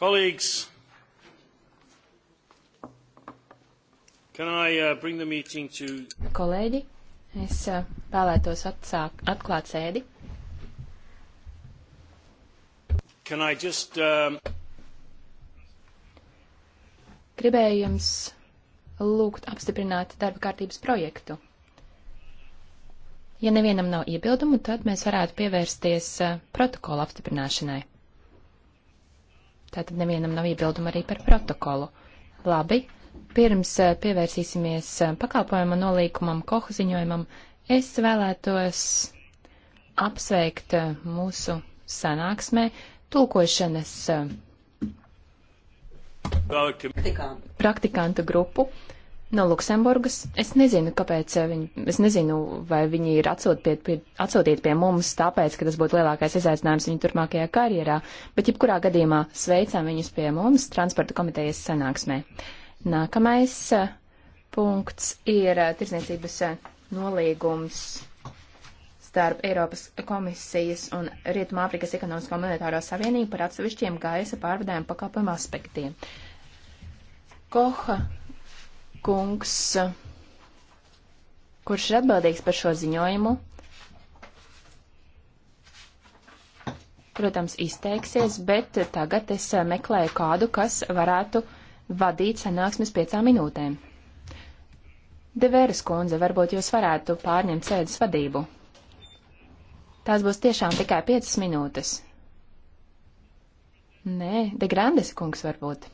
Colleagues, can I uh, bring the meeting to... Kolēģi, es uh, vēlētos atsāk, atklāt sēdi. Can I just... Um... Gribēju jums lūgt apstiprināt darba kārtības projektu. Ja nevienam nav iebildumu, tad mēs varētu pievērsties uh, protokola apstiprināšanai. Tātad nevienam nav iebilduma arī par protokolu. Labi, pirms eh, pievērsīsimies eh, pakalpojuma nolīkumam, kohu ziņojumam, es vēlētos apsveikt eh, mūsu sanāksmē tulkošanas praktikantu grupu no Luksemburgas. Es nezinu, kāpēc eh, viņi, es nezinu, vai viņi ir atsūtīti pie, atsūtīti pie mums, tāpēc, ka tas būtu lielākais izaicinājums viņu turpmākajā karjerā, bet jebkurā gadījumā sveicām viņus pie mums transporta komitejas sanāksmē. Nākamais eh, punkts ir eh, tirsniecības nolīgums starp Eiropas komisijas un Rietumāfrikas ekonomisko monetāro savienību par atsevišķiem gaisa pārvadājumu pakalpojumu aspektiem. Koha kungs, kurš ir atbildīgs par šo ziņojumu, protams, izteiksies, bet tagad es meklēju kādu, kas varētu vadīt sanāksmes piecām minūtēm. Deveres kundze, varbūt jūs varētu pārņemt sēdes vadību. Tās būs tiešām tikai piecas minūtes. Nē, De Grandes kungs varbūt.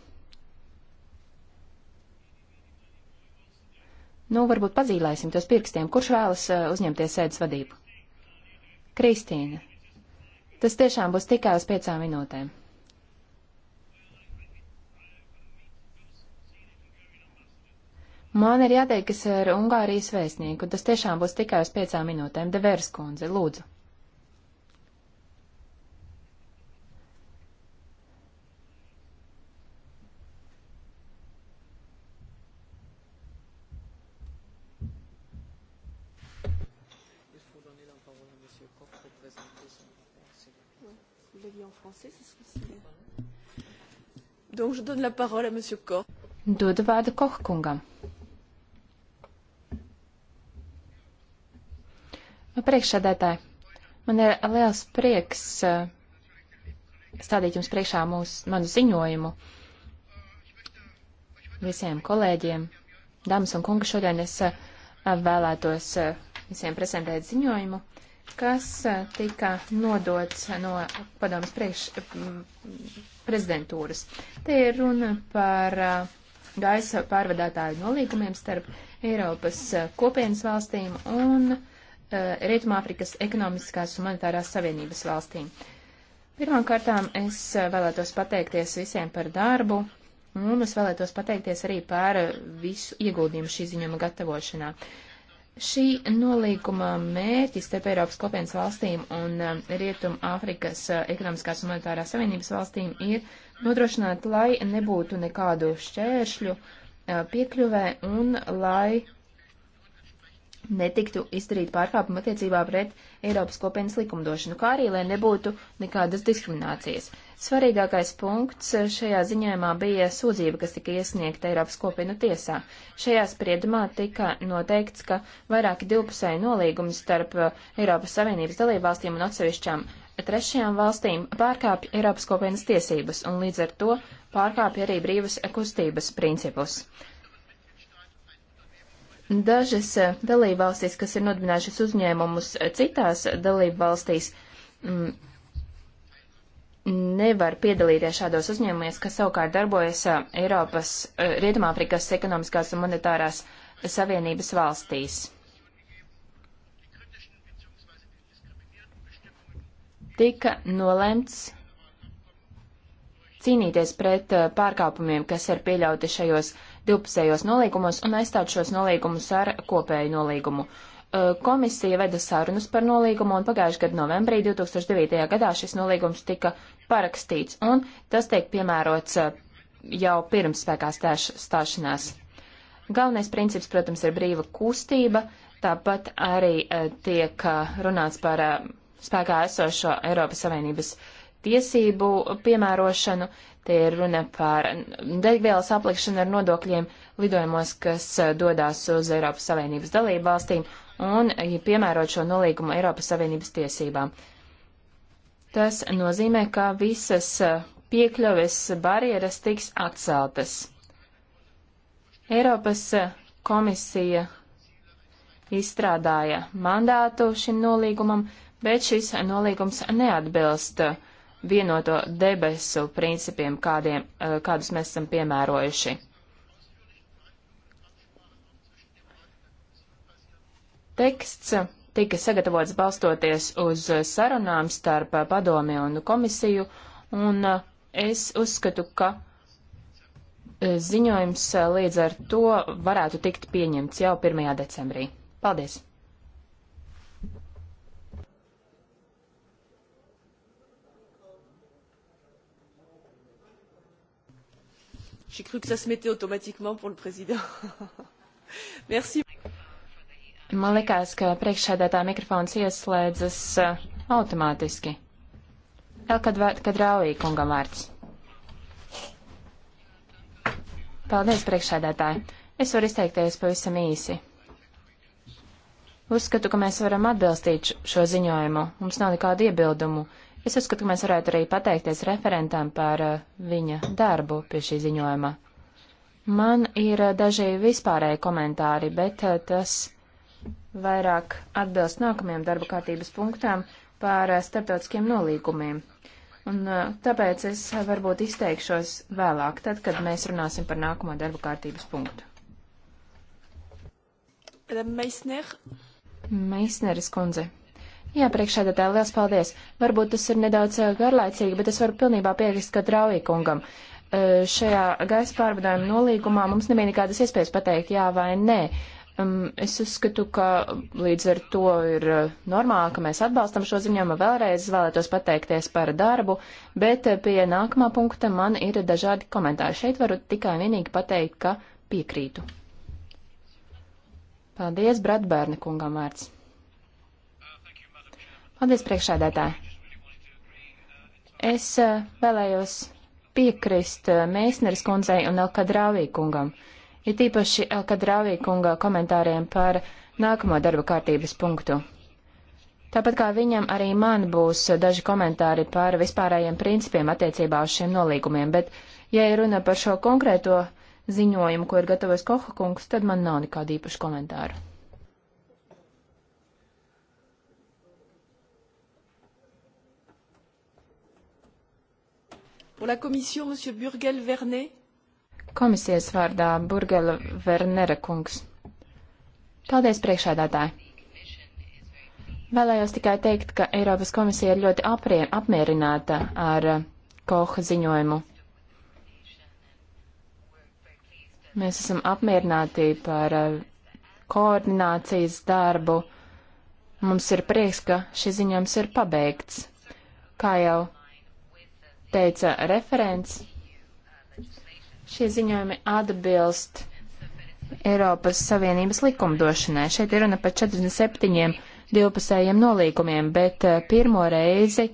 Nu, varbūt pazīlēsim tos pirkstiem. Kurš vēlas eh, uzņemties sēdes vadību? Kristīna. Tas tiešām būs tikai uz piecām minūtēm. Man ir jāteikas ar Ungārijas vēstnieku, tas tiešām būs tikai uz piecām minūtēm. Devērs kundze, lūdzu. commencer, ce serait Donc, je donne la parole à Monsieur Koch. Dodu vārdu Koch kungam. Nu, priekšsēdētāji, man ir liels prieks eh, stādīt jums priekšā mūs, manu ziņojumu visiem kolēģiem. Dāmas un kungi, šodien es eh, vēlētos eh, visiem prezentēt ziņojumu kas eh, tika nodots no padomas priekš prezidentūras. Te ir runa par eh, gaisa pārvadātāju nolīgumiem starp Eiropas eh, kopienas valstīm un Rietumāfrikas ekonomiskās un monetārās savienības valstīm. Pirmkārtām es vēlētos pateikties visiem par darbu, un es vēlētos pateikties arī par visu ieguldījumu šī ziņojuma gatavošanā. Uh, Šī nolīguma mērķis starp Eiropas kopienas valstīm un um, Rietum Āfrikas uh, ekonomiskās un monetārās savienības valstīm ir nodrošināt, lai nebūtu nekādu šķēršļu uh, piekļuvē un lai netiktu izdarīt pārkāpumu attiecībā pret Eiropas kopienas likumdošanu, kā arī, lai nebūtu nekādas diskriminācijas. Svarīgākais punkts šajā ziņojumā bija sūdzība, kas tika iesniegta Eiropas kopienu tiesā. Šajā spriedumā tika noteikts, ka vairāki divpusēji nolīgumi starp Eiropas Savienības dalībvalstīm un atsevišķām trešajām valstīm pārkāpj Eiropas kopienas tiesības un līdz ar to pārkāpj arī brīvas kustības principus. Dažas dalībvalstis, kas ir nodibinājušas uzņēmumus citās dalībvalstīs, mm, nevar piedalīties šādos uzņēmumies, kas savukārt darbojas uh, Eiropas, uh, Rietumāfrikas ekonomiskās un monetārās savienības valstīs. Tika nolēmts cīnīties pret uh, pārkāpumiem, kas ir pieļauti šajos divpusējos nolīgumos un aizstāt šos nolīgumus ar kopēju nolīgumu. Uh, komisija veda sarunas par nolīgumu, un pagājušajā gada novembrī 2009. gadā šis nolīgums tika parakstīts, un tas tiek piemērots uh, jau pirms spēkā stāš, stāšanās. Galvenais princips, protams, ir brīva kustība, tāpat arī uh, tiek runāts par spēkā esošo Eiropas Savienības tiesību piemērošanu, te ir runa par degvielas aplikšanu ar nodokļiem lidojumos, kas dodas uz Eiropas Savienības dalību valstīm, un piemērot šo nolīgumu Eiropas Savienības tiesībām. Tas nozīmē, ka visas eh, piekļuves barjeras tiks atceltas. Eiropas eh, komisija izstrādāja mandātu šim nolīgumam, bet šis nolīgums neatbilst eh, vienoto debesu principiem, kādiem, kādus mēs esam piemērojuši. Teksts tika sagatavots balstoties uz sarunām starp padomi un komisiju, un es uzskatu, ka e, ziņojums līdz ar to varētu tikt pieņemts jau 1. decembrī. Paldies! J'ai cru que ça se mettait automatiquement pour le président. Merci. Man likās, ka priekšsēdētā mikrofons ieslēdzas uh, automātiski. Vēl kad, kad rāvīja kungam vārds. Paldies, priekšsēdētāji. Es varu izteikties pavisam īsi. Uzskatu, ka mēs varam atbilstīt šo ziņojumu. Mums nav nekādu iebildumu. Es uzskatu, ka mēs varētu arī pateikties referentam par uh, viņa darbu pie šī ziņojuma. Man ir uh, daži vispārēji komentāri, bet uh, tas vairāk atbilst nākamajam darba kārtības punktām par eh, starptautiskiem nolīgumiem. Un eh, tāpēc es eh, varbūt izteikšos vēlāk, tad, kad mēs runāsim par nākamo darba kārtības punktu. Meisner. Meisneris kundze. Jā, priekšēdētāji, liels paldies. Varbūt tas ir nedaudz garlaicīgi, bet es varu pilnībā piekrist, ka Traujikungam šajā gaisa pārvadājuma nolīgumā mums nebija nekādas iespējas pateikt jā vai nē. Um, es uzskatu, ka līdz ar to ir uh, normāli, ka mēs atbalstam šo ziņojumu. Vēlreiz vēlētos pateikties par darbu, bet uh, pie nākamā punkta man ir dažādi komentāri. Šeit varu tikai vienīgi pateikt, ka piekrītu. Paldies, Bratbērni kungam vārds. Paldies, priekšādētāji. Es uh, vēlējos piekrist Mēsneris kundzei un Elkadrāvī kungam. Uh, it ja īpaši Elkadrāvī eh, kunga komentāriem par nākamo darba kārtības punktu. Tāpat kā viņam arī man būs daži komentāri par vispārējiem principiem attiecībā uz šiem nolīgumiem, bet, ja ir runa par šo konkrēto ziņojumu, ko ir gatavojis Koha kungs, tad man nav nekāda īpaša komentāra. Pour la Commission, M. Burgel Vernet. Komisijas vārdā Burgela Vernera kungs. Paldies, priekšādātāji! Vēlējos tikai teikt, ka Eiropas komisija ir ļoti aprien, apmierināta ar uh, Koha ziņojumu. Mēs esam apmierināti par uh, koordinācijas darbu. Mums ir prieks, ka šis ziņojums ir pabeigts. Kā jau teica referents, Šie ziņojumi atbilst Eiropas Savienības likumdošanai. Šeit ir runa par 47 divpusējiem nolīgumiem, bet eh, pirmo reizi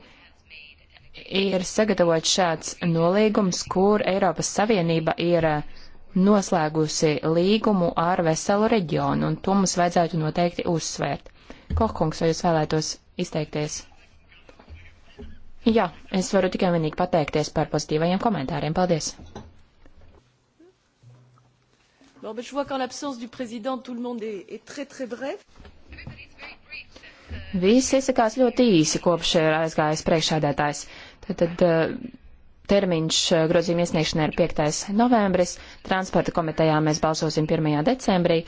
ir sagatavots šāds nolīgums, kur Eiropas Savienība ir eh, noslēgusi līgumu ar veselu reģionu, un to mums vajadzētu noteikti uzsvērt. Kohkungs, vai jūs vēlētos izteikties? Jā, es varu tikai vienīgi pateikties par pozitīvajiem komentāriem. Paldies! Bon, ben, je vois qu'en l'absence du président, tout le monde est, est très, très bref. Visi izsakās ļoti īsi, kopš ir eh, aizgājis priekšādātājs. Tātad eh, termiņš eh, grozījuma iesniegšanai ir 5. novembris, transporta komitejā mēs balsosim 1. decembrī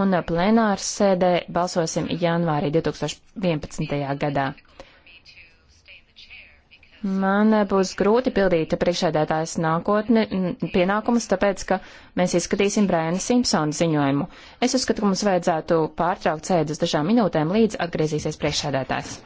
un plenārs sēdē balsosim janvārī 2011. gadā. Man būs grūti pildīt priekšēdētājas nākotni pienākumus, tāpēc, ka mēs izskatīsim Brēna Simpsona ziņojumu. Es uzskatu, ka mums vajadzētu pārtraukt sēdus dažām minūtēm, līdz atgriezīsies priekšēdētājs.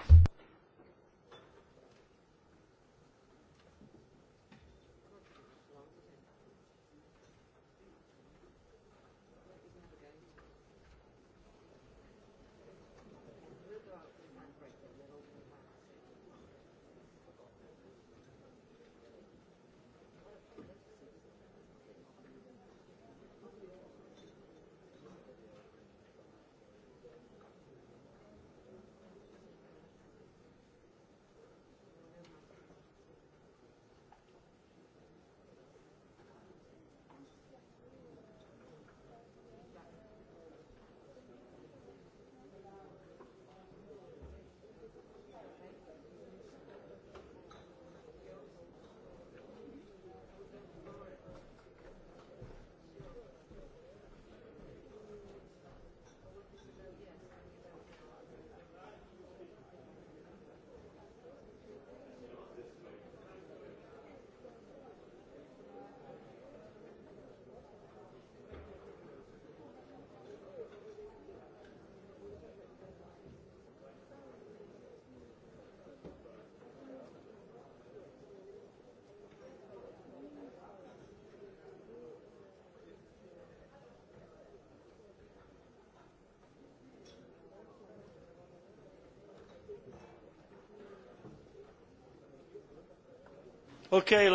Okay,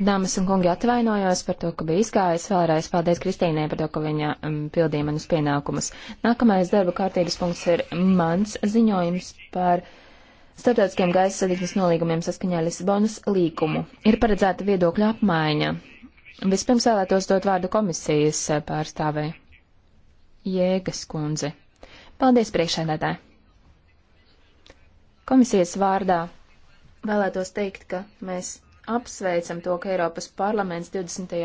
Dāmas un kungi, atvainojos par to, ka biju izgājis. Vēlreiz paldies Kristīnai par to, ka viņa um, pildīja manus pienākumus. Nākamais darba kārtības punkts ir mans ziņojums par starptautiskiem gaisa satiksmes nolīgumiem saskaņā Lisabonas līgumu. Ir paredzēta viedokļa apmaiņa. Vispirms vēlētos dot vārdu komisijas uh, pārstāvē. Jēgas kundze. Paldies priekšēdētāji. Komisijas vārdā Vēlētos teikt, ka mēs apsveicam to, ka Eiropas parlaments 20.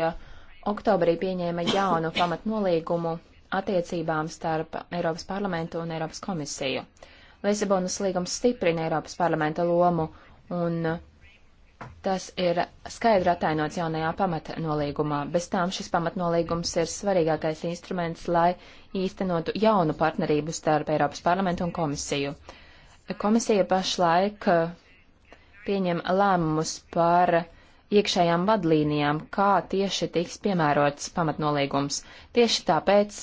oktobrī pieņēma jaunu pamatnolīgumu attiecībām starp Eiropas parlamentu un Eiropas komisiju. Lisabonas līgums stiprina Eiropas parlamenta lomu, un tas ir skaidri atainots jaunajā pamatnolīgumā. Bez tām šis pamatnolīgums ir svarīgākais instruments, lai īstenotu jaunu partnerību starp Eiropas parlamentu un komisiju. Komisija pašlaik pieņem lēmumus par iekšējām vadlīnijām, kā tieši tiks piemērots pamatnolīgums. Tieši tāpēc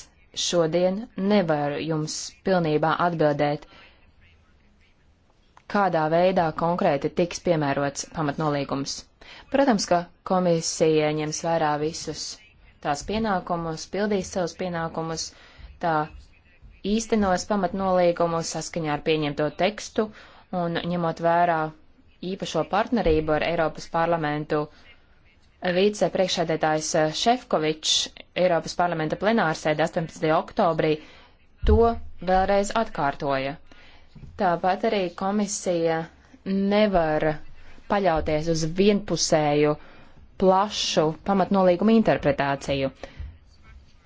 šodien nevaru jums pilnībā atbildēt, kādā veidā konkrēti tiks piemērots pamatnolīgums. Protams, ka komisija ņems vērā visus tās pienākumus, pildīs savus pienākumus, tā īstenos pamatnolīgumus saskaņā ar pieņemto tekstu un ņemot vērā īpašo partnerību ar Eiropas parlamentu vicepriekšēdētājs Šefkovičs Eiropas parlamenta plenārsēdē 18. oktobrī to vēlreiz atkārtoja. Tāpat arī komisija nevar paļauties uz vienpusēju, plašu pamatnolīgumu interpretāciju.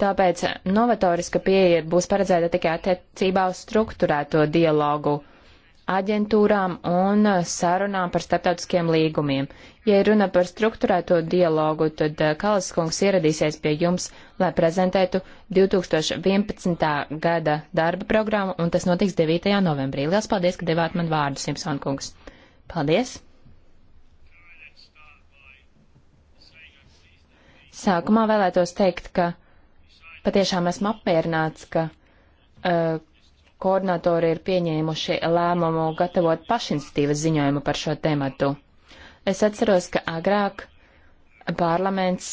Tāpēc novatoriska pieeja būs paredzēta tikai attiecībā uz struktūrēto dialogu aģentūrām un sarunām par starptautiskiem līgumiem. Ja runa par struktūrēto dialogu, tad eh, Kalas kungs ieradīsies pie jums, lai prezentētu 2011. gada darba programmu, un tas notiks 9. novembrī. Lielas paldies, ka devāt man vārdu, Simpson kungs. Paldies! Sākumā vēlētos teikt, ka patiešām esmu apmierināts, ka uh, koordinatori ir pieņēmuši lēmumu gatavot pašinstīvas ziņojumu par šo tematu. Es atceros, ka agrāk parlaments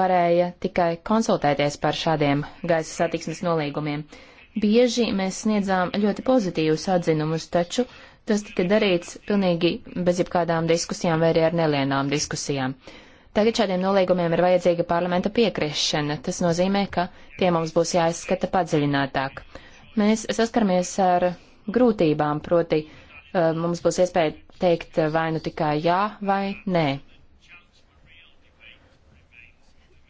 varēja tikai konsultēties par šādiem gaisa satiksmes nolīgumiem. Bieži mēs sniedzām ļoti pozitīvus atzinumus, taču tas tika darīts pilnīgi bez jebkādām diskusijām vai arī ar nelienām diskusijām. Tagad šādiem nolīgumiem ir vajadzīga parlamenta piekrišana. Tas nozīmē, ka tie mums būs jāizskata padziļinātāk. Mēs saskaramies ar grūtībām, proti eh, mums būs iespēja teikt vai nu tikai jā vai nē.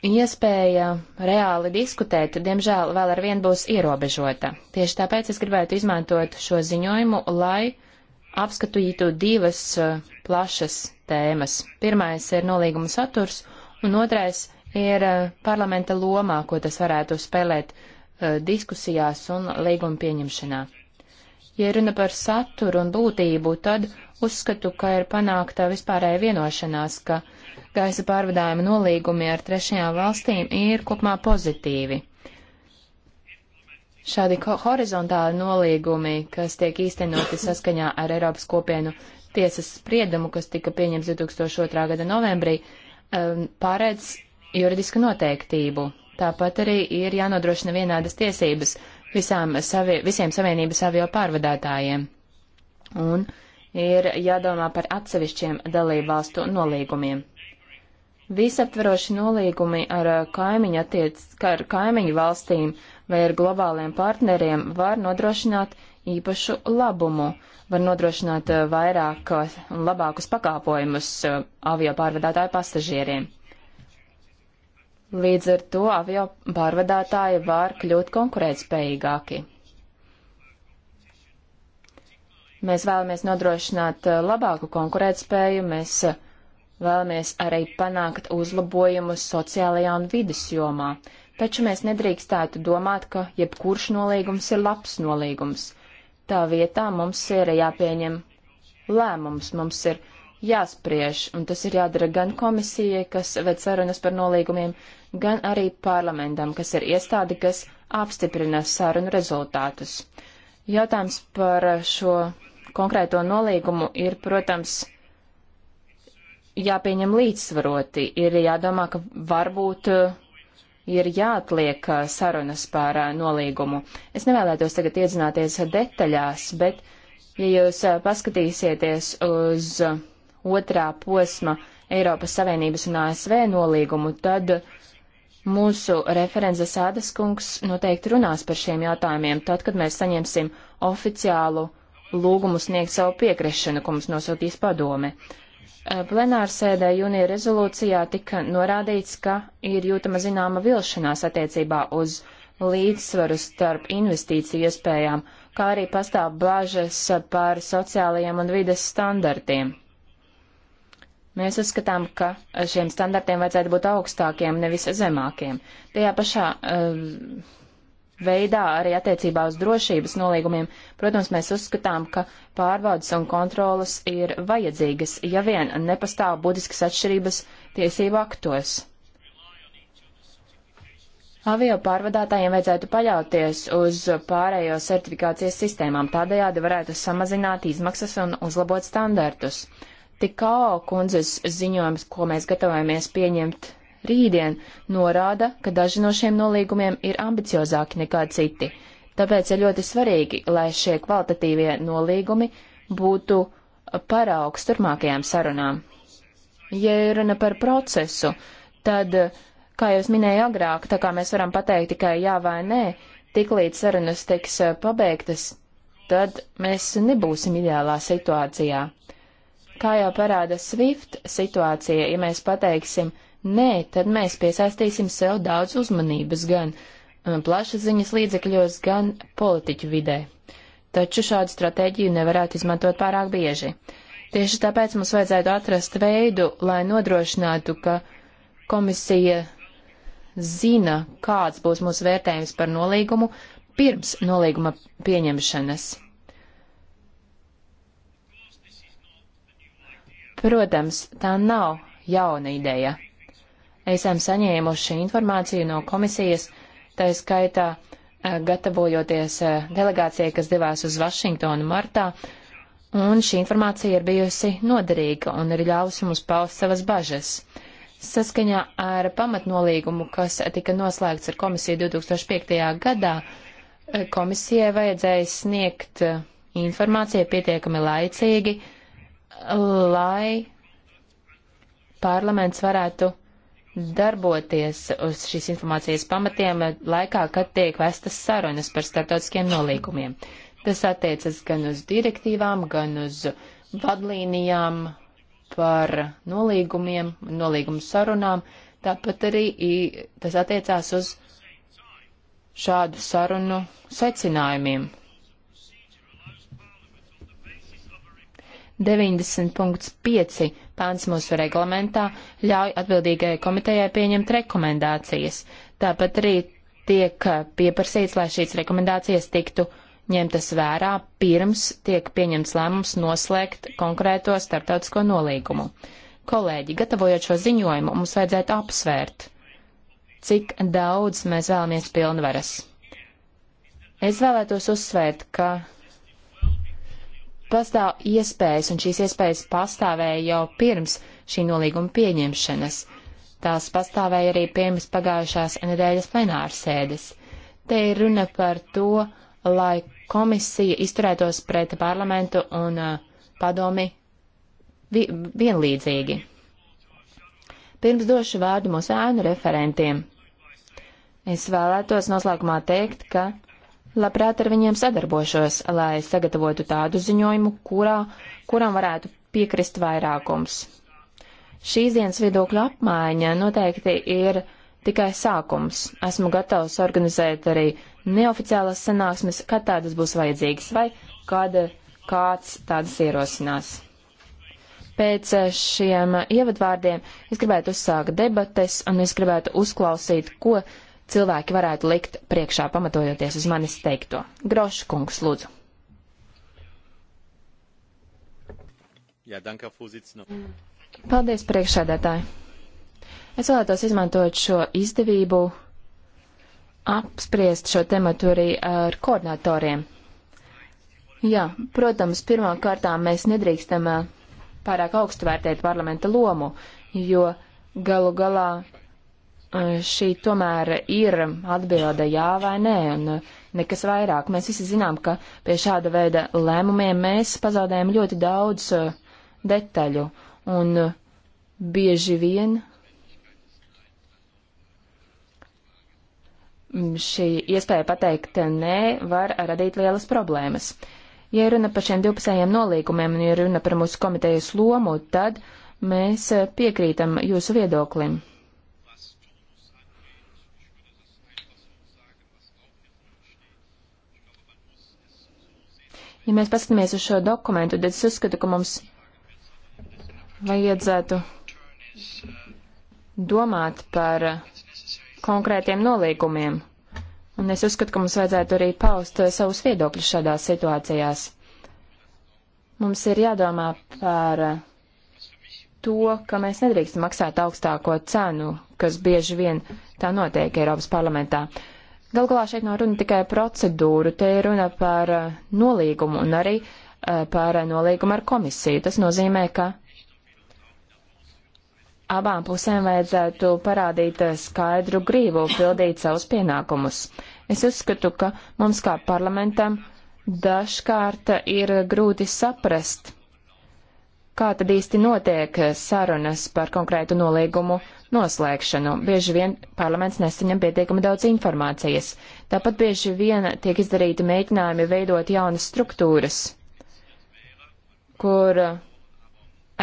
Iespēja reāli diskutēt, diemžēl, vēl ar vien būs ierobežota. Tieši tāpēc es gribētu izmantot šo ziņojumu, lai apskatītu divas eh, plašas tēmas. Pirmais ir nolīguma saturs, un otrais ir eh, parlamenta lomā, ko tas varētu spēlēt Eh, diskusijās un līguma pieņemšanā. Ja runa par saturu un būtību, tad uzskatu, ka ir panākta vispārēja vienošanās, ka gaisa pārvadājuma nolīgumi ar trešajām valstīm ir kopumā pozitīvi. Šādi horizontāli nolīgumi, kas tiek īstenoti saskaņā ar Eiropas kopienu tiesas spriedumu, kas tika pieņemts 2002. gada novembrī, pārēdz juridiska noteiktību Tāpat arī ir jānodrošina vienādas tiesības visām savi, visiem Savienības avio pārvadātājiem. Un ir jādomā par atsevišķiem dalību valstu nolīgumiem. Visaptveroši nolīgumi ar kaimiņu, attiec, ar kaimiņu valstīm vai ar globāliem partneriem var nodrošināt īpašu labumu, var nodrošināt vairāk un labākus pakāpojumus avio pārvadātāju pasažieriem. Līdz ar to avio pārvadātāji var kļūt konkurētspējīgāki. Mēs vēlamies nodrošināt eh, labāku konkurētspēju, mēs eh, vēlamies arī panākt uzlabojumus sociālajā un vidas jomā, taču mēs nedrīkstētu domāt, ka jebkurš nolīgums ir labs nolīgums. Tā vietā mums ir jāpieņem lēmums, mums ir jāpieņem jāspriež, un tas ir jādara gan komisijai, kas ved sarunas par nolīgumiem, gan arī parlamentam, kas ir iestādi, kas apstiprina sarunu rezultātus. Jautājums par šo konkrēto nolīgumu ir, protams, jāpieņem līdzsvaroti, ir jādomā, ka varbūt uh, ir jāatliek uh, sarunas par uh, nolīgumu. Es nevēlētos tagad iedzināties detaļās, bet, ja jūs paskatīsieties uz otrā posma Eiropas Savienības un ASV nolīgumu, tad mūsu referents Zasādas kungs noteikti runās par šiem jautājumiem, tad, kad mēs saņemsim oficiālu lūgumu sniegt savu piekrišanu, ko mums nosūtīs padome. Eh, plenārsēdē jūnija rezolūcijā tika norādīts, ka ir jūtama zināma vilšanās attiecībā uz līdzsvaru starp investīciju iespējām, kā arī pastāv bāžas par sociālajiem un vides standartiem. Mēs uzskatām, ka šiem standartiem vajadzētu būt augstākiem, nevis zemākiem. Tajā pašā uh, veidā arī attiecībā uz drošības nolīgumiem, protams, mēs uzskatām, ka pārbaudas un kontrolas ir vajadzīgas, ja vien nepastāv būtiskas atšķirības tiesību aktos. Avio pārvadātājiem vajadzētu paļauties uz pārējo certifikācijas sistēmām, tādējādi varētu samazināt izmaksas un uzlabot standartus. Tikao kundzes ziņojums, ko mēs gatavojamies pieņemt rītdien, norāda, ka daži no šiem nolīgumiem ir ambiciozāki nekā citi. Tāpēc ir ļoti svarīgi, lai šie kvalitatīvie nolīgumi būtu paraugs turpmākajām sarunām. Ja runa par procesu, tad, kā jau es minēju agrāk, tā kā mēs varam pateikt tikai jā vai nē, tiklīdz sarunas tiks pabeigtas, tad mēs nebūsim ideālā situācijā. Kā jau parāda SWIFT situācija, ja mēs pateiksim nē, tad mēs piesaistīsim sev daudz uzmanības gan um, plašsaziņas līdzekļos, gan politiķu vidē. Taču šādu stratēģiju nevarētu izmantot pārāk bieži. Tieši tāpēc mums vajadzētu atrast veidu, lai nodrošinātu, ka komisija zina, kāds būs mūsu vērtējums par nolīgumu pirms nolīguma pieņemšanas. Protams, tā nav jauna ideja. Esam saņēmuši informāciju no komisijas, tā skaitā eh, gatavojoties eh, delegācijai, kas devās uz Vašingtonu martā, un šī informācija ir bijusi noderīga un ir ļāvusi mums paust savas bažas. Saskaņā ar pamatnolīgumu, kas tika noslēgts ar komisiju 2005. gadā, eh, komisijai vajadzēja sniegt informāciju pietiekami laicīgi, lai parlaments varētu darboties uz šīs informācijas pamatiem laikā, kad tiek vestas sarunas par starptautiskiem nolīgumiem. Tas attiecas gan uz direktīvām, gan uz vadlīnijām par nolīgumiem, nolīgumu sarunām, tāpat arī tas attiecās uz šādu sarunu secinājumiem, 90.5 pāns mūsu reglamentā ļauj atbildīgajai komitejai pieņemt rekomendācijas. Tāpat arī tiek uh, pieprasīts, lai šīs rekomendācijas tiktu ņemtas vērā pirms tiek pieņemts lēmums noslēgt konkrēto starptautisko nolīgumu. Kolēģi, gatavojot šo ziņojumu, mums vajadzētu apsvērt, cik daudz mēs vēlamies pilnvaras. Es vēlētos uzsvērt, ka pastāv iespējas, un šīs iespējas pastāvēja jau pirms šī nolīguma pieņemšanas. Tās pastāvēja arī pirms pagājušās nedēļas plenārsēdes. Te ir runa par to, lai komisija izturētos pret parlamentu un uh, padomi vi vienlīdzīgi. Pirms došu vārdu mūsu ēnu referentiem. Es vēlētos noslēgumā teikt, ka labprāt ar viņiem sadarbošos, lai sagatavotu tādu ziņojumu, kurā, kuram varētu piekrist vairākums. Šīs dienas viedokļa apmaiņa noteikti ir tikai sākums. Esmu gatavs organizēt arī neoficiālas sanāksmes, kad tādas būs vajadzīgas vai kad kāds tādas ierosinās. Pēc šiem ievadvārdiem es gribētu uzsākt debates un es gribētu uzklausīt, ko cilvēki varētu likt priekšā, pamatojoties uz manis teikto. Grošs kungs, lūdzu. Jā, danka, Paldies, priekšsēdētāji. Es vēlētos izmantot šo izdevību apspriest šo tematu arī ar koordinatoriem. Jā, protams, pirmā kārtā mēs nedrīkstam uh, pārāk augstu vērtēt parlamenta lomu, jo galu galā Eh, šī tomēr ir atbilde jā vai nē, un eh, nekas vairāk. Mēs visi zinām, ka pie šāda veida lēmumiem mēs pazaudējam ļoti daudz eh, detaļu, un bieži vien šī iespēja pateikt nē var radīt lielas problēmas. Ja runa par šiem divpusējiem nolīgumiem un ja runa par mūsu komitejas lomu, tad mēs piekrītam jūsu viedoklim. Ja mēs paskatāmies uz šo dokumentu, tad es uzskatu, ka mums vajadzētu domāt par konkrētiem nolīgumiem. Un es uzskatu, ka mums vajadzētu arī paust savus viedokļus šādās situācijās. Mums ir jādomā par to, ka mēs nedrīkstam maksāt augstāko cenu, kas bieži vien tā notiek Eiropas parlamentā. Uh, Gal galā šeit nav runa tikai procedūru, te ir runa par eh, nolīgumu un arī eh, par nolīgumu ar komisiju. Tas nozīmē, ka abām pusēm vajadzētu parādīt eh, skaidru grību, pildīt savus pienākumus. Es uzskatu, ka mums kā parlamentam dažkārt ir grūti saprast, kā tad īsti notiek sarunas par konkrētu nolīgumu noslēgšanu. Bieži vien parlaments nesaņem pietiekami daudz informācijas. Tāpat bieži vien tiek izdarīti mēģinājumi veidot jaunas struktūras, kur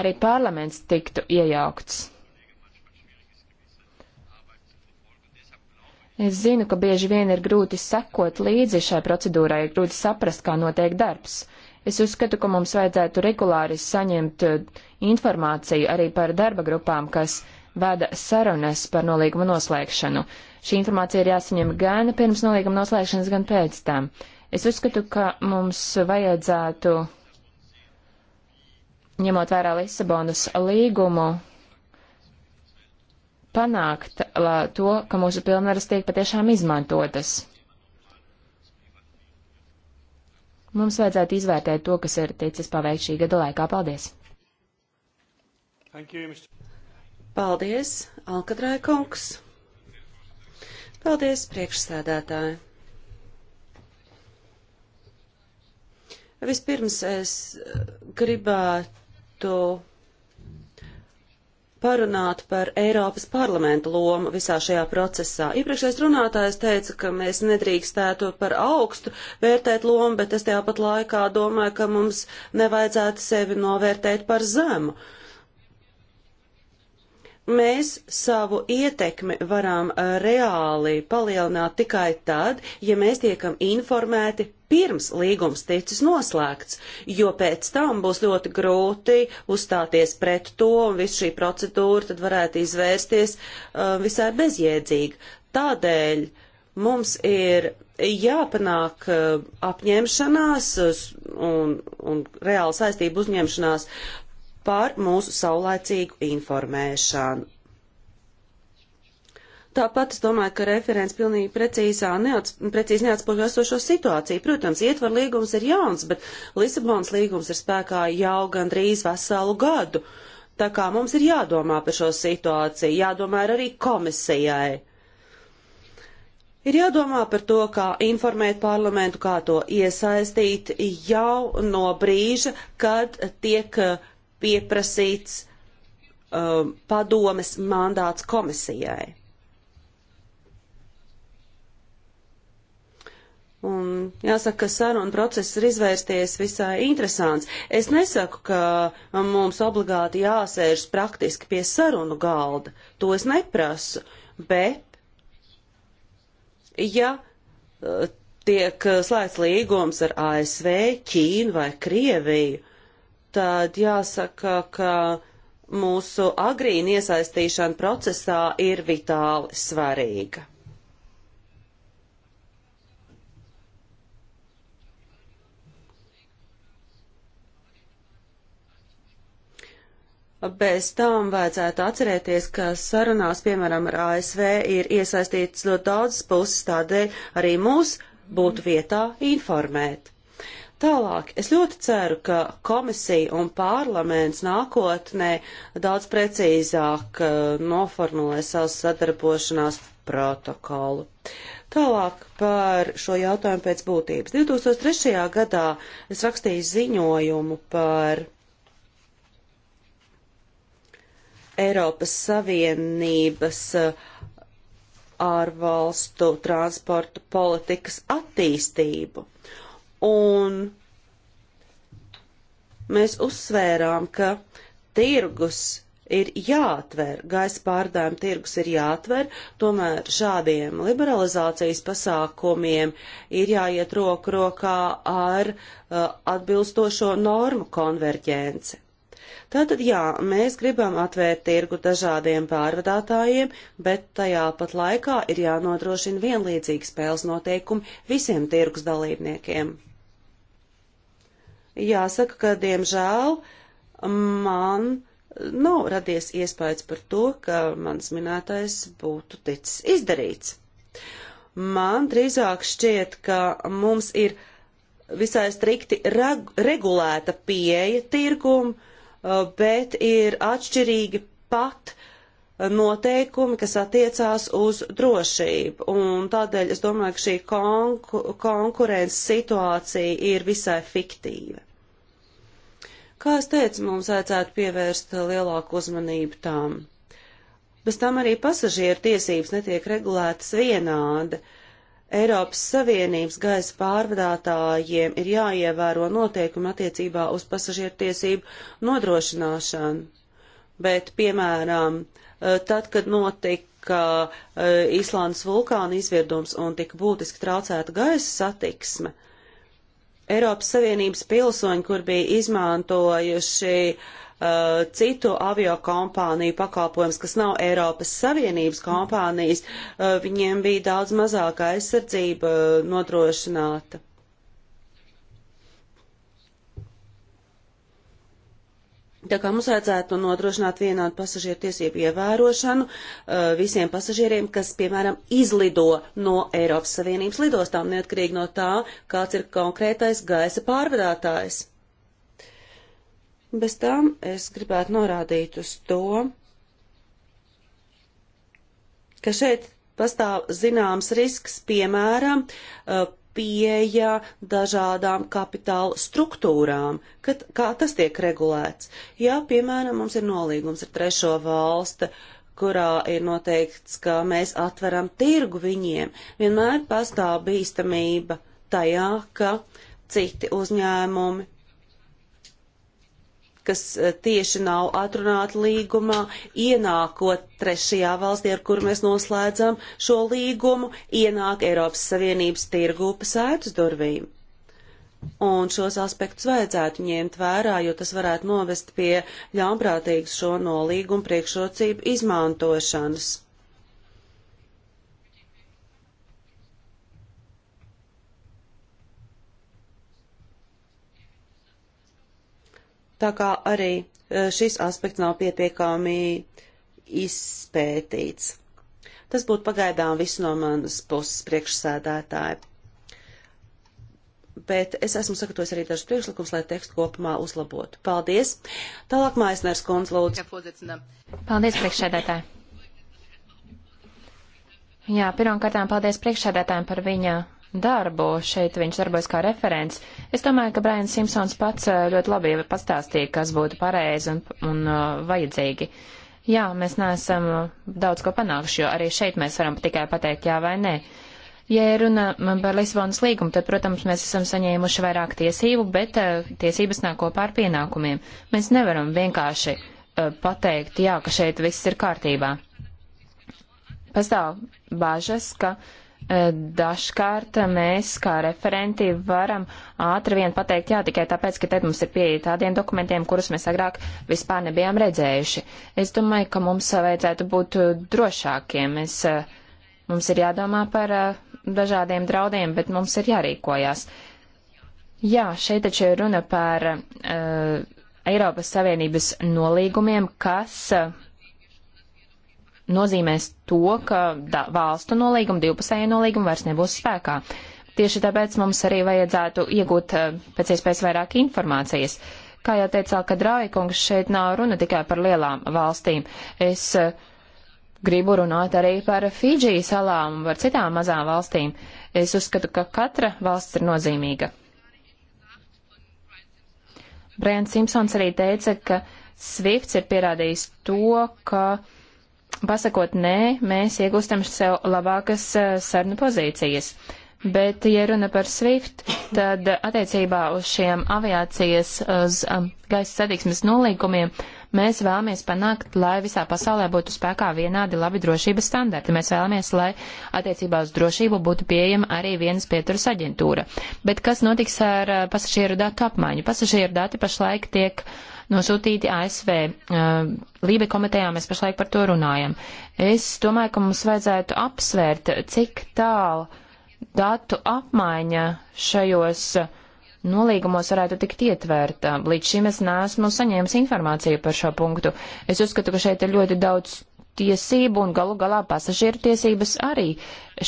arī parlaments tiktu iejaukts. Es zinu, ka bieži vien ir grūti sekot līdzi šai procedūrai, ir grūti saprast, kā notiek darbs. Es uzskatu, ka mums vajadzētu regulāri saņemt eh, informāciju arī par darba grupām, kas vada sarunas par nolīguma noslēgšanu. Šī informācija ir jāsaņem gan pirms nolīguma noslēgšanas, gan pēc tam. Es uzskatu, ka mums vajadzētu, ņemot vērā Lisabonas līgumu, panākt lā, to, ka mūsu pilnvaras tiek patiešām izmantotas. Mums vajadzētu izvērtēt to, kas ir ticis paveikt šī gada laikā. Paldies! You, Paldies, Alkadrāja kungs! Paldies, priekšsēdētāji! Vispirms es gribētu parunāt par Eiropas parlamenta lomu visā šajā procesā. Iepriekšējais runātājs teica, ka mēs nedrīkstētu par augstu vērtēt lomu, bet es tajā pat laikā domāju, ka mums nevajadzētu sevi novērtēt par zemu. Uh, mēs savu ietekmi varam eh, reāli palielināt tikai tad, ja mēs tiekam informēti pirms līgums ticis noslēgts, jo pēc tam būs ļoti grūti uzstāties pret to, un viss šī procedūra tad varētu izvērsties uh, visai bezjēdzīgi. Tādēļ mums ir jāpanāk uh, apņemšanās un, un reāla saistība uzņemšanās par mūsu saulēcīgu informēšanu. Tāpat es domāju, ka referents pilnīgi precīzā neats, precīzi neatspoguļo esošo situāciju. Protams, ietvar līgums ir jauns, bet Lisabonas līgums ir spēkā jau gandrīz veselu gadu. Tā kā mums ir jādomā par šo situāciju, jādomā arī komisijai. Ir jādomā par to, kā informēt parlamentu, kā to iesaistīt jau no brīža, kad tiek uh, pieprasīts um, padomes mandāts komisijai. Un jāsaka, ka saruna process ir izvērsties visai interesants. Es nesaku, ka mums obligāti jāsēžas praktiski pie sarunu galda. To es neprasu. Bet, ja uh, tiek uh, slēgts līgums ar ASV, Ķīnu vai Krieviju, tad jāsaka, ka mūsu agrīna iesaistīšana procesā ir vitāli svarīga. Bez tam vajadzētu atcerēties, ka sarunās, piemēram, ar ASV ir iesaistīts ļoti daudz puses, tādēļ arī mūs būtu vietā informēt. Tālāk, es ļoti ceru, ka komisija un parlaments nākotnē daudz precīzāk uh, noformulē savus sadarbošanās protokolu. Tālāk par šo jautājumu pēc būtības. 2003. gadā es rakstīju ziņojumu par Eiropas Savienības uh, ārvalstu transporta politikas attīstību. Un mēs uzsvērām, ka tirgus ir jāatver, gaisa pārdājuma tirgus ir jāatver, tomēr šādiem liberalizācijas pasākumiem ir jāiet roku rokā ar uh, atbilstošo normu konverģenci. Tātad jā, mēs gribam atvērt tirgu dažādiem pārvadātājiem, bet tajā pat laikā ir jānodrošina vienlīdzīgi spēles noteikumi visiem tirgus dalībniekiem jāsaka, ka, diemžēl, man nav radies iespējas par to, ka mans minētais būtu ticis izdarīts. Man drīzāk šķiet, ka mums ir visai strikti regulēta pieeja tirgumu, uh, bet ir atšķirīgi pat noteikumi, kas attiecās uz drošību. Un tādēļ es domāju, ka šī konku konkurences situācija ir visai fiktīva. Kā es teicu, mums vajadzētu pievērst lielāku uzmanību tām. Bez tam arī pasažieru tiesības netiek regulētas vienādi. Eiropas Savienības gaisa pārvadātājiem ir jāievēro noteikumi attiecībā uz pasažieru tiesību nodrošināšanu bet, piemēram, eh, tad, kad notika Īslandes eh, vulkāna izvirdums un tika būtiski traucēta gaisa satiksme, Eiropas Savienības pilsoņi, kur bija izmantojuši uh, citu avio kompāniju pakalpojums, kas nav Eiropas Savienības kompānijas, uh, viņiem bija daudz mazāka aizsardzība nodrošināta. Tā kā mums vajadzētu nodrošināt vienādu pasažieru tiesību ievērošanu eh, visiem pasažieriem, kas, piemēram, izlido no Eiropas Savienības lidostām, neatkarīgi no tā, kāds ir konkrētais gaisa pārvadātājs. Bez tām es gribētu norādīt uz to, ka šeit pastāv zināms risks, piemēram, eh, pieeja dažādām kapitāla struktūrām, kad, kā tas tiek regulēts. Ja, piemēram, mums ir nolīgums ar trešo valsti, kurā ir noteikts, ka mēs atveram tirgu viņiem, vienmēr pastāv bīstamība tajā, ka citi uzņēmumi kas eh, tieši nav atrunāti līgumā, ienākot trešajā valstī, ar kuru mēs noslēdzam šo līgumu, ienāk Eiropas Savienības tirgū pa sēdus durvīm. Un šos aspektus vajadzētu ņemt vērā, jo tas varētu novest pie ļaunprātīgas šo nolīgumu priekšrocību izmantošanas. Tā kā arī e, šis aspekts nav pietiekami izpētīts. Tas būtu pagaidām viss no manas puses priekšsēdētāja. Bet es esmu sagatavojis arī dažus priekšlikumus, lai tekstu kopumā uzlabotu. Paldies! Tālāk Maisners kundz lūdzu. Paldies, priekšsēdētāji! Jā, pirmkārtām paldies priekšsēdētājiem par viņa darbu. Šeit viņš darbojas kā referents. Es domāju, ka Brians Simpsons pats eh, ļoti labi pastāstīja, kas būtu pareizi un, un eh, vajadzīgi. Jā, mēs neesam eh, daudz ko panākuši, jo arī šeit mēs varam tikai pateikt jā vai nē. Ja runa mm, par Lisabonas līgumu, tad, protams, mēs esam saņēmuši vairāk tiesību, bet uh, tiesības nāk kopā ar pienākumiem. Mēs nevaram vienkārši uh, pateikt, jā, ka šeit viss ir kārtībā. Pastāv bāžas, ka uh, E, dažkārt mēs, kā referenti, varam ātri vien pateikt jā, tikai tāpēc, ka te mums ir pieeja tādiem dokumentiem, kurus mēs agrāk vispār nebijām redzējuši. Es domāju, ka mums vajadzētu būt drošākiem. Es, e, mums ir jādomā par e, dažādiem draudiem, bet mums ir jārīkojās. Jā, šeit taču ir runa par uh, Eiropas Savienības nolīgumiem, kas uh, nozīmēs to, ka da, valstu nolīguma, divpusēja nolīguma vairs nebūs spēkā. Tieši tāpēc mums arī vajadzētu iegūt eh, pēc iespējas vairāk informācijas. Kā jau teica Alkadraikungs, šeit nav runa tikai par lielām valstīm. Es eh, gribu runāt arī par Fidži salām un par citām mazām valstīm. Es uzskatu, ka katra valsts ir nozīmīga. Brēns Simpsons arī teica, ka Swifts ir pierādījis to, ka uh, pasakot nē, mēs iegūstam sev labākas eh, sarunu pozīcijas. Bet, ja runa par SWIFT, tad attiecībā uz šiem aviācijas, eh, uz um, gaisa satiksmes nolīgumiem, mēs vēlamies panākt, lai visā pasaulē būtu spēkā vienādi labi drošības standarti. Mēs vēlamies, lai attiecībā uz drošību būtu pieejama arī vienas pieturas aģentūra. Bet kas notiks ar eh, pasažieru datu apmaiņu? Pasažieru dati pašlaik tiek uh, nosūtīti ASV. Lībe komitejā mēs pašlaik par to runājam. Es domāju, ka mums vajadzētu apsvērt, cik tālu datu apmaiņa šajos nolīgumos varētu tikt ietverta. Līdz šim es neesmu saņēmis informāciju par šo punktu. Es uzskatu, ka šeit ir ļoti daudz tiesību un galu galā pasažieru tiesības arī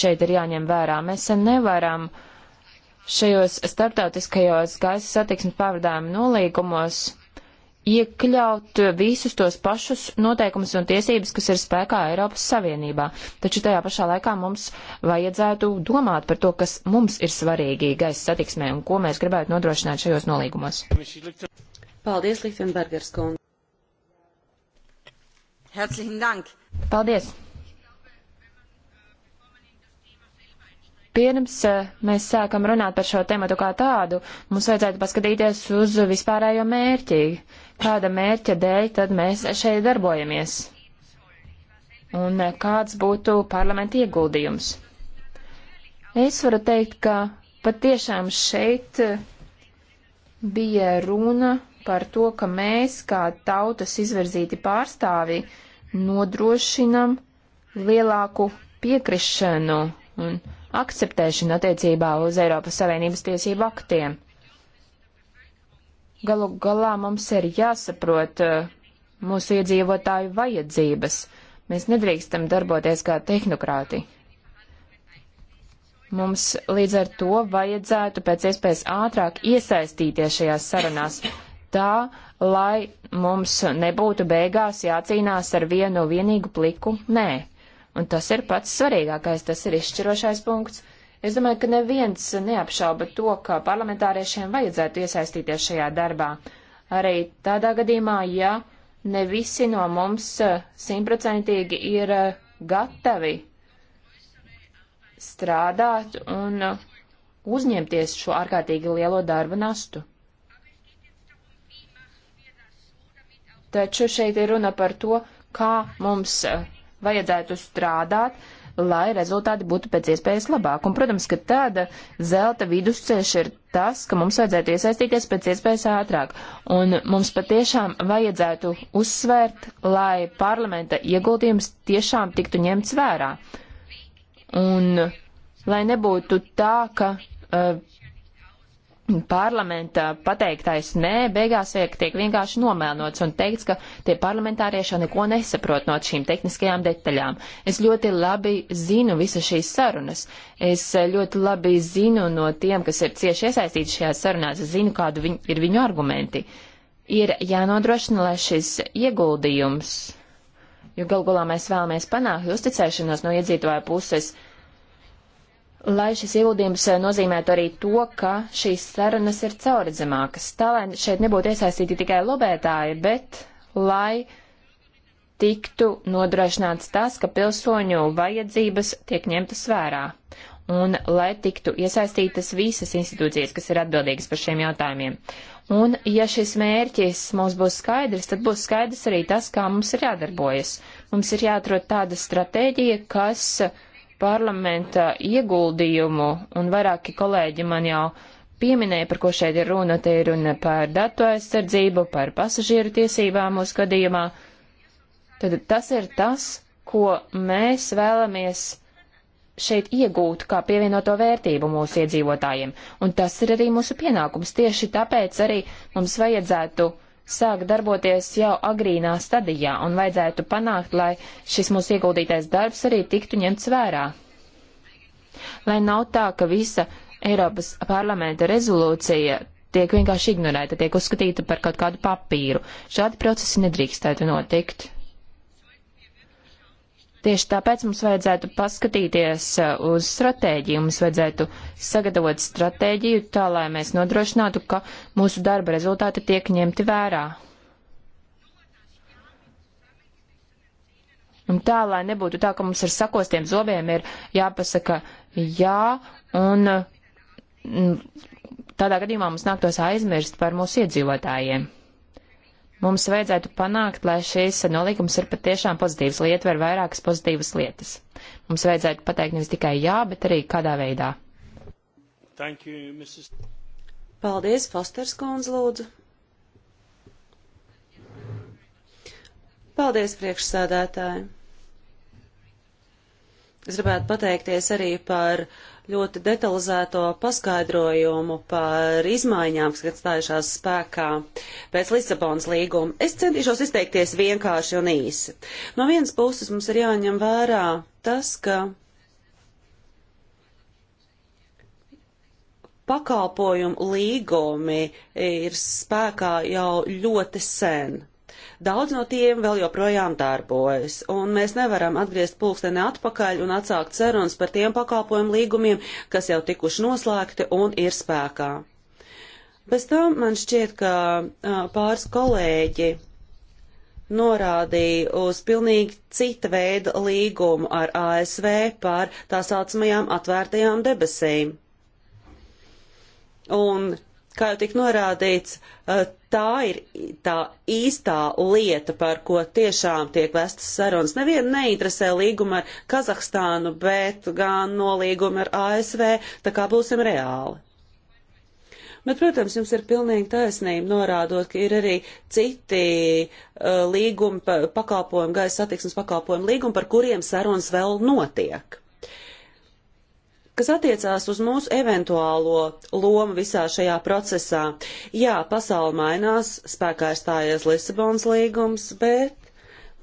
šeit ir jāņem vērā. Mēs nevaram šajos starptautiskajos gaisa satiksmes pārvadājumu nolīgumos iekļaut visus tos pašus noteikumus un tiesības, kas ir spēkā Eiropas Savienībā. Taču tajā pašā laikā mums vajadzētu domāt par to, kas mums ir svarīgi gaisa satiksmē un ko mēs gribētu nodrošināt šajos nolīgumos. Paldies, Lichtenbergers kundze. Herzlichen Dank. Paldies. Pirms eh, mēs sākam runāt par šo tematu kā tādu, mums vajadzētu paskatīties uz vispārējo mērķi. Kāda mērķa dēļ tad mēs šeit darbojamies? Un eh, kāds būtu parlamenta ieguldījums? Es varu teikt, ka patiešām šeit eh, bija runa par to, ka mēs, kā tautas izvirzīti pārstāvi, nodrošinam lielāku piekrišanu un akceptēšanu attiecībā uz Eiropas Savienības tiesību aktiem. Galu galā mums ir jāsaprot uh, mūsu iedzīvotāju vajadzības. Mēs nedrīkstam darboties kā tehnokrāti. Mums līdz ar to vajadzētu pēc iespējas ātrāk iesaistīties šajās sarunās, tā, lai mums nebūtu beigās jācīnās ar vienu vienīgu pliku. Nē, Un tas ir pats svarīgākais, tas ir izšķirošais punkts. Es domāju, ka neviens neapšauba to, ka parlamentāriešiem vajadzētu iesaistīties šajā darbā. Arī tādā gadījumā, ja ne visi no mums eh, simtprocentīgi ir eh, gatavi strādāt un eh, uzņemties šo ārkārtīgi lielo darba nastu. Taču šeit ir runa par to, kā mums vajadzētu strādāt, lai rezultāti būtu pēc iespējas labāk. Un, protams, ka tāda zelta vidusceļš ir tas, ka mums vajadzētu iesaistīties pēc iespējas ātrāk. Un mums patiešām vajadzētu uzsvērt, lai parlamenta ieguldījums tiešām tiktu ņemts vērā. Un lai nebūtu tā, ka uh, parlamenta pateiktais nē, beigās tiek vienkārši nomēnots un teikts, ka tie parlamentārieši jau neko nesaprot no šīm tehniskajām detaļām. Es ļoti labi zinu visas šīs sarunas. Es ļoti labi zinu no tiem, kas ir cieši iesaistīti šajās sarunās, es zinu, kādu viņ, ir viņu argumenti. Ir jānodrošina, lai šis ieguldījums, jo galgulā mēs vēlamies panākt uzticēšanos no iedzītāju puses, uh, lai šis ieguldījums eh, nozīmētu arī to, ka šīs sarunas ir cauredzamākas. Tā lai šeit nebūtu iesaistīti tikai lobētāji, bet lai tiktu nodrošināts tas, ka pilsoņu vajadzības tiek ņemtas vērā un lai tiktu iesaistītas visas institūcijas, kas ir atbildīgas par šiem jautājumiem. Un, ja šis mērķis mums būs skaidrs, tad būs skaidrs arī tas, kā mums ir jādarbojas. Mums ir jāatrod tāda stratēģija, kas uh, parlamenta ieguldījumu, un vairāki kolēģi man jau pieminēja, par ko šeit ir runa, te ir runa par datu aizsardzību, par pasažieru tiesībām uz gadījumā. Tad tas ir tas, ko mēs vēlamies šeit iegūt kā pievienoto vērtību mūsu iedzīvotājiem, un tas ir arī mūsu pienākums. Tieši tāpēc arī mums vajadzētu uh, sāk darboties jau agrīnā stadijā, un vajadzētu panākt, lai šis mūsu ieguldītais darbs arī tiktu ņemts vērā. Lai nav tā, ka visa Eiropas parlamenta rezolūcija tiek vienkārši ignorēta, tiek uzskatīta par kaut kādu papīru. Šādi procesi nedrīkstētu notikt. Tieši tāpēc mums vajadzētu paskatīties uh, uz stratēģiju, mums vajadzētu sagatavot stratēģiju tā, lai mēs nodrošinātu, ka mūsu darba rezultāti tiek ņemti vērā. Un tā, lai nebūtu tā, ka mums ar sakostiem zobiem ir jāpasaka jā, un mm, tādā gadījumā mums nāktos aizmirst par mūsu iedzīvotājiem. Mums vajadzētu panākt, lai šīs nolīgums ir patiešām pozitīvs, lai ietver vairākas pozitīvas lietas. Mums vajadzētu pateikt nevis tikai jā, bet arī kādā veidā. Thank you, Mrs. Paldies, Fosters kundze, lūdzu. Paldies, priekšsēdētāji. Es gribētu pateikties arī par uh, ļoti detalizēto paskaidrojumu par izmaiņām, kas atstājušās spēkā pēc Lisabonas līguma. Es centīšos izteikties vienkārši un īsi. No vienas puses mums ir jāņem vērā tas, ka pakalpojumu līgumi ir spēkā jau ļoti sen. Daudz no tiem vēl joprojām darbojas, un mēs nevaram atgriezt pulksteni atpakaļ un atsākt sarunas par tiem pakalpojumu līgumiem, kas jau tikuši noslēgti un ir spēkā. Bez tam man šķiet, ka pāris kolēģi norādīja uz pilnīgi cita veida līgumu ar ASV par tā saucamajām atvērtajām debesīm. Un kā jau tik norādīts, eh, tā ir tā īstā lieta, par ko tiešām tiek vestas sarunas. Nevienu neinteresē līguma ar Kazahstānu, bet gan nolīguma ar ASV, tā kā būsim reāli. Bet, protams, jums ir pilnīgi taisnība norādot, ka ir arī citi uh, līgumi, pakalpojumi, gaisa satiksmes pakalpojumi līgumi, par kuriem sarunas vēl notiek. Kas attiecās uz mūsu eventuālo lomu visā šajā procesā, jā, pasauli mainās, spēkā ir stājies Lisabons līgums, bet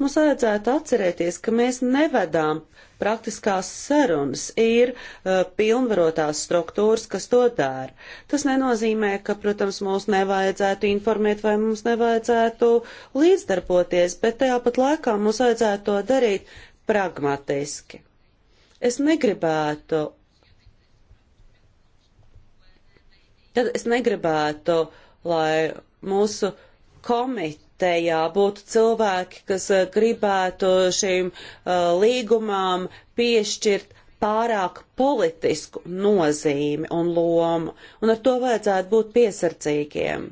mums vajadzētu atcerēties, ka mēs nevedām praktiskās sarunas, ir uh, pilnvarotās struktūras, kas to dara. Tas nenozīmē, ka, protams, mūs nevajadzētu informēt vai mums nevajadzētu līdzdarboties, bet tajā pat laikā mums vajadzētu to darīt pragmatiski. Es negribētu tad es negribētu, lai mūsu komitejā būtu cilvēki, kas eh, gribētu šīm uh, līgumām piešķirt pārāk politisku nozīmi un lomu, un ar to vajadzētu būt piesardzīgiem.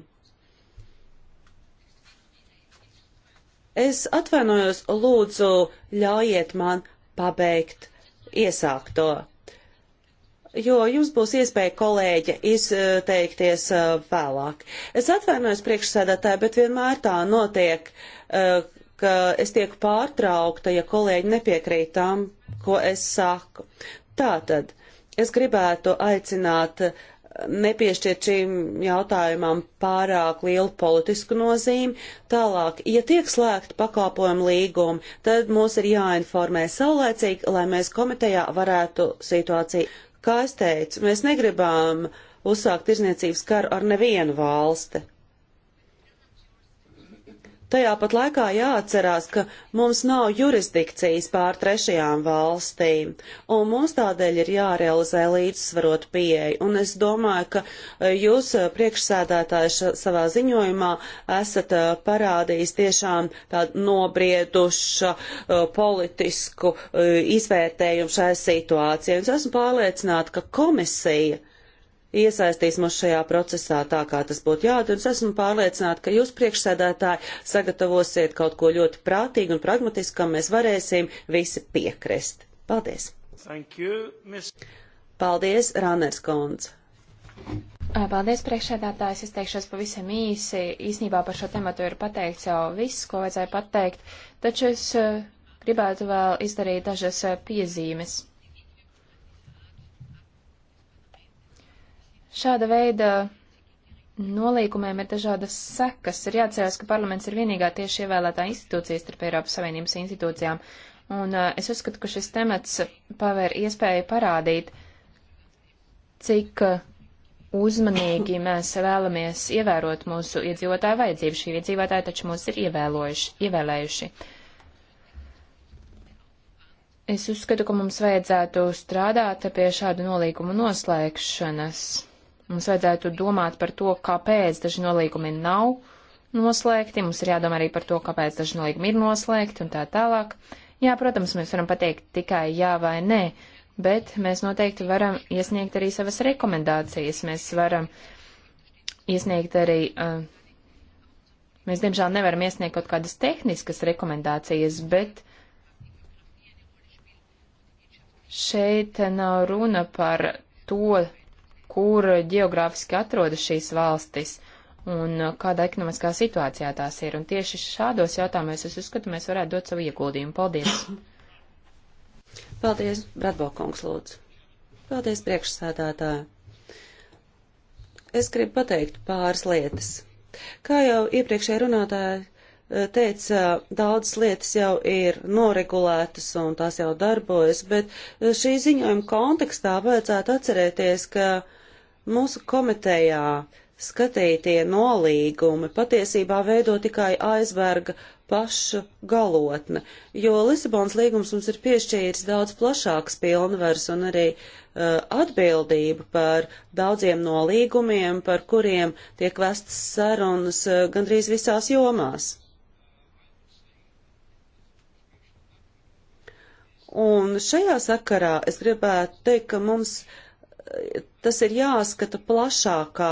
Es atvainojos, lūdzu, ļaujiet man pabeigt iesākto jo jums būs iespēja kolēģi izteikties eh, vēlāk. Es atvainojos priekšsēdētāji, bet vienmēr tā notiek, eh, ka es tieku pārtraukta, ja kolēģi nepiekrīt tam, ko es saku. Tātad, es gribētu aicināt eh, nepiešķiet šīm jautājumam pārāk lielu politisku nozīmi. Tālāk, ja tiek slēgt pakalpojumu līgumu, tad mūs ir jāinformē saulēcīgi, lai mēs komitejā varētu situāciju Kā es teicu, mēs negribām uzsākt tirzniecības karu ar nevienu valsti. Tajā pat laikā jāatcerās, ka mums nav jurisdikcijas pār trešajām valstīm, un mums tādēļ ir jārealizē līdzsvarot pieeja. Un es domāju, ka eh, jūs eh, priekšsēdētājs savā ziņojumā esat eh, parādījis tiešām tādu nobriedušu politisku izvērtējumu šai situācijai. Un es esmu pārliecināta, ka komisija iesaistīs mūs šajā procesā tā, kā tas būtu jādara. Es esmu pārliecināta, ka jūs priekšsēdētāji sagatavosiet kaut ko ļoti prātīgu un pragmatisku, kam mēs varēsim visi piekrist. Paldies! Thank you, miss... Paldies, Rāners Kondz! Paldies, priekšsēdētājs. Es teikšos pavisam īsi. Īsnībā par šo tematu ir pateikts jau viss, ko vajadzēja pateikt, taču es gribētu vēl izdarīt dažas piezīmes. Šāda veida nolīkumiem ir dažādas sekas. Ir jāatcerās, ka parlaments ir vienīgā tieši ievēlētā institūcija starp Eiropas Savienības institūcijām, un uh, es uzskatu, ka šis temats pavēr iespēju parādīt, cik uh, uzmanīgi mēs vēlamies ievērot mūsu iedzīvotāju vajadzību. Šī iedzīvotāja taču mūs ir ievēlējuši. Es uzskatu, ka mums vajadzētu strādāt pie šādu nolīkumu noslēgšanas Mums vajadzētu domāt par to, kāpēc daži nolīgumi nav noslēgti, mums ir jādomā arī par to, kāpēc daži nolīgumi ir noslēgti un tā tālāk. Jā, protams, mēs varam pateikt tikai jā vai nē, bet mēs noteikti varam iesniegt arī savas rekomendācijas. Mēs varam iesniegt arī, uh, mēs diemžēl nevaram iesniegt kaut kādas tehniskas rekomendācijas, bet šeit nav runa par to, kur geogrāfiski atrodas šīs valstis un kādā ekonomiskā situācijā tās ir. Un tieši šādos jautājumos es uzskatu, mēs varētu dot savu ieguldījumu. Paldies! Paldies, Bratbokungs, lūdzu! Paldies, priekšsēdētāji! Es gribu pateikt pāris lietas. Kā jau iepriekšēji runātāji eh, teica, daudzas lietas jau ir noregulētas un tās jau darbojas, bet eh, šī ziņojuma kontekstā vajadzētu atcerēties, ka uh, Mūsu komitejā skatītie nolīgumi patiesībā veido tikai aizberga pašu galotne, jo Lisabons līgums mums ir piešķīris daudz plašāks pilnvers un arī uh, atbildību par daudziem nolīgumiem, par kuriem tiek vestas sarunas uh, gandrīz visās jomās. Un šajā sakarā es gribētu teikt, ka mums tas ir jāskata plašākā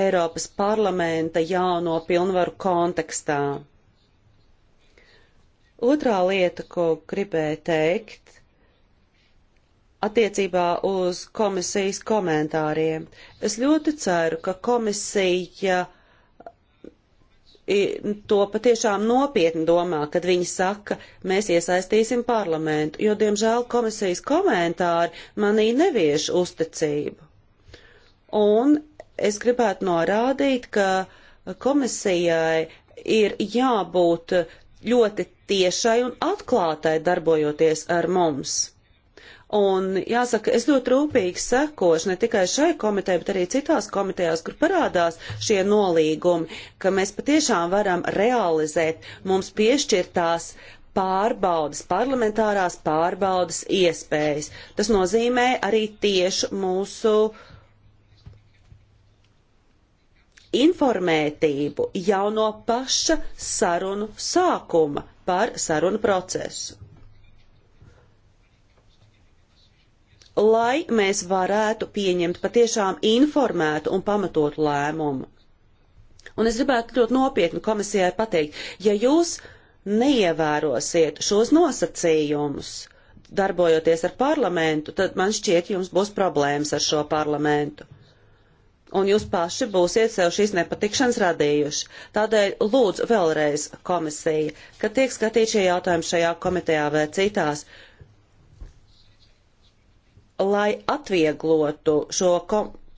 Eiropas parlamenta jauno pilnvaru kontekstā. Otrā lieta, ko gribēju teikt, attiecībā uz komisijas komentāriem. Es ļoti ceru, ka komisija uh, to patiešām nopietni domā, kad viņi saka, mēs iesaistīsim parlamentu, jo, diemžēl, komisijas komentāri manī nevieš uzticību. Un es gribētu norādīt, ka komisijai ir jābūt ļoti tiešai un atklātai darbojoties ar mums. Un jāsaka, es ļoti rūpīgi sekošu ne tikai šai komitē, bet arī citās komitejās, kur parādās šie nolīgumi, ka mēs patiešām varam realizēt mums piešķirtās pārbaudas, parlamentārās pārbaudas iespējas. Tas nozīmē arī tieši mūsu informētību jau no paša sarunu sākuma par sarunu procesu. lai mēs varētu pieņemt patiešām informētu un pamatotu lēmumu. Un es gribētu ļoti nopietni komisijai pateikt, ja jūs neievērosiet šos nosacījumus, darbojoties ar parlamentu, tad man šķiet, jums būs problēmas ar šo parlamentu. Un jūs paši būsiet sev šīs nepatikšanas radījuši. Tādēļ lūdzu vēlreiz komisija, kad tiek skatīt šie jautājumi šajā komitejā vai citās, lai atvieglotu šo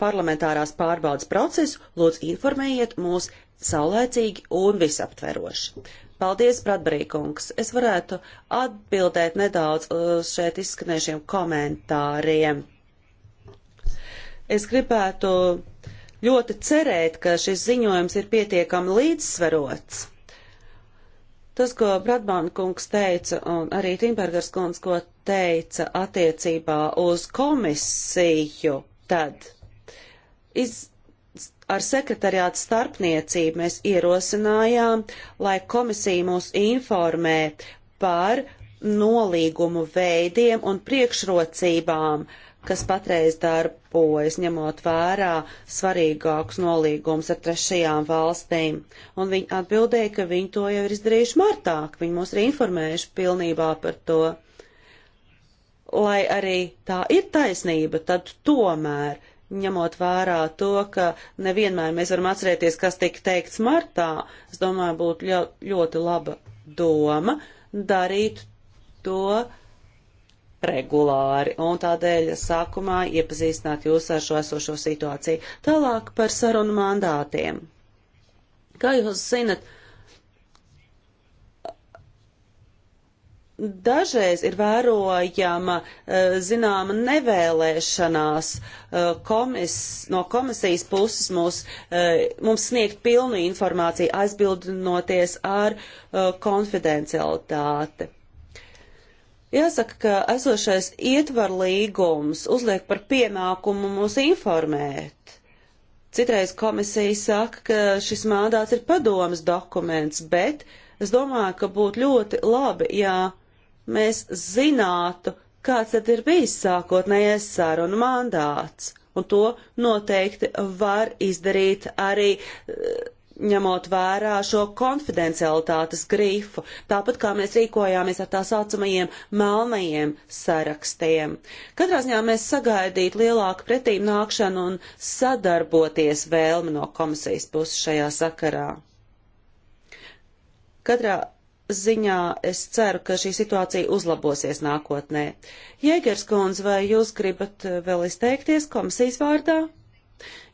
parlamentārās pārbaudas procesu, lūdzu informējiet mūs saulēcīgi un visaptveroši. Paldies, Bradbrīkungs. Es varētu atbildēt nedaudz uz uh, šeit izskanējušiem komentāriem. Es gribētu ļoti cerēt, ka šis ziņojums ir pietiekami līdzsvarots Tas, ko Bradbāna kungs teica, un arī Timbergers kungs, ko teica attiecībā uz komisiju, tad iz, ar sekretariātu starpniecību mēs ierosinājām, lai komisija mūs informē par nolīgumu veidiem un priekšrocībām, uh, kas patreiz darbojas, ņemot vērā svarīgākus nolīgumus ar trešajām valstīm. Un viņi atbildēja, ka viņi to jau ir izdarījuši martā, ka viņi mūs ir informējuši pilnībā par to. Lai arī tā ir taisnība, tad tomēr ņemot vērā to, ka nevienmēr mēs varam atcerēties, kas tika teikts martā, es domāju, būtu ļoti laba doma darīt to regulāri, un tādēļ sākumā iepazīstināt jūs ar šo esošo situāciju. Tālāk par sarunu mandātiem. Kā jūs zinat, dažreiz ir vērojama e, zināma nevēlēšanās e, komis, no komisijas puses mūs, e, mums sniegt pilnu informāciju, aizbildinoties ar konfidencialitāti. Jāsaka, ka esošais ietvar līgums uzliek par pienākumu mūs informēt. Citreiz komisija saka, ka šis mandāts ir padomas dokuments, bet es domāju, ka būtu ļoti labi, ja mēs zinātu, kāds tad ir bijis sākotnējais sarunu mandāts. Un to noteikti var izdarīt arī uh, ņemot vērā šo konfidencialitātes grifu, tāpat kā mēs rīkojāmies ar tā saucamajiem melnajiem sarakstiem. Katrā ziņā mēs sagaidītu lielāku pretīm nākšanu un sadarboties vēlmi no komisijas puses šajā sakarā. Katrā ziņā es ceru, ka šī situācija uzlabosies nākotnē. Jēgers kundze, vai jūs gribat vēl izteikties komisijas vārdā?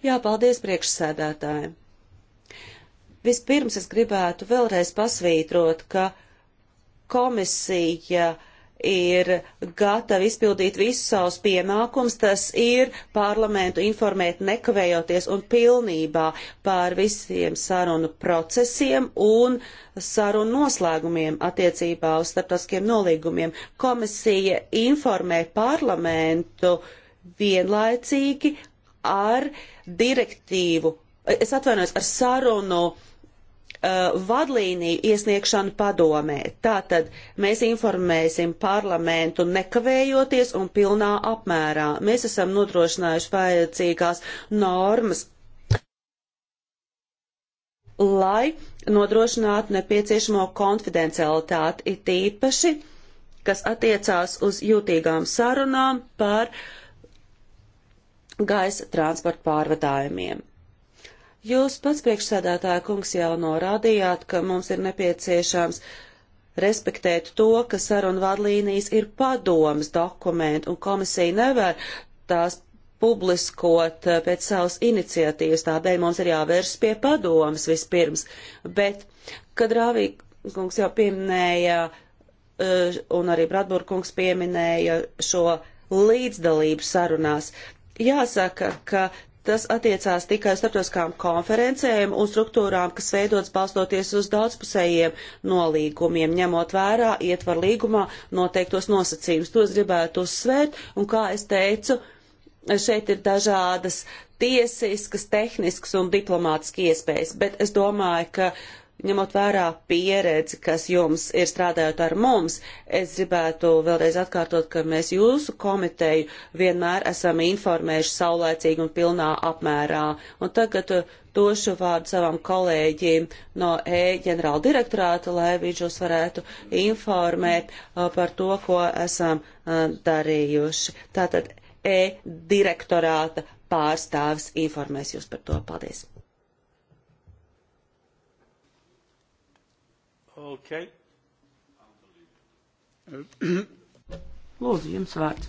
Jā, paldies priekšsēdētājiem. Vispirms es gribētu vēlreiz pasvītrot, ka komisija ir gatava izpildīt visus savus pienākumus, tas ir parlamentu informēt nekavējoties un pilnībā par visiem sarunu procesiem un sarunu noslēgumiem attiecībā uz starptautiskiem nolīgumiem. Komisija informē parlamentu vienlaicīgi ar direktīvu, es atvainojos, ar sarunu uh, Uh, vadlīniju iesniegšanu padomē. Tātad mēs informēsim parlamentu nekavējoties un pilnā apmērā. Mēs esam nodrošinājuši vajadzīgās normas, lai nodrošinātu nepieciešamo konfidencialitāti, it īpaši, kas attiecās uz jūtīgām sarunām par gaisa transporta pārvadājumiem. Jūs pats priekšsēdētāja kungs jau norādījāt, ka mums ir nepieciešams respektēt to, ka sarunu vadlīnijas ir padomas dokumenti un komisija nevar tās publiskot eh, pēc savas iniciatīvas, tādēļ mums ir jāvērst pie padomas vispirms. Bet, kad Rāvīkungs jau pieminēja, eh, un arī Bratburkungs pieminēja šo līdzdalību sarunās, jāsaka, ka tas attiecās tikai uz starptautiskām konferencēm un struktūrām, kas veidots balstoties uz daudzpusējiem nolīgumiem, ņemot vērā ietvar līgumā noteiktos nosacījumus. Tos gribētu uzsvērt, un kā es teicu, šeit ir dažādas tiesiskas, tehniskas un diplomātiskas iespējas, bet es domāju, ka ņemot vērā pieredzi, kas jums ir strādājot ar mums, es gribētu vēlreiz atkārtot, ka mēs jūsu komiteju vienmēr esam informējuši saulēcīgi un pilnā apmērā. Un tagad uh, došu vārdu savam kolēģim no E ģenerāla direktorāta, lai viņš jūs varētu informēt uh, par to, ko esam uh, darījuši. Tātad E direktorāta pārstāvis informēs jūs par to. Paldies! Okay. Lūdzu, jums vārds.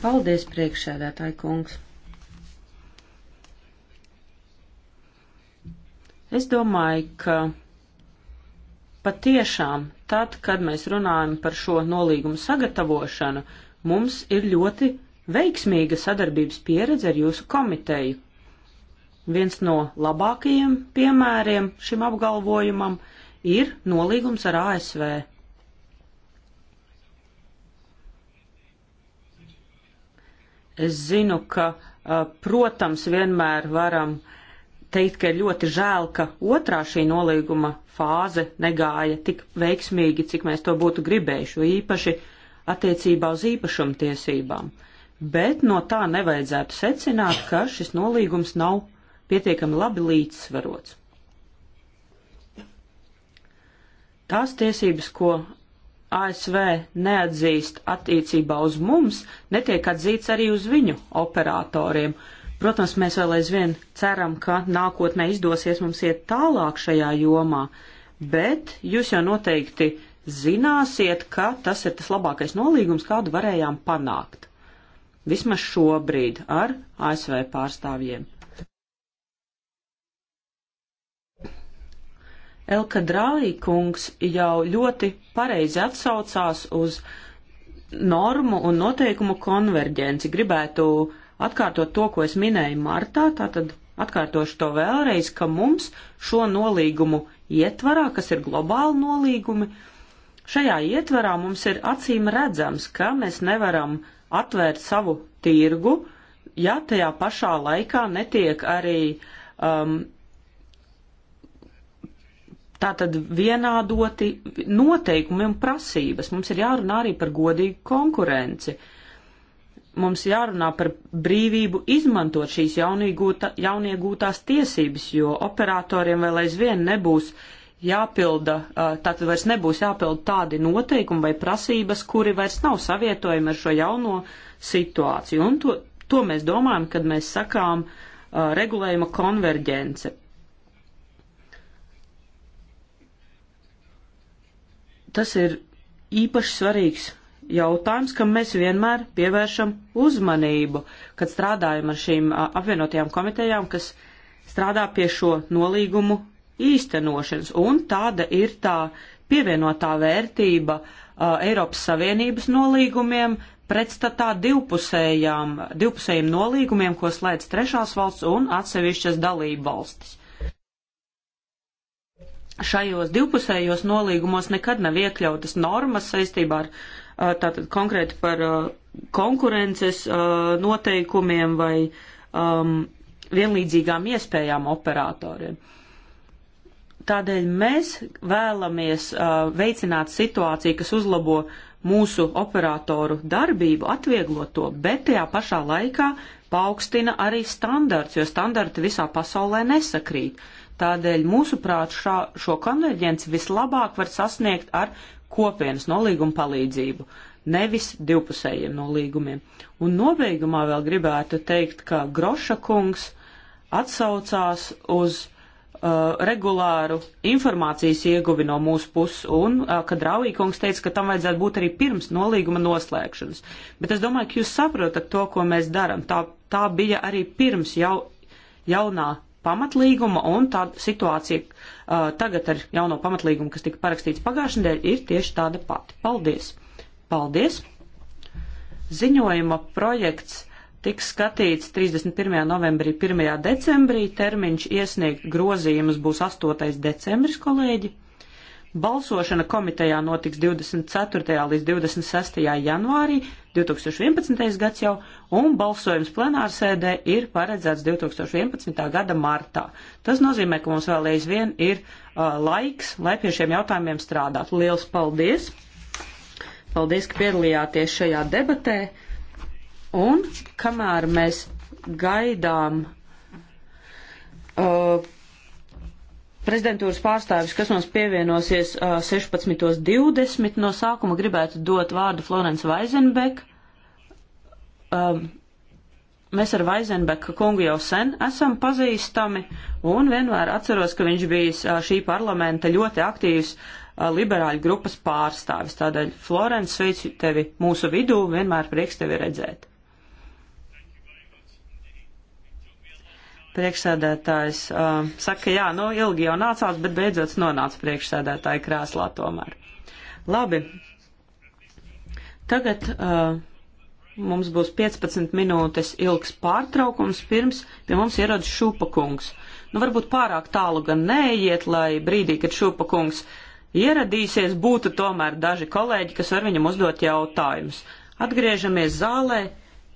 Paldies, priekšsēdētāji kungs. Es domāju, ka patiešām tad, kad mēs runājam par šo nolīgumu sagatavošanu, mums ir ļoti veiksmīga sadarbības pieredze ar jūsu komiteju. Viens no labākajiem piemēriem šim apgalvojumam ir nolīgums ar ASV. Es zinu, ka, protams, vienmēr varam teikt, ka ir ļoti žēl, ka otrā šī nolīguma fāze negāja tik veiksmīgi, cik mēs to būtu gribējuši, īpaši attiecībā uz īpašumtiesībām. Bet no tā nevajadzētu secināt, ka šis nolīgums nav pietiekami labi līdzsvarots. Tās tiesības, ko ASV neatzīst attiecībā uz mums, netiek atzīts arī uz viņu operatoriem. Protams, mēs vēl aizvien ceram, ka nākotnē izdosies mums iet tālāk šajā jomā, bet jūs jau noteikti zināsiet, ka tas ir tas labākais nolīgums, kādu varējām panākt. Vismaz šobrīd ar ASV pārstāvjiem. Elka Drāīkungs jau ļoti pareizi atsaucās uz normu un noteikumu konverģenci. Gribētu atkārtot to, ko es minēju martā, tātad atkārtošu to vēlreiz, ka mums šo nolīgumu ietvarā, kas ir globāli nolīgumi, šajā ietvarā mums ir acīm redzams, ka mēs nevaram atvērt savu tirgu, ja tajā pašā laikā netiek arī um, Tātad vienādoti noteikumi un prasības. Mums ir jārunā arī par godīgu konkurenci. Mums jārunā par brīvību izmantot šīs jauniegūta, jauniegūtās tiesības, jo operatoriem vēl aizvien nebūs jāpilda, tātad vairs nebūs jāpilda tādi noteikumi vai prasības, kuri vairs nav savietojami ar šo jauno situāciju. Un to, to mēs domājam, kad mēs sakām uh, regulējuma konverģence Tas ir īpaši svarīgs jautājums, kam mēs vienmēr pievēršam uzmanību, kad strādājam ar šīm apvienotajām komitejām, kas strādā pie šo nolīgumu īstenošanas. Un tāda ir tā pievienotā vērtība uh, Eiropas Savienības nolīgumiem pretstatā divpusējām, divpusējiem nolīgumiem, ko slēdz trešās valsts un atsevišķas dalība valstis šajos divpusējos nolīgumos nekad nav iekļautas normas saistībā ar tātad konkrēti par konkurences noteikumiem vai um, vienlīdzīgām iespējām operatoriem. Tādēļ mēs vēlamies uh, veicināt situāciju, kas uzlabo mūsu operatoru darbību, atvieglot to, bet tajā pašā laikā paaugstina arī standarts, jo standarti visā pasaulē nesakrīt. Uh, Tādēļ, mūsuprāt, šā, šo konverģenci vislabāk var sasniegt ar kopienas nolīgumu palīdzību, nevis divpusējiem nolīgumiem. Un nobeigumā vēl gribētu teikt, ka Groša kungs atsaucās uz uh, regulāru informācijas ieguvi no mūsu puses, un uh, kad Rāvīkungs teica, ka tam vajadzētu būt arī pirms nolīguma noslēgšanas. Bet es domāju, ka jūs saprotat to, ko mēs darām. Tā, tā bija arī pirms jau, jaunā pamatlīguma, un tā situācija uh, tagad ar jauno pamatlīgumu, kas tika parakstīts pagājušajā nedēļā, ir tieši tāda pati. Paldies! Paldies! Ziņojuma projekts tiks skatīts 31. novembrī, 1. decembrī, termiņš iesniegt grozījumus būs 8. decembris, kolēģi. Balsošana komitejā notiks 24. līdz 26. janvārī 2011. gads jau, un balsojums plenārsēdē ir paredzēts 2011. gada martā. Tas nozīmē, ka mums vēl aizvien ir uh, laiks, lai pie šiem jautājumiem strādātu. Liels paldies! Paldies, ka piedalījāties šajā debatē, un kamēr mēs gaidām. Uh, prezidentūras pārstāvis, kas mums pievienosies uh, 16.20. No sākuma gribētu dot vārdu Florence Weizenbeck. Um, mēs ar Vaizenbeku kungu jau sen esam pazīstami un vienmēr atceros, ka viņš bija šī parlamenta ļoti aktīvs liberāļu grupas pārstāvis. Tādēļ, Florence, sveicu tevi mūsu vidū, vienmēr prieks tevi redzēt. Priekšsēdētājs uh, saka, jā, nu ilgi jau nācās, bet beidzot nonāca priekšsēdētāja krēslā tomēr. Labi. Tagad uh, mums būs 15 minūtes ilgs pārtraukums pirms pie mums ierodas šūpakungs. Nu, varbūt pārāk tālu gan neiet, lai brīdī, kad šūpakungs ieradīsies, būtu tomēr daži kolēģi, kas var viņam uzdot jautājumus. Atgriežamies zālē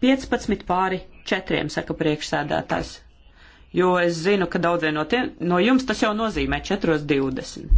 15 pāri 4, saka priekšsēdētājs jo es zinu, ka daudziem no, tiem, no jums tas jau nozīmē 4.20.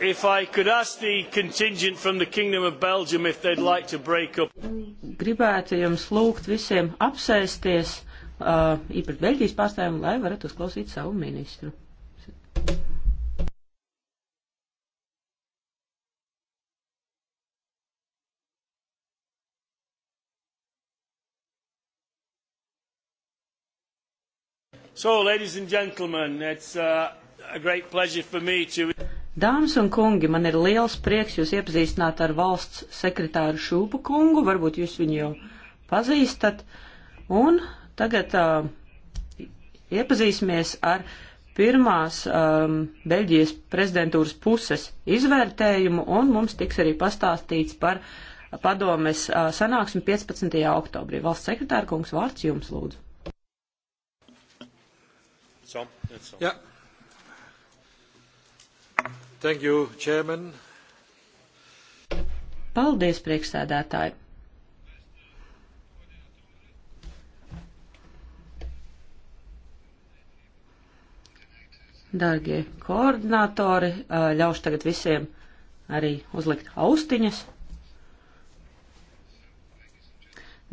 If I could ask the contingent from the Kingdom of Belgium if they'd like to break up. Gribētu jums lūgt visiem apsēsties, uh, īpaši Beļģijas pārstāvjiem, lai varat uzklausīt savu ministru. So, ladies and gentlemen, it's uh, a great pleasure for me to. Dāmas un kungi, man ir liels prieks jūs iepazīstināt ar valsts sekretāru Šūpu kungu, varbūt jūs viņu jau pazīstat. Un tagad uh, iepazīsimies ar pirmās um, Beļģijas prezidentūras puses izvērtējumu, un mums tiks arī pastāstīts par padomes uh, sanāksmi 15. oktobrī. Valsts sekretāra kungs, vārds jums lūdzu. So, so. Yeah. Thank you, Chairman. Paldies, priekšsēdētāji! Dargie koordinātori, eh, ļaušu tagad visiem arī uzlikt austiņas.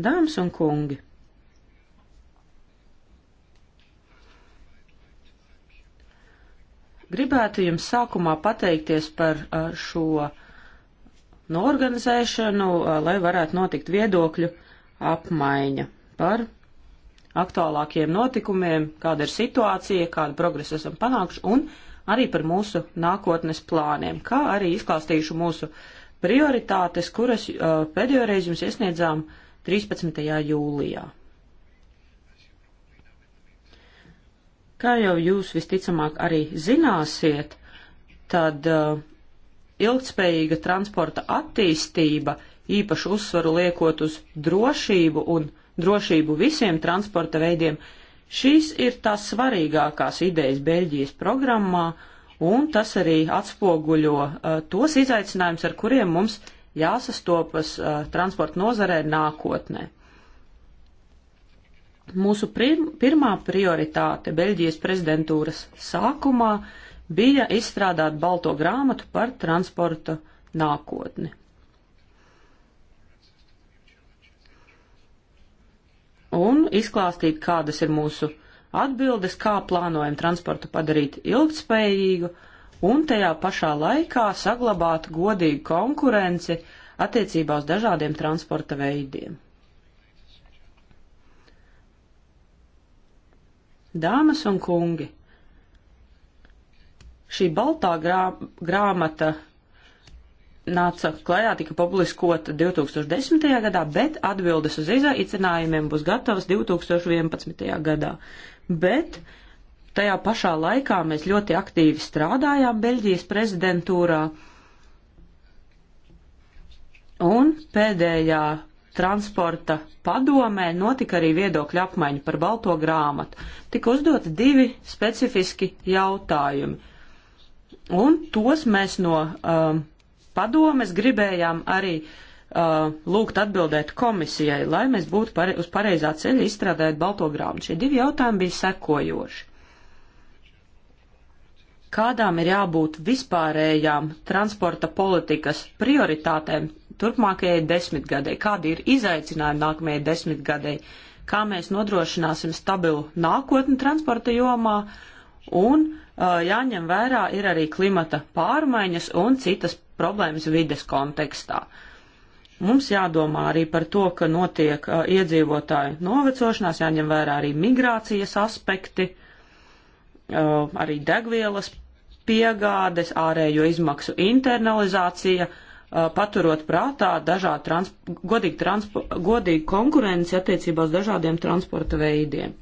Dāmas un kungi! Gribētu jums sākumā pateikties par šo norganizēšanu, lai varētu notikt viedokļu apmaiņa par aktuālākiem notikumiem, kāda ir situācija, kādu progresu esam panākuši un arī par mūsu nākotnes plāniem, kā arī izklāstīšu mūsu prioritātes, kuras uh, pēdējo reizi jums iesniedzām 13. jūlijā. Kā jau jūs visticamāk arī zināsiet, tad uh, ilgtspējīga transporta attīstība, īpašu uzsvaru liekot uz drošību un drošību visiem transporta veidiem, šīs ir tās svarīgākās idejas Beļģijas programmā, un tas arī atspoguļo uh, tos izaicinājumus, ar kuriem mums jāsastopas uh, transporta nozarē nākotnē. Mūsu prim, pirmā prioritāte Beļģijas prezidentūras sākumā bija izstrādāt balto grāmatu par transporta nākotni. Un izklāstīt, kādas ir mūsu atbildes, kā plānojam transportu padarīt ilgtspējīgu un tajā pašā laikā saglabāt godīgu konkurenci attiecībā uz dažādiem transporta veidiem. Dāmas un kungi, šī baltā grā, grāmata nāca klajā, tika publiskota 2010. gadā, bet atbildes uz izaicinājumiem būs gatavas 2011. gadā. Bet tajā pašā laikā mēs ļoti aktīvi strādājām Beļģijas prezidentūrā. Un pēdējā transporta padomē notika arī viedokļa apmaiņa par balto grāmatu. Tika uzdoti divi specifiski jautājumi. Un tos mēs no um, padomes gribējām arī uh, lūgt atbildēt komisijai, lai mēs būtu pare uz pareizā ceļa izstrādājot balto grāmatu. Šie divi jautājumi bija sekojoši. Kādām ir jābūt vispārējām transporta politikas prioritātēm turpmākajai desmitgadēji, kādi ir izaicinājumi nākamajai desmitgadēji, kā mēs nodrošināsim stabilu nākotni transporta jomā un uh, jāņem vērā ir arī klimata pārmaiņas un citas problēmas vides kontekstā. Mums jādomā arī par to, ka notiek uh, iedzīvotāju novecošanās, jāņem vērā arī migrācijas aspekti, uh, arī degvielas piegādes, ārējo izmaksu internalizācija, uh, Uh, paturot prātā dažādu trans godīgu, transpo godīgu konkurenci attiecībā uz dažādiem transporta veidiem.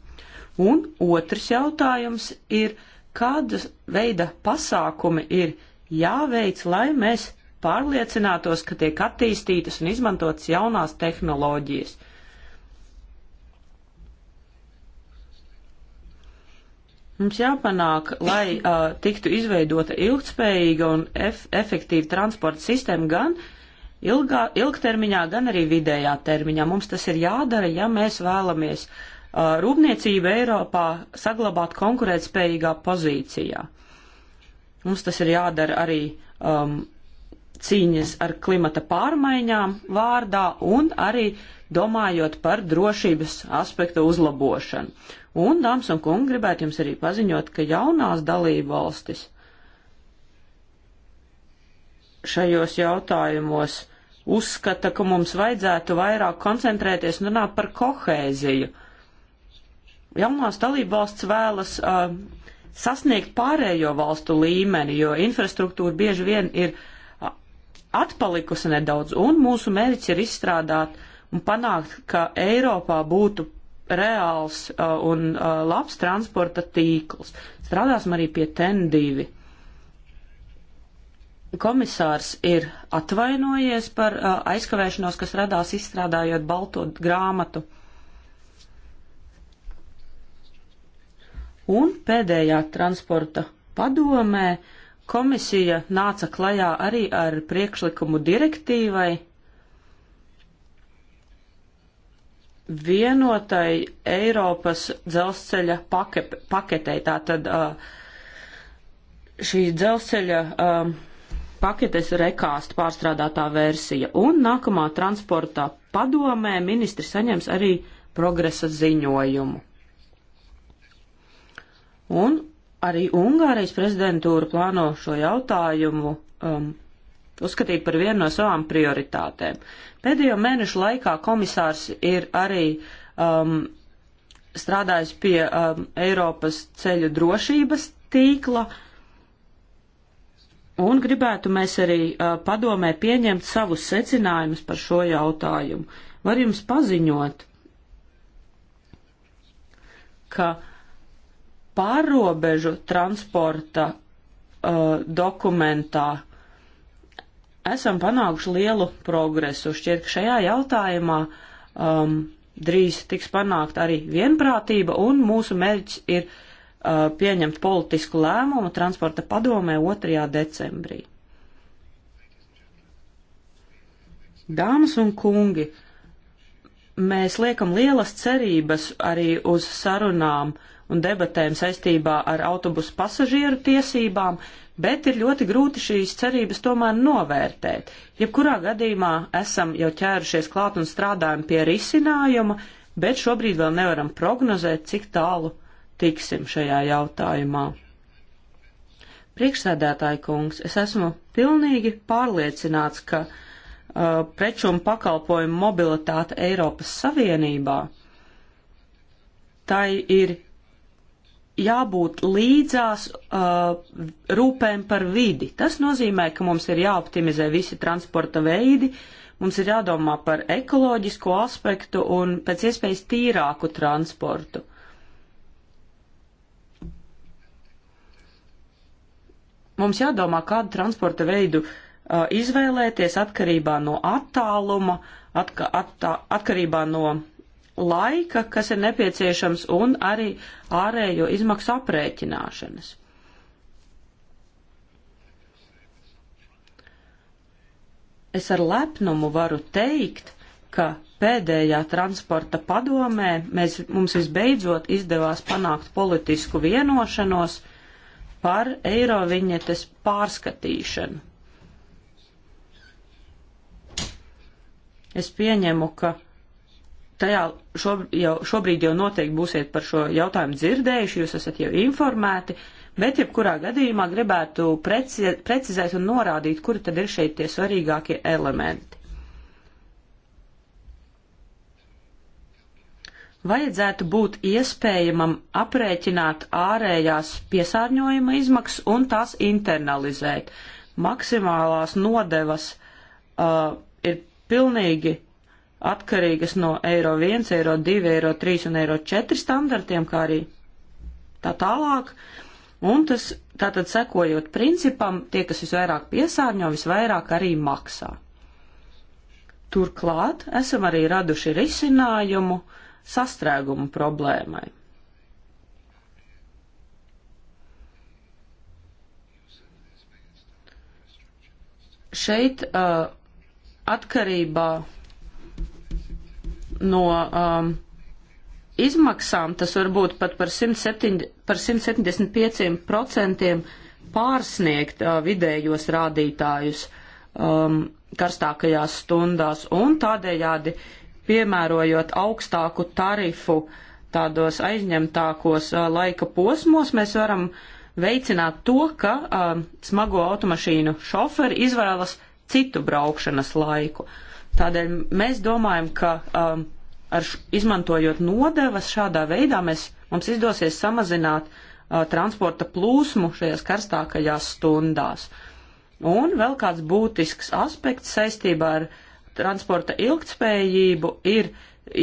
Un otrs jautājums ir, kāda veida pasākumi ir jāveic, lai mēs pārliecinātos, ka tiek attīstītas un izmantotas jaunās tehnoloģijas – Mums jāpanāk, lai uh, tiktu izveidota ilgtspējīga un ef efektīva transporta sistēma gan ilgā, ilgtermiņā, gan arī vidējā termiņā. Mums tas ir jādara, ja mēs vēlamies uh, rūpniecību Eiropā saglabāt konkurētspējīgā pozīcijā. Mums tas ir jādara arī um, cīņas ar klimata pārmaiņām vārdā un arī domājot par drošības aspektu uzlabošanu. Un, dāmas un kungi, gribētu jums arī paziņot, ka jaunās dalība valstis šajos jautājumos uzskata, ka mums vajadzētu vairāk koncentrēties un runāt par kohēziju. Jaunās dalība valsts vēlas uh, sasniegt pārējo valstu līmeni, jo infrastruktūra bieži vien ir uh, atpalikusi nedaudz, un mūsu mērķis ir izstrādāt un panākt, ka Eiropā būtu reāls uh, un uh, labs transporta tīkls. Strādāsim arī pie TEN2. Komisārs ir atvainojies par uh, aizkavēšanos, kas radās izstrādājot balto grāmatu. Un pēdējā transporta padomē komisija nāca klajā arī ar priekšlikumu direktīvai vienotai Eiropas dzelzceļa pakepe, paketei. Tātad šī dzelzceļa paketes rekāst pārstrādātā versija. Un nākamā transportā padomē ministri saņems arī progresa ziņojumu. Un arī Ungārijas prezidentūra plāno šo jautājumu um, uzskatīt par vienu no savām prioritātēm. Pēdējo mēnešu laikā komisārs ir arī um, strādājis pie um, Eiropas ceļu drošības tīkla, un gribētu mēs arī uh, padomē pieņemt savus secinājumus par šo jautājumu. Var jums paziņot, ka pārobežu transporta uh, dokumentā esam panākuši lielu progresu. Šķiet, ka šajā jautājumā um, drīz tiks panākt arī vienprātība, un mūsu mērķis ir uh, pieņemt politisku lēmumu transporta padomē 2. decembrī. Dāmas un kungi, mēs liekam lielas cerības arī uz sarunām un debatēm saistībā ar autobusu pasažieru tiesībām, bet ir ļoti grūti šīs cerības tomēr novērtēt. Jebkurā gadījumā esam jau ķērušies klāt un strādājam pie risinājuma, bet šobrīd vēl nevaram prognozēt, cik tālu tiksim šajā jautājumā. Priekšsēdētāji kungs, es esmu pilnīgi pārliecināts, ka uh, preču un pakalpojumu mobilitāte Eiropas Savienībā tai ir jābūt līdzās uh, rūpēm par vidi. Tas nozīmē, ka mums ir jāoptimizē visi transporta veidi, mums ir jādomā par ekoloģisko aspektu un pēc iespējas tīrāku transportu. Mums jādomā, kādu transporta veidu uh, izvēlēties atkarībā no attāluma, atka, attā, atkarībā no laika, kas ir nepieciešams, un arī ārējo izmaksu aprēķināšanas. Es ar lepnumu varu teikt, ka pēdējā transporta padomē mēs, mums visbeidzot izdevās panākt politisku vienošanos par eiroviņetes pārskatīšanu. Es pieņemu, ka tajā šobrīd jau, šobrīd jau noteikti būsiet par šo jautājumu dzirdējuši, jūs esat jau informēti, bet jebkurā gadījumā gribētu preci, precizēt un norādīt, kuri tad ir šeit tie svarīgākie elementi. Vajadzētu būt iespējamam aprēķināt ārējās piesārņojuma izmaksas un tās internalizēt. Maksimālās nodevas uh, ir pilnīgi atkarīgas no eiro 1, eiro 2, eiro 3 un eiro 4 standartiem, kā arī tā tālāk. Un tas tātad sekojot principam, tie, kas visvairāk piesārņo, visvairāk arī maksā. Turklāt esam arī raduši risinājumu sastrēgumu problēmai. Šeit uh, atkarībā no um, izmaksām tas var būt pat par, 107, par 175% pārsniegt uh, vidējos rādītājus um, karstākajās stundās un tādējādi piemērojot augstāku tarifu tādos aizņemtākos uh, laika posmos, mēs varam veicināt to, ka uh, smago automašīnu šoferi izvēlas citu braukšanas laiku. Uh, Tādēļ mēs domājam, ka um, ar š, izmantojot nodevas šādā veidā mēs, mums izdosies samazināt uh, transporta plūsmu šajās karstākajās stundās. Un vēl kāds būtisks aspekts saistībā ar transporta ilgtspējību ir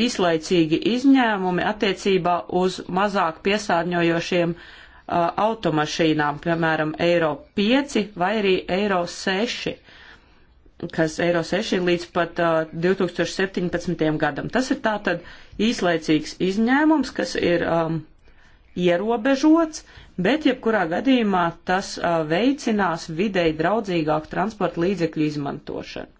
īslaicīgi izņēmumi attiecībā uz mazāk piesārņojošiem uh, automašīnām, piemēram, eiro 5 vai arī eiro 6 kas eiro 6 līdz pat uh, 2017. gadam. Tas ir tātad īslaicīgs izņēmums, kas ir um, ierobežots, bet jebkurā gadījumā tas uh, veicinās videi draudzīgāku transporta līdzekļu izmantošanu.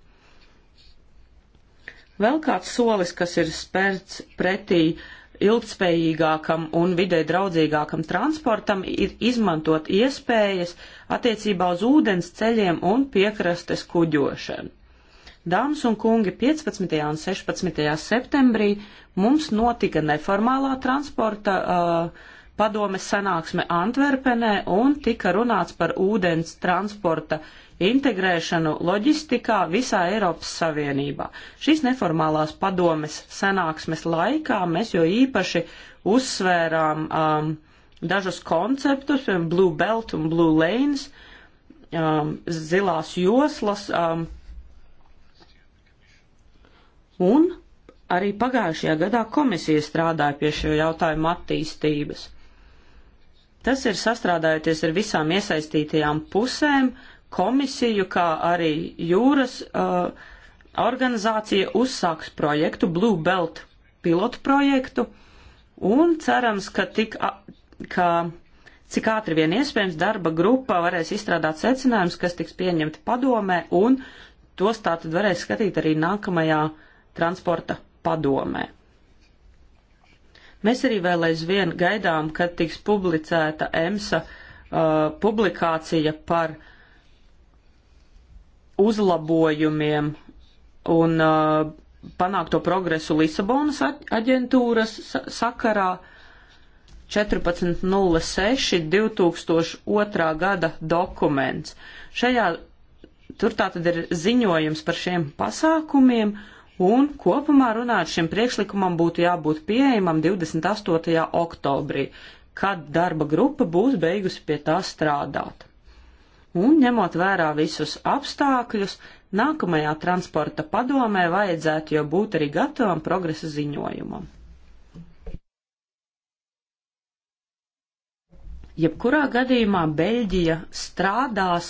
Vēl kāds solis, kas ir spērts pretī uh, ilgtspējīgākam un vidē draudzīgākam transportam ir izmantot iespējas attiecībā uz ūdens ceļiem un piekrastes kuģošanu. Dāmas un kungi, 15. un 16. septembrī mums notika neformālā transporta uh, padomes sanāksme Antverpenē un tika runāts par ūdens transporta uh, integrēšanu loģistikā visā Eiropas Savienībā. Šīs neformālās padomes sanāksmes laikā mēs jo īpaši uzsvērām um, dažus konceptus, Blue Belt un Blue Lanes, um, zilās joslas, um, un arī pagājušajā gadā komisija strādāja pie šo jautājumu attīstības. Tas ir sastrādājoties ar visām iesaistītajām pusēm, uh, komisiju, kā arī jūras uh, organizācija uzsāks projektu, Blue Belt pilotu projektu, un cerams, ka tik, a, ka cik ātri vien iespējams darba grupa varēs izstrādāt secinājumus, kas tiks pieņemti padomē, un tos tātad varēs skatīt arī nākamajā transporta padomē. Mēs arī vēl aizvien gaidām, kad tiks publicēta EMSA uh, publikācija par uh, uzlabojumiem un uh, panākto progresu Lisabonas aģentūras sakarā 14.06. 2002. gada dokuments. Šajā tur tātad ir ziņojums par šiem pasākumiem, un kopumā runāt šim priekšlikumam būtu jābūt pieejamam 28. oktobrī, kad darba grupa būs beigusi pie tā strādāt. Un, ņemot vērā visus apstākļus, nākamajā transporta padomē vajadzētu jau būt arī gatavam progresa ziņojumam. Jebkurā gadījumā Beļģija strādās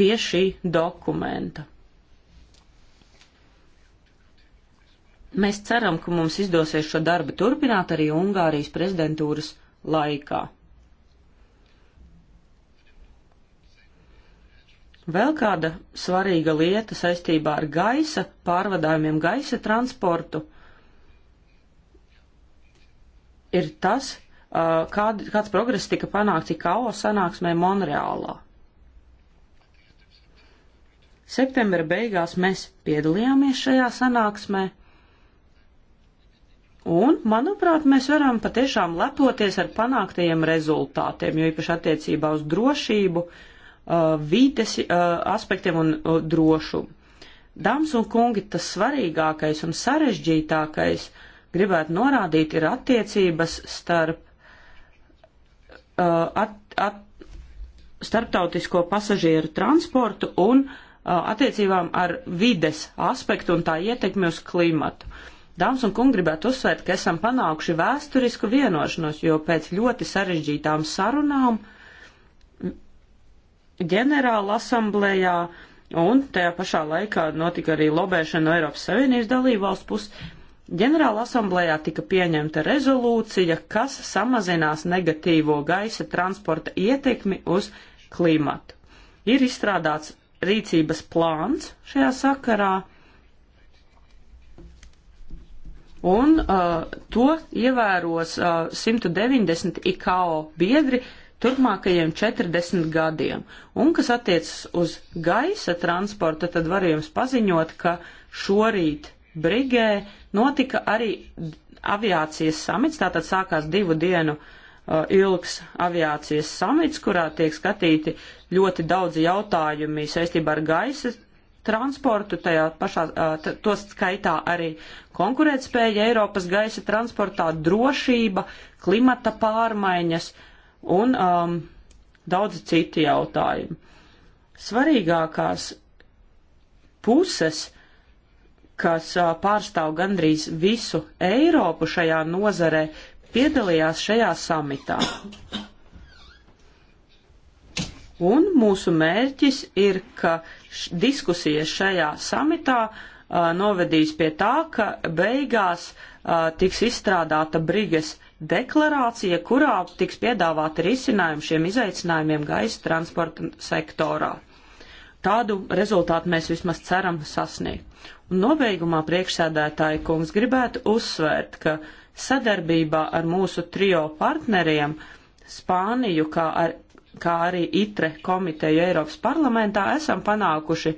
pie šī dokumenta. Mēs ceram, ka mums izdosies šo darbu turpināt arī Ungārijas prezidentūras laikā. Vēl kāda svarīga lieta saistībā ar gaisa pārvadājumiem, gaisa transportu ir tas, kād, kāds progress tika panākts IKO sanāksmē Monreālā. Septembra beigās mēs piedalījāmies šajā sanāksmē, un, manuprāt, mēs varam patiešām lepoties ar panāktajiem rezultātiem, jo īpaši attiecībā uz drošību uh, Uh, vides uh, aspektiem un uh, drošumu. Dāmas un kungi, tas svarīgākais un sarežģītākais, gribētu norādīt, ir attiecības starp at, at, starptautisko pasažieru transportu un attiecībām ar vides aspektu un tā ietekmi uz klimatu. Dāmas un kungi gribētu uzsvērt, ka esam panākuši vēsturisku vienošanos, jo pēc ļoti sarežģītām sarunām uh, ģenerāla asamblējā, un tajā pašā laikā notika arī lobēšana no Eiropas Savienības dalībvalstu puses. Ģenerāla asamblējā tika pieņemta rezolūcija, kas samazinās negatīvo gaisa transporta ietekmi uz klimatu. Ir izstrādāts rīcības plāns šajā sakarā, un uh, to ievēros uh, 190 IKO biedri, uh, turpmākajiem 40 gadiem. Un, kas attiecas uz gaisa transporta, tad varu jums paziņot, ka šorīt Brigē notika arī aviācijas samits, tātad sākās divu dienu uh, ilgs aviācijas samits, kurā tiek skatīti ļoti daudzi jautājumi saistībā ar gaisa transportu, tajā pašā, uh, to skaitā arī konkurētspēja Eiropas gaisa transportā, drošība, klimata pārmaiņas, uh, un um, daudz citi jautājumi. Svarīgākās puses, kas uh, pārstāv gandrīz visu Eiropu šajā nozarē, piedalījās šajā samitā. Un mūsu mērķis ir, ka diskusijas šajā samitā uh, novedīs pie tā, ka beigās uh, tiks izstrādāta Briges deklarācija, kurā tiks piedāvāta risinājumi šiem izaicinājumiem gaisa transporta sektorā. Tādu rezultātu mēs vismaz ceram sasniegt. Un nobeigumā priekšsēdētāji kungs gribētu uzsvērt, ka sadarbībā ar mūsu trio partneriem Spāniju, kā, ar, kā arī ITRE komiteju Eiropas parlamentā, esam panākuši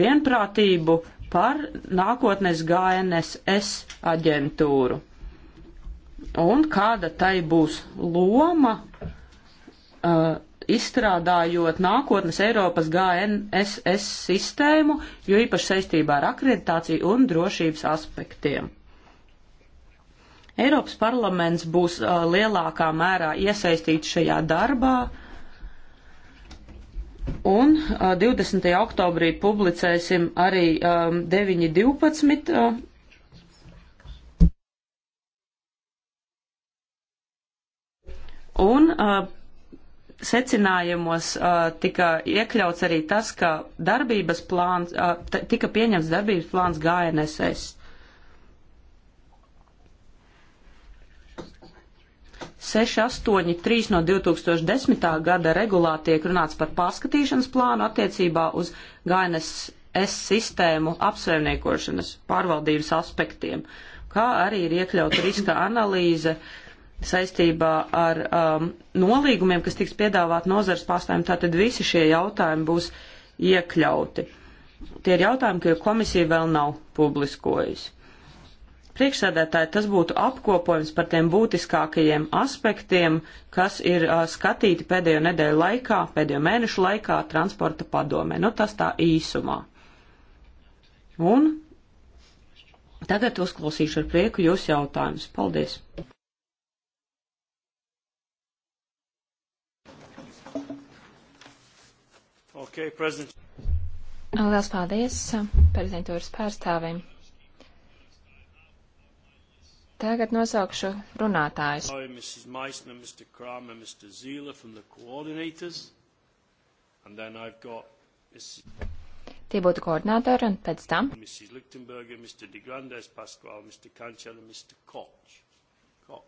vienprātību par nākotnes GNSS aģentūru un kāda tai būs loma uh, izstrādājot nākotnes Eiropas GNSS sistēmu, jo īpaši saistībā ar akreditāciju un drošības aspektiem. Eiropas parlaments būs uh, lielākā mērā iesaistīts šajā darbā, un uh, 20. oktobrī publicēsim arī um, 9.12. Uh, Un uh, secinājumos uh, tika iekļauts arī tas, ka darbības plāns, uh, tika pieņemts darbības plāns GNSS. Seši, astoņi, trīs no 2010. gada regulā tiek runāts par pārskatīšanas plānu attiecībā uz GNSS sistēmu apsaimniekošanas pārvaldības aspektiem, kā arī ir iekļauta riska analīze uh, saistībā ar um, nolīgumiem, kas tiks piedāvāt nozars pārstāvjiem, tātad visi šie jautājumi būs iekļauti. Tie ir jautājumi, ko komisija vēl nav publiskojusi. Priekšsēdētāji, tas būtu apkopojums par tiem būtiskākajiem aspektiem, kas ir uh, skatīti pēdējo nedēļu laikā, pēdējo mēnešu laikā transporta padomē. Nu, tas tā īsumā. Un tagad uzklausīšu ar prieku jūsu jautājumus. Paldies! Okay, president. Lielas paldies prezidentūras pārstāvim. Tagad nosaukšu runātājus. Mrs. Meissner, Mr. Kramer, Mr. Zīle from the coordinators. And then I've got Mrs. Tie būtu koordinātori un pēc tam. Mrs. Lichtenberger, Mr. De Grandes Pasquale, Mr. Kanchel un Mr. Koch. Koch.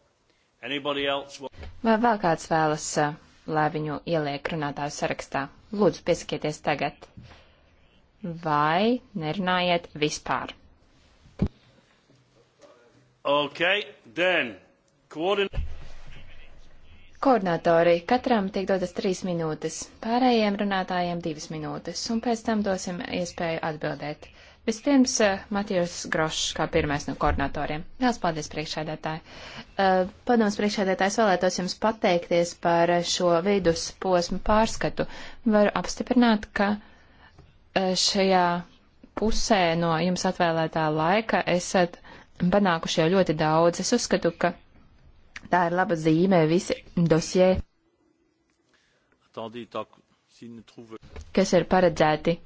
Anybody else? Vai vēl kāds vēlas uh, lai viņu ieliek runātāju sarakstā. Lūdzu, piesakieties tagad. Vai nerunājiet vispār? Okay, then. Koordin Koordinatori, katram tiek dotas trīs minūtes, pārējiem runātājiem divas minūtes, un pēc tam dosim iespēju atbildēt. Vispirms eh, Matijas Grošs, kā pirmais no koordinatoriem. Lielas paldies priekšēdētāji. Eh, padoms priekšēdētājs vēlētos jums pateikties par šo vidusposmu pārskatu. Varu apstiprināt, ka eh, šajā pusē no jums atvēlētā laika esat panākuši jau ļoti daudz. Es uzskatu, ka tā ir laba zīme visi dosie, kas ir paredzēti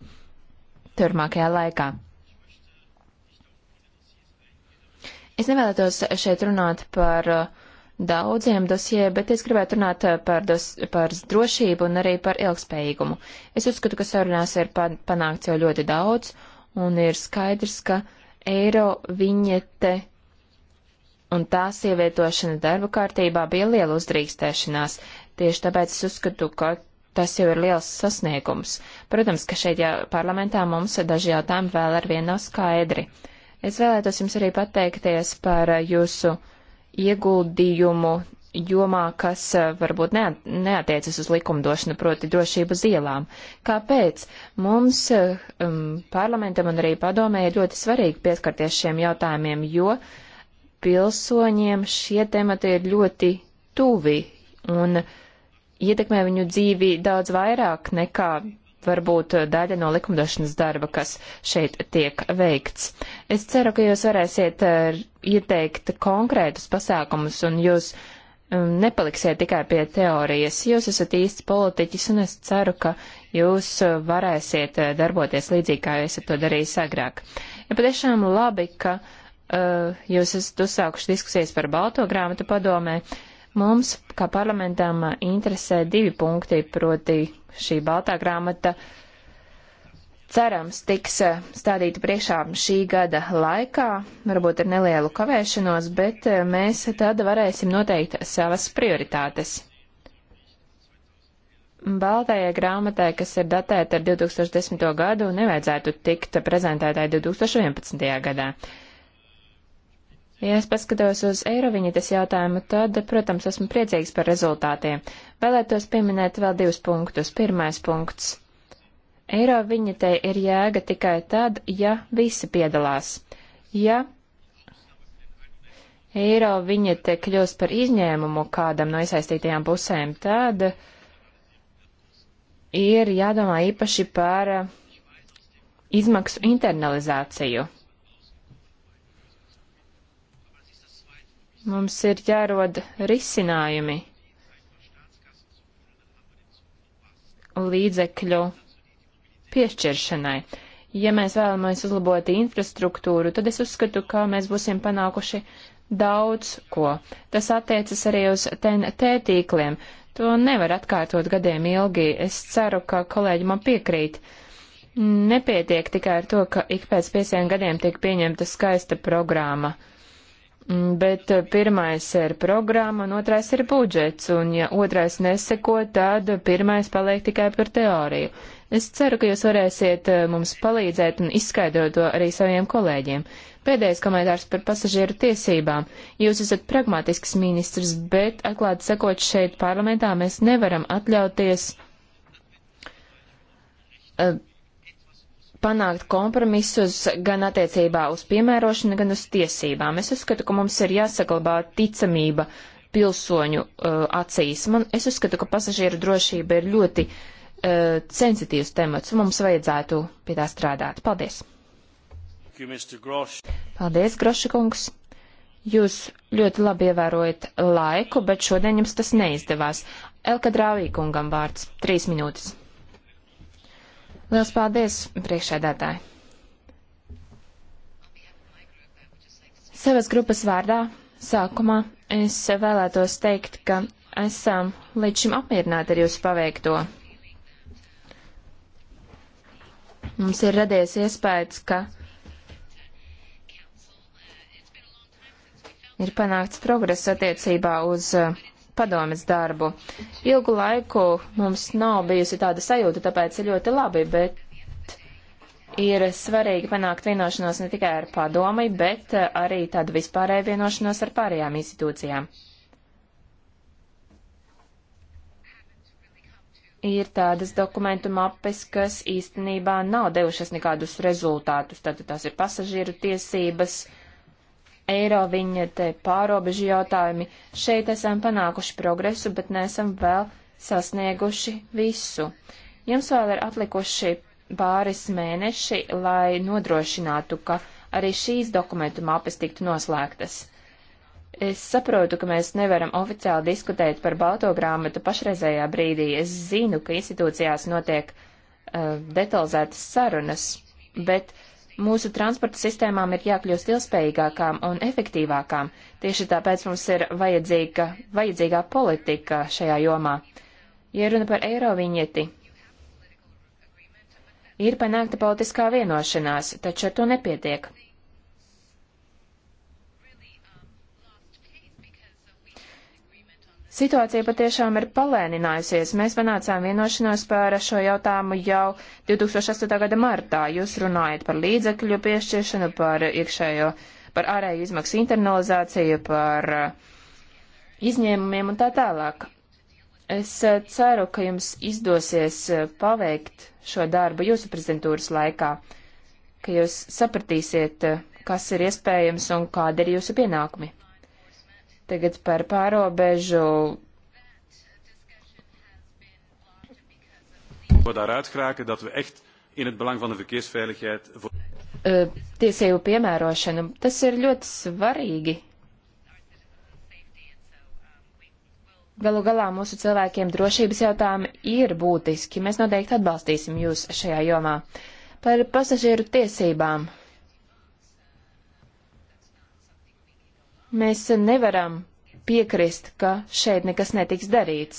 turmākajā laikā. Es nevēlētos šeit runāt par uh, daudziem dosjē, bet es gribētu runāt uh, par, dos, par drošību un arī par ilgspējīgumu. Es uzskatu, ka sarunās ir panākts jau ļoti daudz, un ir skaidrs, ka eiro viņete un tās ievietošana darba kārtībā bija liela uzdrīkstēšanās. Tieši tāpēc es uzskatu, ka tas jau ir liels sasniegums. Protams, ka šeit jā, parlamentā mums daži jautājumi vēl ar vienu nav skaidri. Uh, Es vēlētos jums arī pateikties par jūsu ieguldījumu jomā, kas eh, varbūt neatiecas uz likumdošanu, proti drošību uz ielām. Kāpēc? Mums eh, um, parlamentam un arī padomē ir ļoti svarīgi pieskarties šiem jautājumiem, jo pilsoņiem šie temati ir ļoti tuvi un ietekmē viņu dzīvi daudz vairāk nekā varbūt daļa no likumdošanas darba, kas šeit tiek veikts. Es ceru, ka jūs varēsiet eh, ieteikt konkrētus pasākumus un jūs um, nepaliksiet tikai pie teorijas. Jūs esat īsts politiķis un es ceru, ka jūs varēsiet eh, darboties līdzīgi, kā esat to darījis agrāk. Ja patiešām labi, ka uh, jūs esat uzsākuši diskusijas par balto grāmatu padomē, uh, Mums, kā parlamentam, interesē divi punkti, proti šī baltā grāmata cerams tiks eh, stādīta priekšā šī gada laikā, varbūt ar nelielu kavēšanos, bet eh, mēs tad varēsim noteikt savas prioritātes. Baltajai grāmatai, kas ir datēta ar 2010. gadu, nevajadzētu tikt prezentētai 2011. gadā. Ja es paskatos uz Eiroviņetes jautājumu, tad, protams, esmu priecīgs par rezultātiem. Vēlētos pieminēt vēl divus punktus. Pirmais punkts. Eiroviņetei ir jēga tikai tad, ja visi piedalās. Ja Eiroviņete kļūst par izņēmumu kādam no iesaistītajām pusēm, tad ir jādomā īpaši par izmaksu internalizāciju. Mums ir jārod risinājumi līdzekļu piešķiršanai. Ja mēs vēlamies uzlabot infrastruktūru, tad es uzskatu, ka mēs būsim panākuši daudz ko. Tas attiecas arī uz TNT tīkliem. To nevar atkārtot gadiem ilgi. Es ceru, ka kolēģi man piekrīt. Nepietiek tikai ar to, ka ik pēc pieciem gadiem tiek pieņemta skaista programma. Uh, Mm, bet eh, pirmais ir programma, un otrais ir budžets, un ja otrais neseko, tad pirmais paliek tikai par teoriju. Es ceru, ka jūs varēsiet eh, mums palīdzēt un izskaidrot to arī saviem kolēģiem. Pēdējais komentārs par pasažieru tiesībām. Jūs esat pragmatisks ministrs, bet, atklāti sakot, šeit parlamentā mēs nevaram atļauties uh, panākt kompromisus gan attiecībā uz piemērošanu, gan uz tiesībām. Es uzskatu, ka mums ir jāsaglabā ticamība pilsoņu uh, acīs. Man, es uzskatu, ka pasažieru drošība ir ļoti uh, sensitīvs temats, un mums vajadzētu pie tā strādāt. Paldies! Paldies, Groša kungs! Jūs ļoti labi ievērojat laiku, bet šodien jums tas neizdevās. Elka Drāvī kungam vārds - trīs minūtes. Liels paldies, priekšēdētāji! Savas grupas vārdā sākumā es vēlētos teikt, ka esam līdz šim apmierināti ar jūsu paveikto. Mums ir radies iespējas, ka ir panākts progress attiecībā uz uh, padomes darbu. Ilgu laiku mums nav bijusi tāda sajūta, tāpēc ir ļoti labi, bet ir svarīgi panākt vienošanos ne tikai ar padomi, bet eh, arī tādu vispārēju vienošanos ar pārējām institūcijām. ir tādas dokumentu mapes, kas īstenībā nav devušas nekādus rezultātus. Tātad tās ir pasažieru tiesības, uh, eiro viņa te pārobežu jautājumi. Šeit esam panākuši progresu, bet neesam vēl sasnieguši visu. Jums vēl ir atlikuši pāris mēneši, lai nodrošinātu, ka arī šīs dokumentu mapes tiktu noslēgtas. Es saprotu, ka mēs nevaram oficiāli diskutēt par balto grāmatu pašreizējā brīdī. Es zinu, ka institūcijās notiek uh, detalizētas sarunas, bet uh, Mūsu transporta sistēmām ir jākļūst ilgspējīgākām un efektīvākām, tieši tāpēc mums ir vajadzīga, vajadzīgā politika šajā jomā. Ja runa par eiroviņieti, ir panākta politiskā vienošanās, taču ar to nepietiek. Situācija patiešām ir palēninājusies. Mēs panācām vienošanos par šo jautājumu jau 2008. gada martā. Jūs runājat par līdzekļu piešķiršanu, par iekšējo, par ārēju izmaksu internalizāciju, par uh, izņēmumiem un tā tālāk. Es uh, ceru, ka jums izdosies uh, paveikt šo darbu jūsu prezidentūras laikā, ka jūs sapratīsiet, kas ir iespējams un kādi ir jūsu pienākumi. Tagad par pārobežu. Eh, tiesību piemērošanu. Tas ir ļoti svarīgi. Galu galā mūsu cilvēkiem drošības jautājumi ir būtiski. Mēs noteikti atbalstīsim jūs šajā jomā. Par pasažieru tiesībām. Mēs nevaram piekrist, ka šeit nekas netiks darīts.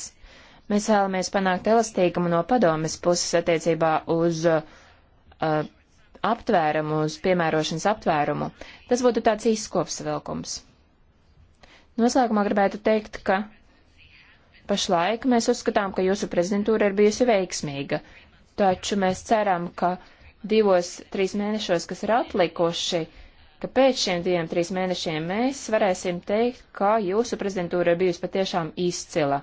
Mēs vēlamies panākt elastīgumu no padomes puses attiecībā uz uh, aptvērumu, uz piemērošanas aptvērumu. Tas būtu tāds īsts kopsavilkums. Noslēgumā gribētu teikt, ka pašlaik mēs uzskatām, ka jūsu prezidentūra ir bijusi veiksmīga, taču mēs ceram, ka divos, trīs mēnešos, kas ir atlikuši, uh, ka pēc šiem diviem, trīs mēnešiem mēs varēsim teikt, ka jūsu prezidentūra ir bijusi patiešām izcila.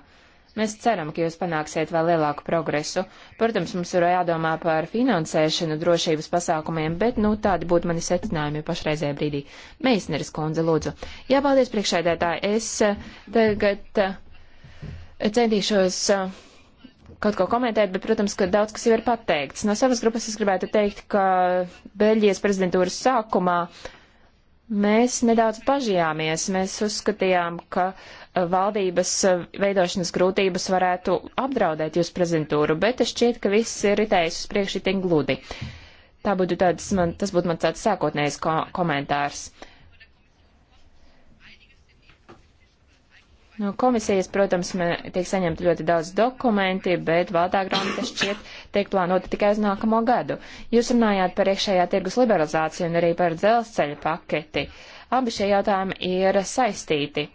Mēs ceram, ka jūs panāksiet vēl lielāku progresu. Protams, mums ir jādomā par finansēšanu, drošības pasākumiem, bet, nu, tādi būtu mani secinājumi pašreizējā brīdī. Meisneris kundze, lūdzu. Jā, paldies priekšēdētāji. Es eh, tagad eh, centīšos eh, kaut ko komentēt, bet, protams, ka daudz kas jau ir pateikts. No savas grupas es gribētu teikt, ka Beļģijas prezidentūras sākumā uh, Mēs nedaudz bažījāmies, mēs uzskatījām, ka uh, valdības uh, veidošanas grūtības varētu apdraudēt jūs prezentūru, bet es šķiet, ka viss ir ritējis uz priekšu tik gludi. Tā būtu tāds, man, tas būtu mans tāds sākotnējs ko komentārs. Uh, No komisijas, protams, tiek saņemti ļoti daudz dokumenti, bet valdā grāmata šķiet tiek plānota tikai uz nākamo gadu. Jūs runājāt par iekšējā tirgus liberalizāciju un arī par dzelzceļa paketi. Abi šie jautājumi ir saistīti.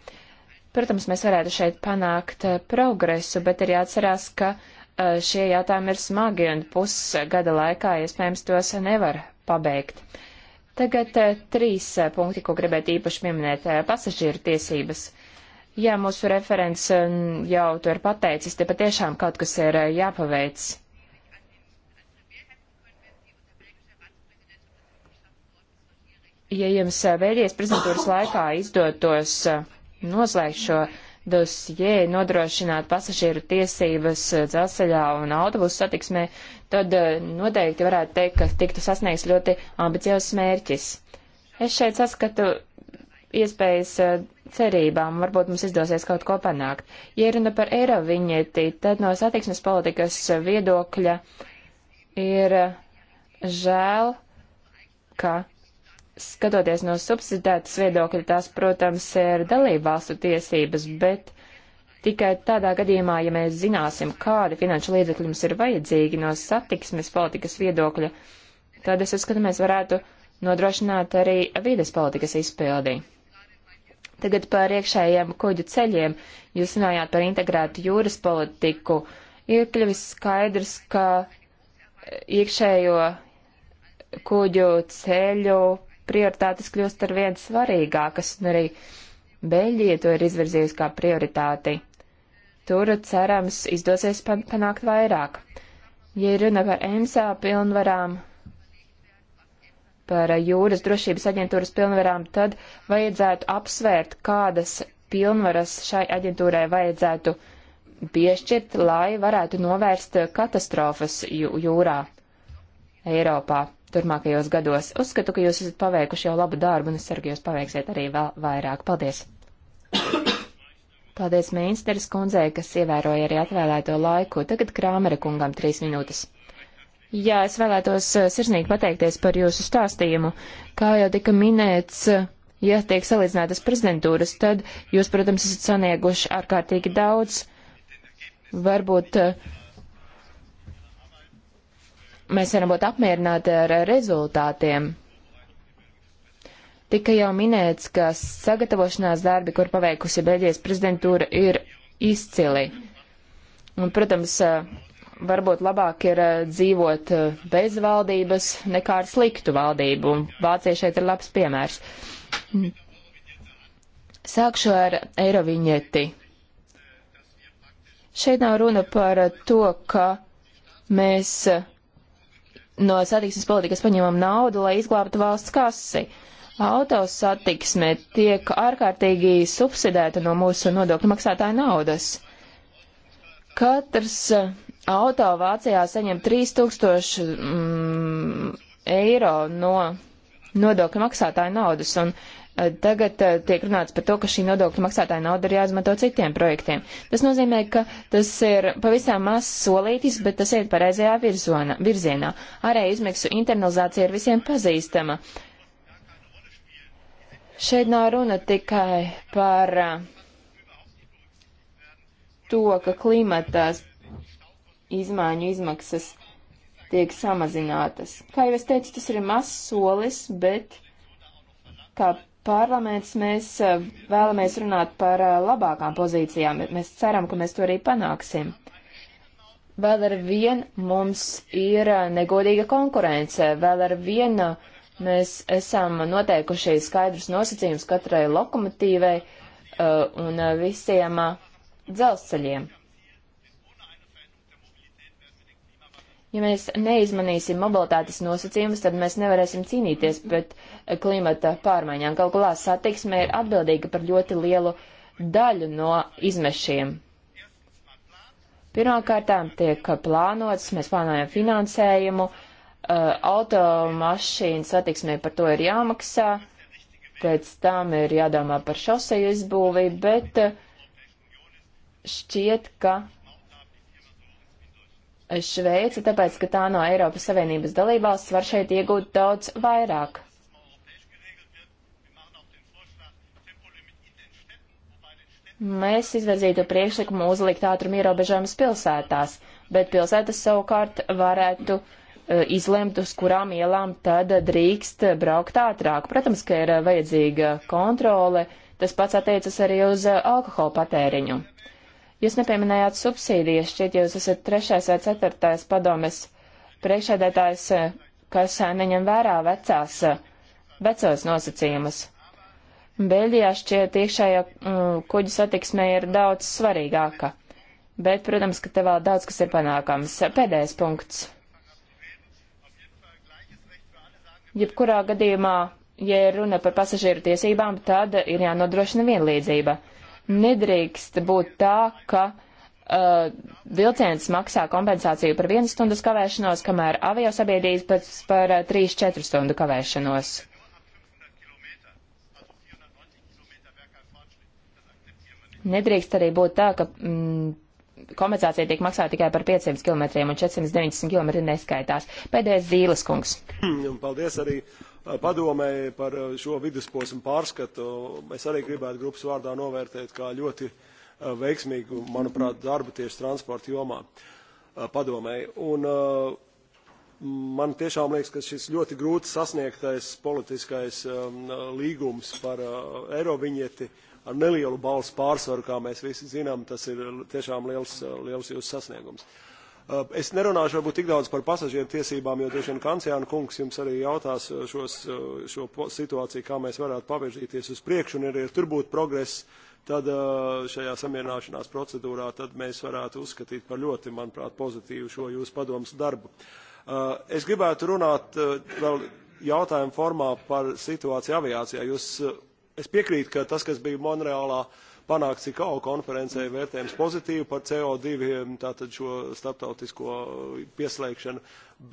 Protams, mēs varētu šeit panākt eh, progresu, bet ir jāatcerās, ka eh, šie jautājumi ir smagi un pusgada laikā iespējams tos nevar pabeigt. Tagad eh, trīs punkti, ko gribētu īpaši pieminēt - pasažieru tiesības. Jā, mūsu referents um, jau to ir pateicis, te patiešām kaut kas ir uh, jāpaveic. Ja jums uh, vēlties prezentūras laikā izdotos uh, noslēgt šo dosie, nodrošināt pasažieru tiesības dzelzceļā un autobusu satiksmē, tad noteikti varētu teikt, ka tiktu sasniegts ļoti ambiciozs mērķis. Es šeit saskatu iespējas cerībām, varbūt mums izdosies kaut ko panākt. Ja runa par eiro viņieti, tad no satiksmes politikas viedokļa ir žēl, ka skatoties no subsidētas viedokļa, tās, protams, ir dalību valstu tiesības, bet tikai tādā gadījumā, ja mēs zināsim, kādi finanšu līdzekļi mums ir vajadzīgi no satiksmes politikas viedokļa, tad es uzskatu, mēs varētu nodrošināt arī vides politikas izpildī. Tagad par iekšējiem kuģu ceļiem. Jūs runājāt par integrētu jūras politiku. Ir kļuvis skaidrs, ka iekšējo kuģu ceļu prioritātes kļūst ar vien svarīgākas, un arī Beļģija to ir izvirzījusi kā prioritāti. Tur, cerams, izdosies panākt vairāk. Ja runa par EMSA pilnvarām, par jūras drošības aģentūras pilnvarām, tad vajadzētu apsvērt, kādas pilnvaras šai aģentūrai vajadzētu piešķirt, lai varētu novērst katastrofas jūrā Eiropā turmākajos gados. Uzskatu, ka jūs esat paveikuši jau labu darbu, un es ceru, ka jūs paveiksiet arī vēl vairāk. Paldies! Paldies ministres kundzei, kas ievēroja arī atvēlēto laiku. Tagad Krāmera kungam trīs minūtes. Jā, es vēlētos eh, sirsnīgi pateikties par jūsu stāstījumu. Kā jau tika minēts, eh, ja tiek salīdzinātas prezidentūras, tad jūs, protams, esat sanieguši ārkārtīgi daudz. Varbūt eh, mēs varam būt apmierināti ar rezultātiem. Tika jau minēts, ka sagatavošanās darbi, kur paveikusi Beļģijas prezidentūra, ir izcili. Un, protams, varbūt labāk ir eh, dzīvot eh, bez valdības nekā ar sliktu valdību, un Vācija šeit ir labs piemērs. Sākšu ar eiroviņeti. Šeit nav runa par to, ka mēs eh, no satiksmes politikas paņemam naudu, lai izglābtu valsts kasi. Autosatiksme tiek ārkārtīgi subsidēta no mūsu nodokļu maksātāja naudas. Katrs auto Vācijā saņem 3000 mm, eiro no nodokļu maksātāju naudas, un e, tagad e, tiek runāts par to, ka šī nodokļu maksātāja nauda ir jāizmanto citiem projektiem. Tas nozīmē, ka tas ir pavisam maz solītis, bet tas iet pareizajā virzona, virzienā. Arī izmaksu internalizācija ir visiem pazīstama. Šeit nav runa tikai par e, to, ka klimata izmaiņu izmaksas tiek samazinātas. Kā jau es teicu, tas ir mazs solis, bet kā parlaments mēs eh, vēlamies runāt par eh, labākām pozīcijām. Mēs ceram, ka mēs to arī panāksim. Vēl ar vien mums ir eh, negodīga konkurence, vēl ar vienu mēs esam noteikuši skaidrus nosacījumus katrai lokomotīvai uh, un visiem uh, dzelzceļiem. Ja mēs neizmanīsim mobilitātes nosacījumus, tad mēs nevarēsim cīnīties pret eh, klimata pārmaiņām. Kaut kā satiksme ir atbildīga par ļoti lielu daļu no izmešiem. Pirmkārt, tiek plānots, mēs plānojam finansējumu, eh, automašīnu satiksmē par to ir jāmaksā, pēc tam ir jādomā par šoseju izbūvi, bet eh, šķiet, ka Šveici, tāpēc, ka tā no Eiropas Savienības dalībvalsts var šeit iegūt daudz vairāk. Mēs izvirzītu priekšlikumu uzlikt ātrumu ierobežojumus pilsētās, bet pilsētas savukārt varētu e, izlemt, uz kurām ielām tad drīkst braukt ātrāk. Protams, ka ir e, vajadzīga kontrole, tas pats attiecas arī uz e, alkohola patēriņu. Jūs nepieminējāt subsīdijas, šķiet jūs esat trešais vai ceturtais padomes priekšēdētājs, kas eh, neņem vērā vecās, eh, vecos nosacījumus. Beļģijā šķiet iekšējā mm, kuģu satiksme ir daudz svarīgāka, bet, protams, ka te vēl daudz kas ir panākams. Pēdējais punkts. Jebkurā gadījumā, ja runa par pasažieru tiesībām, tad ir jānodrošina vienlīdzība. Nedrīkst būt tā, ka uh, vilciens maksā kompensāciju par vienas stundas kavēšanos, kamēr aviosabiedrības par, par uh, 3-4 stundu kavēšanos. Nedrīkst arī būt tā, ka mm, kompensācija tiek maksāta tikai par 500 km un 490 km neskaitās. Pēdējais Zīles kungs. Paldies arī padomēji par šo vidusposmu pārskatu. Es arī gribētu grupas vārdā novērtēt kā ļoti veiksmīgu, manuprāt, darbu tieši transporta jomā padomēji. Un man tiešām liekas, ka šis ļoti grūti sasniegtais politiskais līgums par eiroviņieti ar nelielu balsu pārsvaru, kā mēs visi zinām, tas ir tiešām liels, liels jūsu sasniegums. Uh, Uh, es nerunāšu varbūt tik daudz par pasažieru tiesībām, jo droši vien Kanciāna kungs jums arī jautās uh, šos, uh, šo situāciju, kā mēs varētu pavirzīties uz priekšu, un arī ja tur būtu progress, tad šajā samierināšanās procedūrā tad mēs varētu uzskatīt par ļoti, manuprāt, pozitīvu šo jūsu padomus darbu. Es gribētu runāt vēl jautājumu formā par situāciju aviācijā. Jūs, es piekrītu, ka tas, kas bija Monreālā, uh, panākts ICAO konferencē vērtējums pozitīvi par CO2 um, tātad šo starptautisko pieslēgšanu,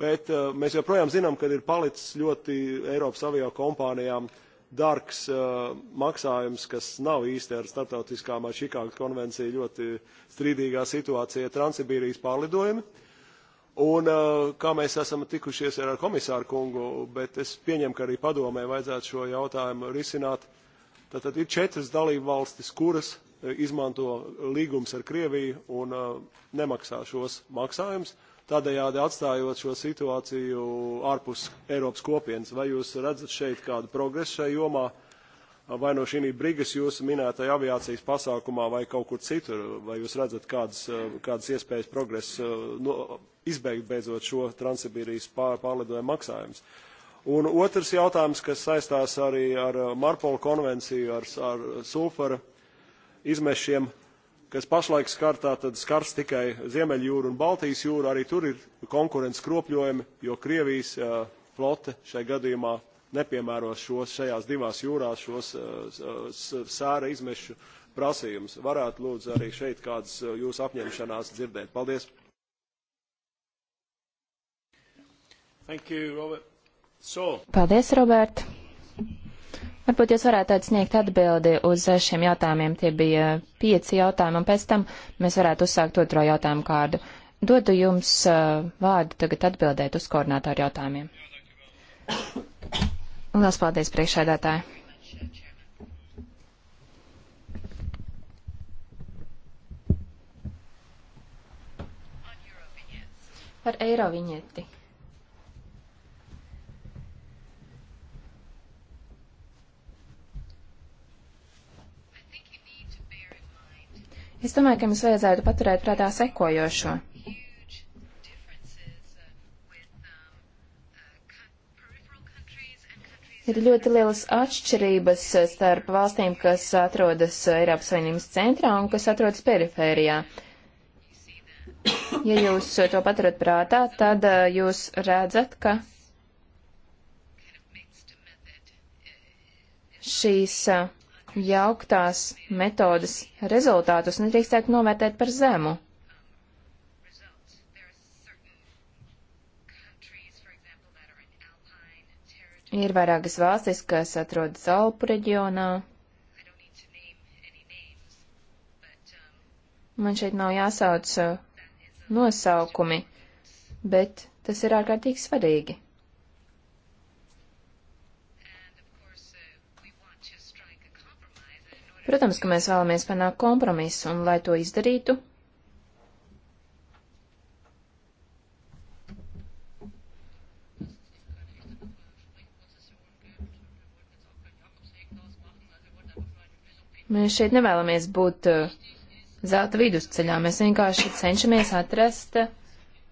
bet uh, mēs joprojām zinām, ka ir palicis ļoti Eiropas avio kompānijām dārgs uh, maksājums, kas nav īsti ar starptautiskām ar Čikāgas konvenciju ļoti strīdīgā situācija Transibīrijas pārlidojumi. Un uh, kā mēs esam tikušies ar komisāru kungu, bet es pieņemu, ka arī padomē vajadzētu šo jautājumu risināt. Uh, Tātad ir četras dalībvalstis, kuras e, izmanto līgums ar Krieviju un uh, nemaksā šos maksājumus, tādējādi atstājot šo situāciju ārpus Eiropas kopienas. Vai jūs redzat šeit kādu progresu šajā jomā, vai no šī brigas jūsu minētajā aviācijas pasākumā vai kaut kur citur, vai jūs redzat kādas, e, kādas iespējas progresu no, izbeigt beidzot šo Transsibīrijas pār, pārlidojumu maksājumus? Un otrs jautājums, kas saistās arī ar uh, Marpola konvenciju, ar, ar sulfara izmešiem, kas pašlaik skar tātad skars tikai Ziemeļjūru un Baltijas jūru, arī tur ir konkurence kropļojumi, jo Krievijas uh, flote šai gadījumā nepiemēros šos šajās divās jūrās šos uh, uh sēra izmešu prasījumus. Varētu lūdzu arī šeit kādas uh, jūsu apņemšanās dzirdēt. Paldies! Thank you, Robert. So. Paldies, Robert! Varbūt jūs varētu sniegt atbildi uz šiem jautājumiem. Tie bija pieci jautājumi, un pēc tam mēs varētu uzsākt otro jautājumu kārdu. Dodu jums uh, vārdu tagad atbildēt uz koordinātoru jautājumiem. Lielas paldies, priekšēdētāji! Par eiro viņeti. Es domāju, ka mums vajadzētu paturēt prātā sekojošo. Ir ļoti lielas atšķirības starp valstīm, kas atrodas Eiropas Savienības centrā un kas atrodas perifērijā. Ja jūs to paturat prātā, tad uh, jūs redzat, ka šīs uh, jauktās metodas rezultātus nedrīkstētu novērtēt par zemu. Ir vairākas valstis, kas atrodas Alpu reģionā. Man šeit nav jāsauc uh, nosaukumi, bet tas ir ārkārtīgi svarīgi. Protams, ka mēs vēlamies panākt kompromisu, un lai to izdarītu, Mēs šeit nevēlamies būt uh, zelta vidusceļā, mēs vienkārši cenšamies atrast uh,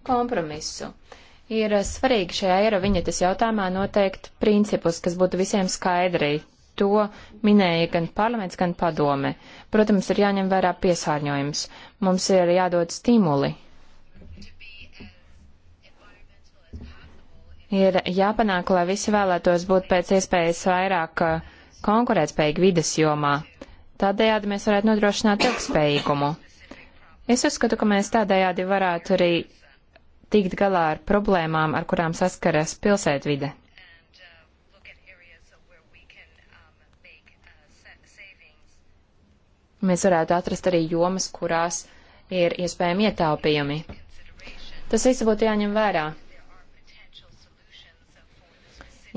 kompromisu. Ir uh, svarīgi šajā eiro viņetes jautājumā noteikt principus, kas būtu visiem skaidri, To minēja gan parlaments, gan padome. Protams, ir jāņem vērā piesārņojums. Mums ir jādod stimuli. Ir jāpanāk, lai visi vēlētos būt pēc iespējas vairāk uh, konkurētspējīgi vides jomā. Tādējādi mēs varētu nodrošināt ilgspējīgumu. Es uzskatu, ka mēs tādējādi varētu arī tikt galā ar problēmām, ar kurām saskaras pilsētvide. Mēs varētu atrast arī jomas, kurās ir iespējami ietaupījumi. Tas viss būtu jāņem vērā.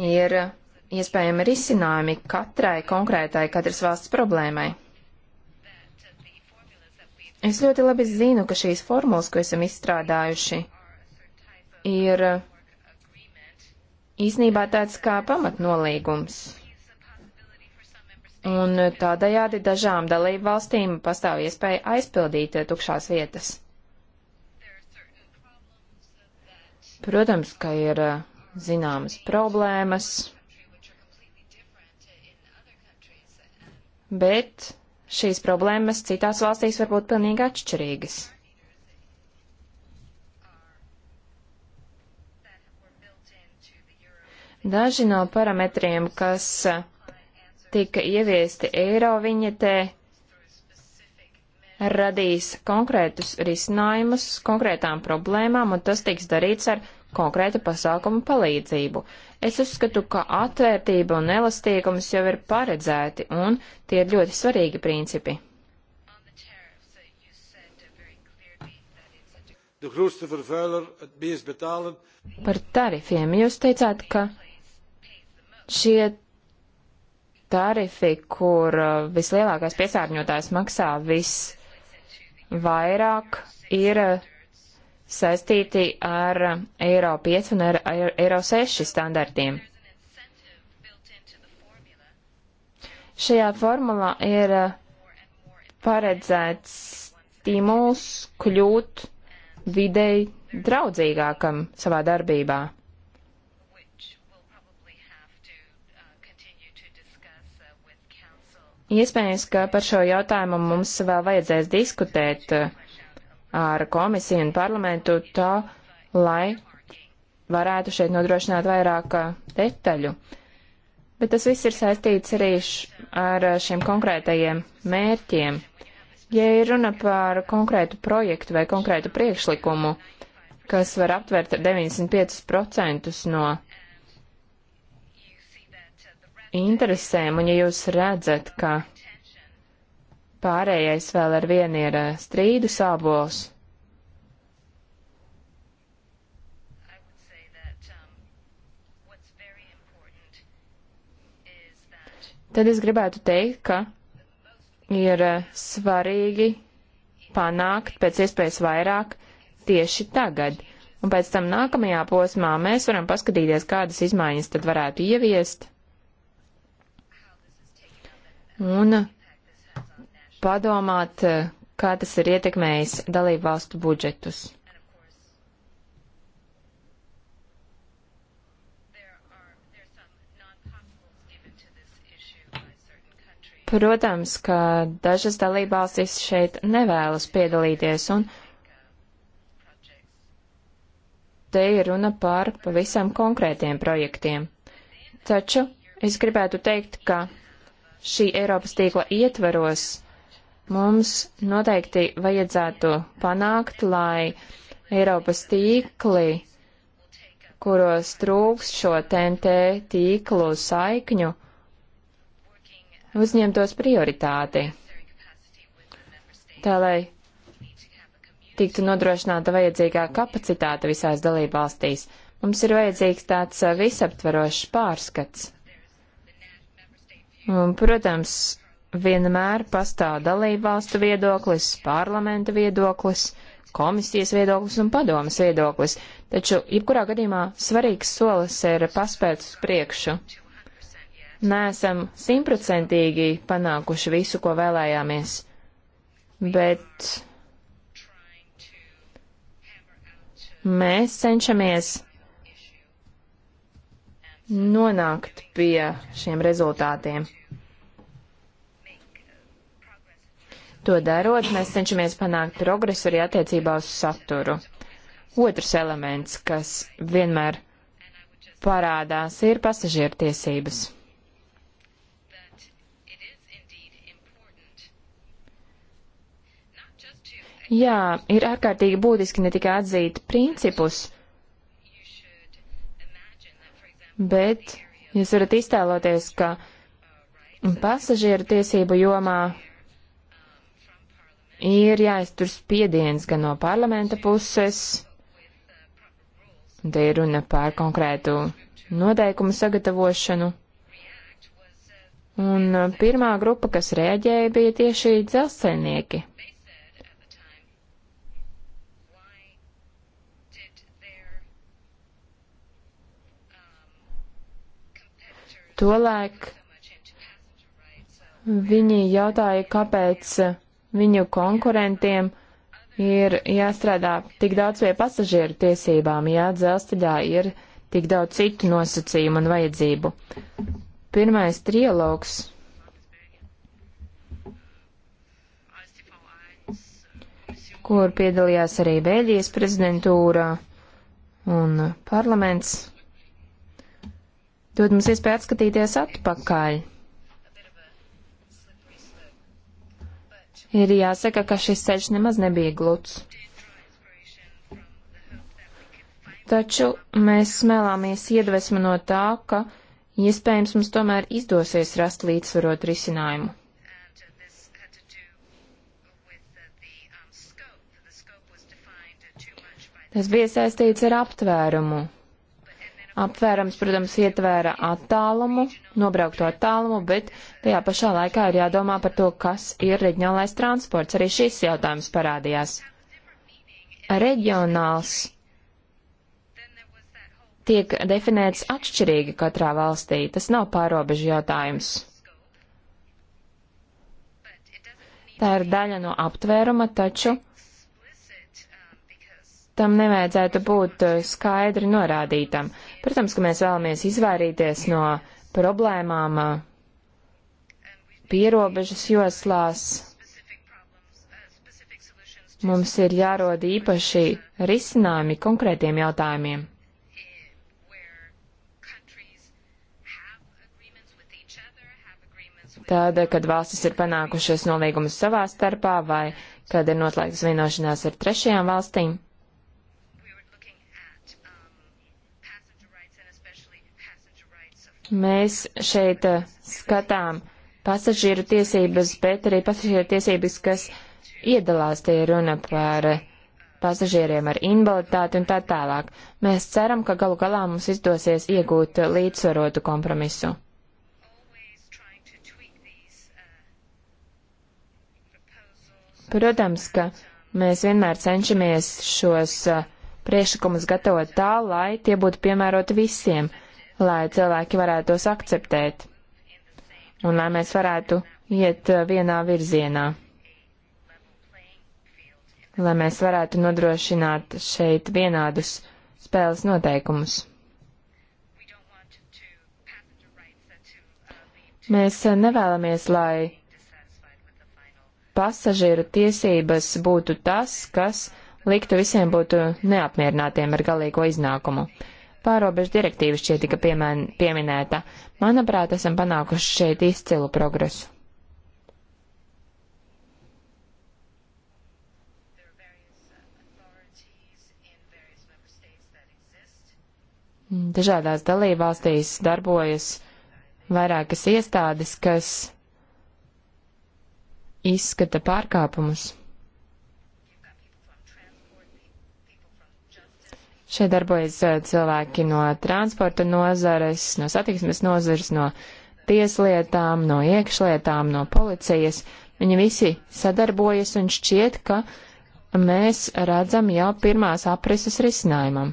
Ir iespējami risinājumi katrai konkrētai katras valsts problēmai. Es ļoti labi zinu, ka šīs formulas, ko esam izstrādājuši, ir īsnībā tāds kā pamatnolīgums. Un tādējādi dažām dalību valstīm pastāv iespēja aizpildīt tukšās vietas. Protams, ka ir uh, zināmas problēmas, bet šīs problēmas citās valstīs var būt pilnīgi atšķirīgas. Daži no parametriem, kas uh, tika ieviesti eiro viņetē, radīs konkrētus risinājumus konkrētām problēmām, un tas tiks darīts ar konkrēta pasākuma palīdzību. Es uzskatu, ka atvērtība un elastīgums jau ir paredzēti, un tie ir ļoti svarīgi principi. Par tarifiem jūs teicāt, ka šie tarifi, kur uh, vislielākais piesārņotājs maksā visvairāk, ir uh, saistīti ar uh, Eiro 5 un ar Eiro 6 standartiem. Šajā formulā ir paredzēts stimuls kļūt videi draudzīgākam savā darbībā. Iespējams, ka par šo jautājumu mums vēl vajadzēs diskutēt uh, ar komisiju un parlamentu tā, lai varētu šeit nodrošināt vairāk uh, detaļu. Bet tas viss ir saistīts arī ar uh, šiem konkrētajiem mērķiem. Ja ir runa par konkrētu projektu vai konkrētu priekšlikumu, kas var aptvert 95% no interesēm, un ja jūs redzat, ka pārējais vēl ar vienu ir eh, strīdu sābols, tad es gribētu teikt, ka ir eh, svarīgi panākt pēc iespējas vairāk tieši tagad. Un pēc tam nākamajā posmā mēs varam paskatīties, kādas izmaiņas tad varētu ieviest un padomāt, eh, kā tas ir ietekmējis dalību valstu budžetus. Protams, ka dažas dalībvalstis šeit nevēlas piedalīties, un te ir runa par pavisam konkrētiem projektiem. Taču es gribētu teikt, ka šī Eiropas tīkla ietveros mums noteikti vajadzētu panākt, lai Eiropas tīkli, kuros trūks šo TNT tīklu saikņu, uzņemtos prioritāti. Tā lai tiktu nodrošināta vajadzīgā kapacitāte visās dalībvalstīs, mums ir vajadzīgs tāds uh, visaptvarošs pārskats. Protams, vienmēr pastāv dalībvalstu viedoklis, parlamenta viedoklis, komisijas viedoklis un padomas viedoklis, taču jebkurā gadījumā svarīgs solis ir paspēt uz priekšu. Nēsam simtprocentīgi panākuši visu, ko vēlējāmies, bet mēs cenšamies nonākt pie šiem rezultātiem. To darot, mēs cenšamies panākt progresu arī attiecībā uz saturu. Otrs elements, kas vienmēr parādās, ir pasažieru tiesības. Jā, ir ārkārtīgi būtiski ne tikai atzīt principus, bet jūs varat iztēloties, ka pasažieru tiesību jomā ir jāiztur spiediens gan no parlamenta puses, un te ir runa par konkrētu noteikumu sagatavošanu. Un pirmā grupa, kas rēģēja, bija tieši dzelzceļnieki. Tolēk viņi jautāja, kāpēc viņu konkurentiem ir jāstrādā tik daudz pie pasažieru tiesībām, ja dzelzceļā ir tik daudz citu nosacījumu un vajadzību. Pirmais trialogs. kur piedalījās arī Bēļģijas prezidentūra un parlaments dod mums iespēju atskatīties atpakaļ. Ir jāsaka, ka šis ceļš nemaz nebija gluds. Taču mēs smēlāmies iedvesmu no tā, ka iespējams mums tomēr izdosies rast līdzsvarot risinājumu. Tas bija saistīts ar aptvērumu. Aptvērums, protams, ietvēra attālumu, nobraukto attālumu, bet tajā pašā laikā ir jādomā par to, kas ir reģionālais transports. Arī šis jautājums parādījās. Reģionāls tiek definēts atšķirīgi katrā valstī. Tas nav pārobežu jautājums. Tā ir daļa no aptvēruma, taču tam nevajadzētu būt skaidri norādītam. Protams, ka mēs vēlamies izvairīties no problēmām uh, pierobežas joslās. Mums ir jāroda īpaši risinājumi konkrētiem jautājumiem. Tad, kad valstis ir panākušas nolīgumus savā starpā vai kad ir noslēgts vienošanās ar trešajām valstīm. Mēs šeit eh, skatām pasažieru tiesības, bet arī pasažieru tiesības, kas iedalās, tie runa par eh, pasažieriem ar invaliditāti un tā tālāk. Mēs ceram, ka galu galā mums izdosies iegūt līdzsvarotu kompromisu. Protams, ka mēs vienmēr cenšamies šos eh, priekšlikumus gatavot tā, lai tie būtu piemēroti visiem. Uh, lai cilvēki varētu tos akceptēt un lai mēs varētu iet uh, vienā virzienā. Lai mēs varētu nodrošināt šeit vienādus spēles noteikumus. Mēs uh, nevēlamies, lai pasažieru tiesības būtu tas, kas liktu visiem būt neapmierinātiem ar galīgo iznākumu pārobežu direktīva šķiet tika piemēn, pieminēta. Manuprāt, esam panākuši šeit izcilu progresu. Dažādās dalībvalstīs darbojas vairākas iestādes, kas izskata pārkāpumus. Šeit darbojas eh, cilvēki no transporta nozares, no satiksmes nozares, no tieslietām, no iekšlietām, no policijas. Viņi visi sadarbojas un šķiet, ka mēs redzam jau pirmās aprises risinājumam.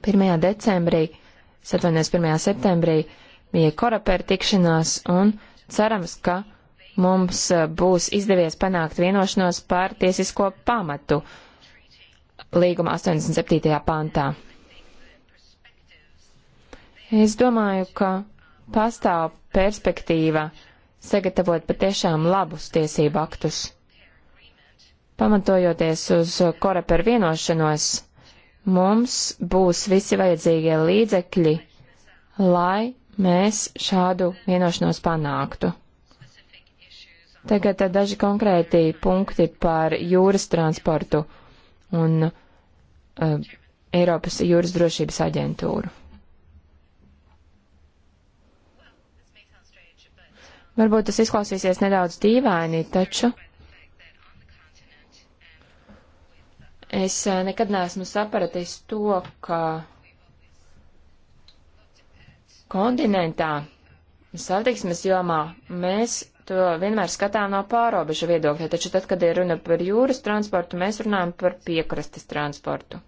1. decembrī, satvainojas 1. septembrī, bija korapēra tikšanās un cerams, ka mums eh, būs izdevies panākt vienošanos par tiesisko pamatu. Uh, līguma 87. pantā. Es domāju, ka pastāv perspektīva sagatavot patiešām labus tiesību aktus. Pamatojoties uz koreperu vienošanos, mums būs visi vajadzīgie līdzekļi, lai mēs šādu vienošanos panāktu. Tagad daži konkrēti punkti par jūras transportu un uh, Eiropas jūras drošības aģentūru. Varbūt tas izklausīsies nedaudz dīvaini, taču es uh, nekad neesmu sapratis to, ka kontinentā satiksmes jomā mēs to vienmēr skatām no pārobežu viedokļa, taču tad, kad ir runa par jūras transportu, mēs runājam par piekrastes transportu.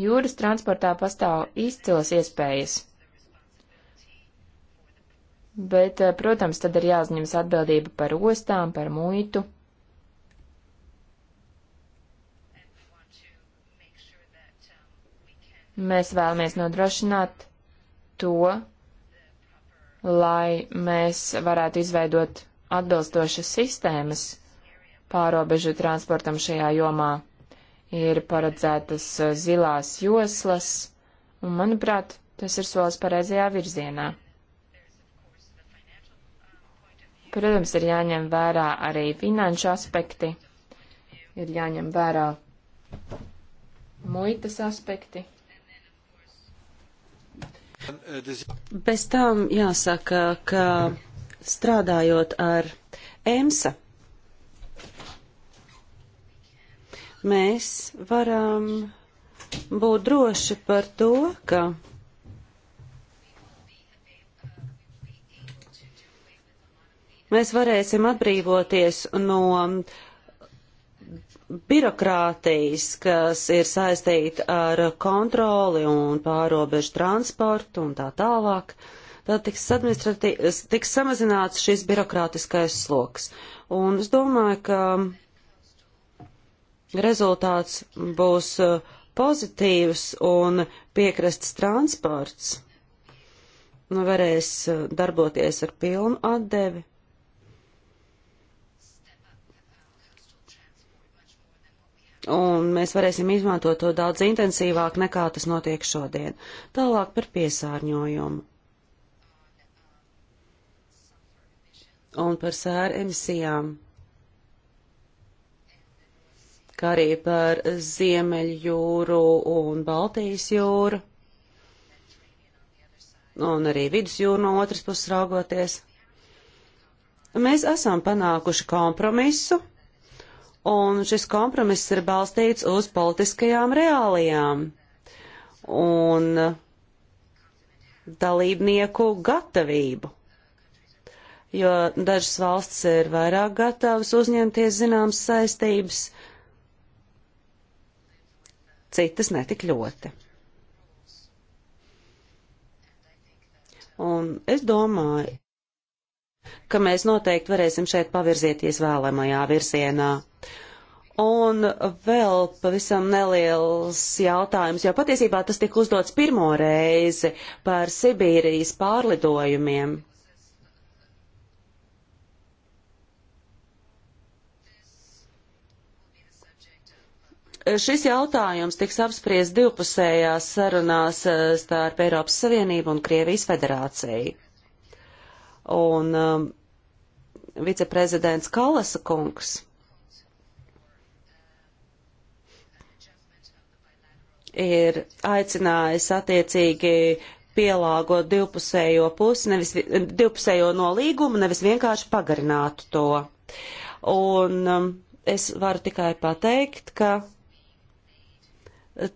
Jūras transportā pastāv izcilas iespējas, bet, eh, protams, tad ir jāuzņemas atbildība par ostām, par muitu. Mēs vēlamies nodrošināt to, lai mēs varētu izveidot atbilstošas sistēmas pārobežu transportam šajā jomā. Ir paredzētas uh, zilās joslas, un, manuprāt, tas ir solis pareizajā virzienā. Protams, ir jāņem vērā arī finanšu aspekti, ir jāņem vērā muitas aspekti. Bez tam jāsaka, ka strādājot ar EMSA, mēs varam būt droši par to, ka mēs varēsim atbrīvoties no birokrātijas, kas ir saistīta ar kontroli un pārobežu transportu un tā tālāk, tad tiks, tiks samazināts šis birokrātiskais sloks. Un es domāju, ka rezultāts būs uh, pozitīvs un piekrasts transports nu, varēs uh, darboties ar pilnu atdevi. un mēs varēsim izmantot to daudz intensīvāk nekā tas notiek šodien. Tālāk par piesārņojumu. Un par sēru emisijām, kā arī par Ziemeļu jūru un Baltijas jūru, un arī Vidusjūru no otras puses raugoties. Mēs esam panākuši kompromisu, un šis kompromiss ir balstīts uz politiskajām reālijām un dalībnieku gatavību. Jo dažas valstis ir vairāk gatavas uzņemties zināmas saistības, citas netik ļoti. Un es domāju, ka mēs noteikti varēsim šeit pavirzieties vēlamajā virzienā. Un vēl pavisam neliels jautājums, jo patiesībā tas tika uzdots pirmo reizi par Sibīrijas pārlidojumiem. Šis jautājums tiks apspriests divpusējās sarunās eh, starp Eiropas Savienību un Krievijas federāciju un um, viceprezidents Kalasa kungs ir aicinājis attiecīgi pielāgot divpusējo pusi, nevis divpusējo nolīgumu, nevis vienkārši pagarināt to. Un um, es varu tikai pateikt, ka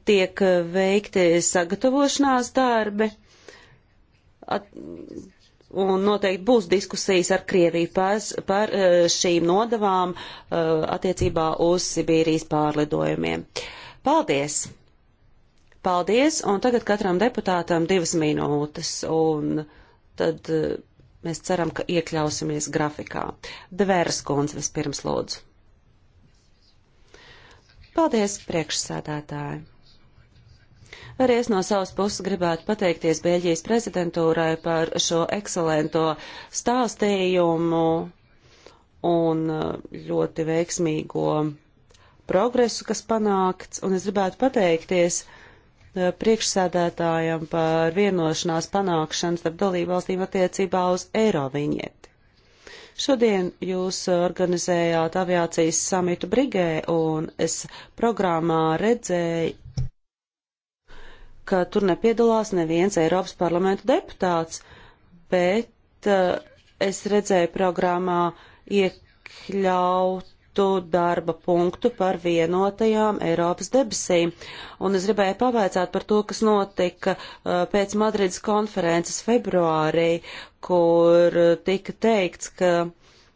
tiek veikti sagatavošanās darbi. At, un noteikti būs diskusijas ar Krieviju par, par eh, šīm nodavām eh, attiecībā uz Sibīrijas pārlidojumiem. Paldies! Paldies, un tagad katram deputātam divas minūtes, un tad eh, mēs ceram, ka iekļausimies grafikā. Devēras kundze vispirms lūdzu. Paldies, priekšsēdētāji! Arī es no savas puses gribētu pateikties Bēļģijas prezidentūrai par šo ekscelento stāstījumu un uh, ļoti veiksmīgo progresu, kas panākts, un es gribētu pateikties uh, priekšsēdētājam par vienošanās panākšanu starp dalībvalstīm attiecībā uz Eiroviņieti. Šodien jūs organizējāt aviācijas samitu Brigē, un es programmā redzēju, ka tur nepiedalās neviens Eiropas parlamenta deputāts, bet uh, es redzēju programmā iekļautu darba punktu par vienotajām Eiropas debesīm. Un es gribēju pavaicāt par to, kas notika uh, pēc Madrides konferences februārī, kur uh, tika teikts, ka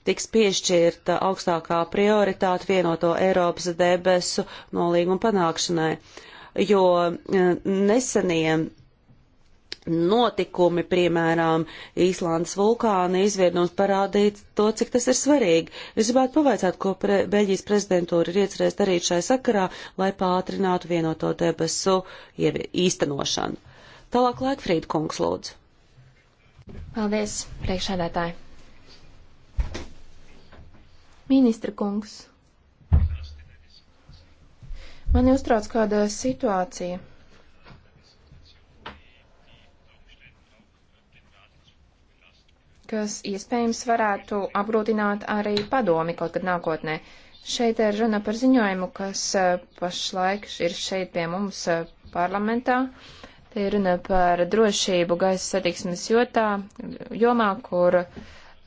tiks piešķirta augstākā prioritāte vienoto Eiropas debesu nolīguma panākšanai. Uh, jo e, nesenie notikumi, piemēram, Īslandes vulkāna izvirdums parādīt to, cik tas ir svarīgi. Es gribētu pavaicāt, ko pre Beļģijas prezidentūra ir iecerējis darīt šai sakarā, lai pātrinātu vienoto debesu īstenošanu. Tālāk Laikfrīd kungs lūdzu. Paldies, priekšādētāji. Ministra kungs. Mani uztrauc kāda situācija. kas iespējams varētu apgrūtināt arī padomi kaut kad nākotnē. Šeit ir runa par ziņojumu, kas eh, pašlaik ir šeit pie mums eh, parlamentā. Te ir runa par drošību gaisa satiksmes jotā, jomā, kur uh,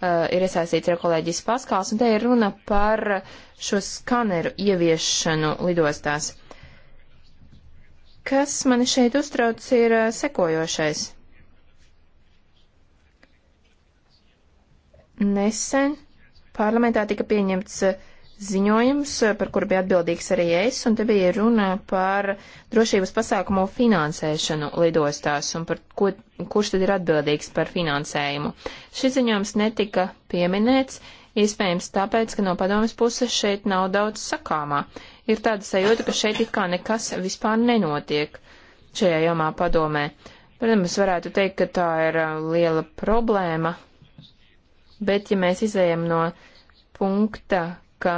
uh, ir iesaistīts arī kolēģis Paskāls, un te ir runa par šo skaneru ieviešanu lidostās. Kas mani šeit uztrauc ir uh, sekojošais. Nesen parlamentā tika pieņemts uh, ziņojums, eh, par kuru bija atbildīgs arī es, un te bija runa par drošības pasākumu finansēšanu lidostās un par ko, kurš tad ir atbildīgs par finansējumu. Šis ziņojums netika pieminēts, iespējams tāpēc, ka no padomas puses šeit nav daudz sakāmā. Ir tāda sajūta, ka šeit it kā nekas vispār nenotiek šajā jomā padomē. Protams, varētu teikt, ka tā ir eh, liela problēma, bet ja mēs izējam no punkta, ka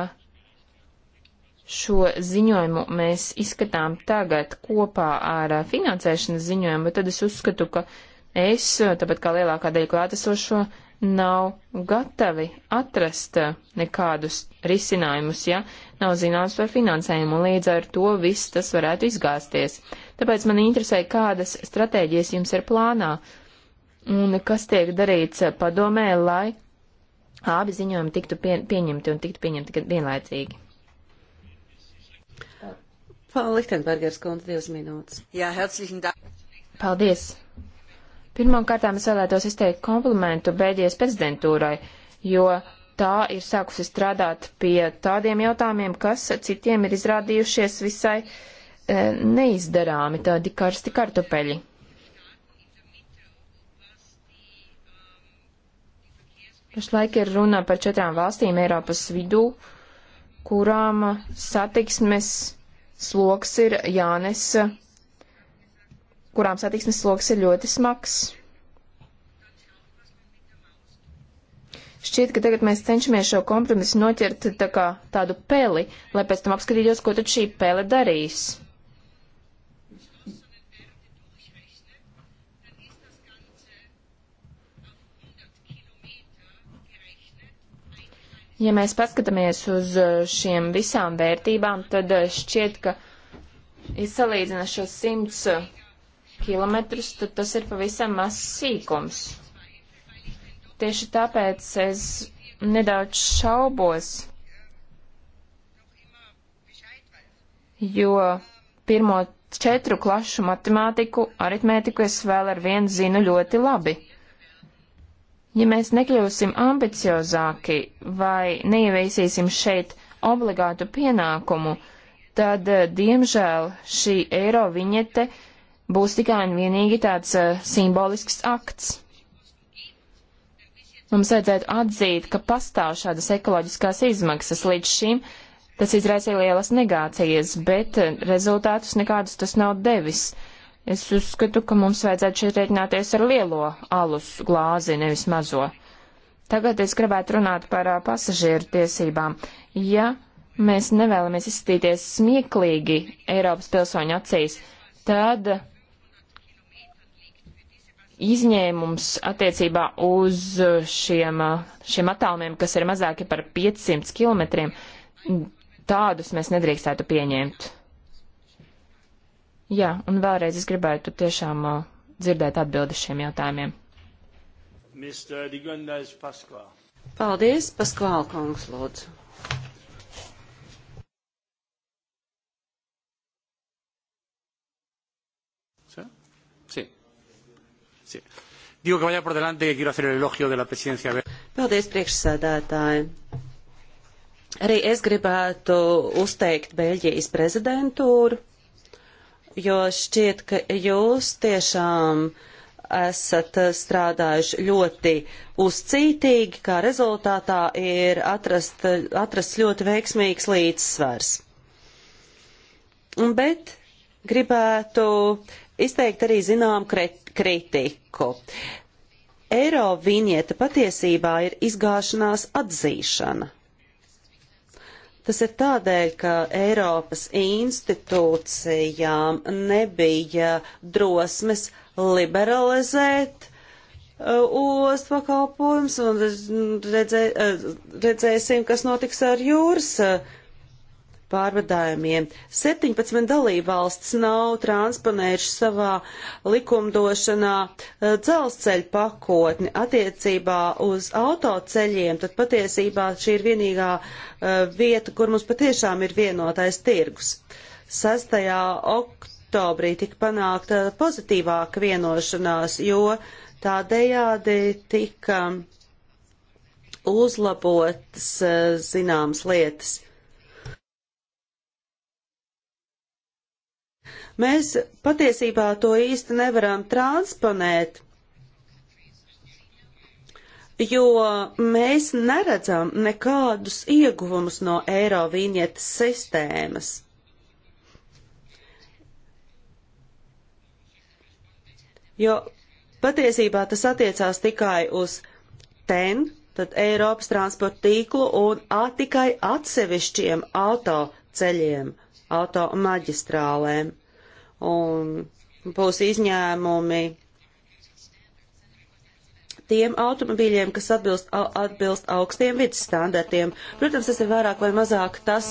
šo ziņojumu mēs izskatām tagad kopā ar finansēšanas ziņojumu, tad es uzskatu, ka es, tāpat kā lielākā daļa klātesošo, nav gatavi atrast nekādus risinājumus, ja nav zināms par finansējumu, un līdz ar to viss tas varētu izgāzties. Tāpēc man interesē, kādas stratēģijas jums ir plānā, un kas tiek darīts padomē, lai abi ziņojumi tiktu pie, pieņemti un tiktu pieņemti vienlaicīgi. Lichtenbergers kundze, divas minūtes. Jā, herzlichen Dank. Paldies. Pirmkārt, es vēlētos izteikt komplimentu Bēļģijas prezidentūrai, jo tā ir sākusi strādāt pie tādiem jautājumiem, kas citiem ir izrādījušies visai e, neizdarāmi, tādi karsti kartupeļi. Pašlaik ir runa par četrām valstīm Eiropas vidū, kurām satiksmes sloks ir jānes, kurām satiksmes sloks ir ļoti smags. Šķiet, ka tagad mēs cenšamies šo kompromisu noķert tā kā tādu peli, lai pēc tam apskatītos, ko tad šī pele darīs. Ja mēs paskatāmies uz eh, šiem visām vērtībām, tad eh, šķiet, ka ja salīdzina šos 100 eh, kilometrus, tad tas ir pavisam mazs sīkums. Tieši tāpēc es nedaudz šaubos, jo pirmo četru klašu matemātiku, aritmētiku es vēl ar vienu zinu ļoti labi. Ja mēs nekļūsim ambiciozāki vai neieviesīsim šeit obligātu pienākumu, tad, eh, diemžēl, šī eiro viņete būs tikai un vienīgi tāds uh, simbolisks akts. Mums vajadzētu atzīt, ka pastāv šādas ekoloģiskās izmaksas līdz šim. Tas izraisīja lielas negācijas, bet eh, rezultātus nekādus tas nav devis. Uh, Es uzskatu, ka mums vajadzētu šeit rēķināties ar lielo alus glāzi, nevis mazo. Tagad es gribētu runāt par uh, pasažieru tiesībām. Ja mēs nevēlamies izskatīties smieklīgi Eiropas pilsoņu acīs, tad izņēmums attiecībā uz šiem, šiem attālumiem, kas ir mazāki par 500 km, tādus mēs nedrīkstētu pieņemt. Jā, un vēlreiz es gribētu tiešām uh, dzirdēt atbildes šiem jautājumiem. Paldies, Paskvāl kungs, lūdzu. Sí. Sí. Digo que vaya por delante que quiero hacer el elogio de la presidencia. Paldies, priekšsēdētāji. Arī es gribētu uzteikt Beļģijas prezidentūru jo šķiet, ka jūs tiešām esat strādājuši ļoti uzcītīgi, kā rezultātā ir atrast, atrasts ļoti veiksmīgs līdzsvars. Bet gribētu izteikt arī zinām kritiku. Eiro vinieta patiesībā ir izgāšanās atzīšana. Tas ir tādēļ, ka Eiropas institūcijām nebija drosmes liberalizēt uh, ostu pakalpojumus, un redzē, uh, redzēsim, kas notiks ar jūras uh, pārvadājumiem. 17 dalībvalstis nav transponējuši savā likumdošanā eh, dzelzceļa pakotni attiecībā uz autoceļiem, tad patiesībā šī ir vienīgā eh, vieta, kur mums patiešām ir vienotais tirgus. 6. oktobrī tika panākta pozitīvāka vienošanās, jo tādējādi tika uzlabotas eh, zināmas lietas. Mēs patiesībā to īsti nevaram transponēt, jo mēs neredzam nekādus ieguvumus no eiro viņietas sistēmas. Jo patiesībā tas attiecās tikai uz TEN, tad Eiropas transporta tīklu un a, tikai atsevišķiem autoceļiem, automaģistrālēm un būs izņēmumi tiem automobīļiem, kas atbilst, atbilst augstiem vidas standartiem. Protams, tas ir vairāk vai mazāk tas,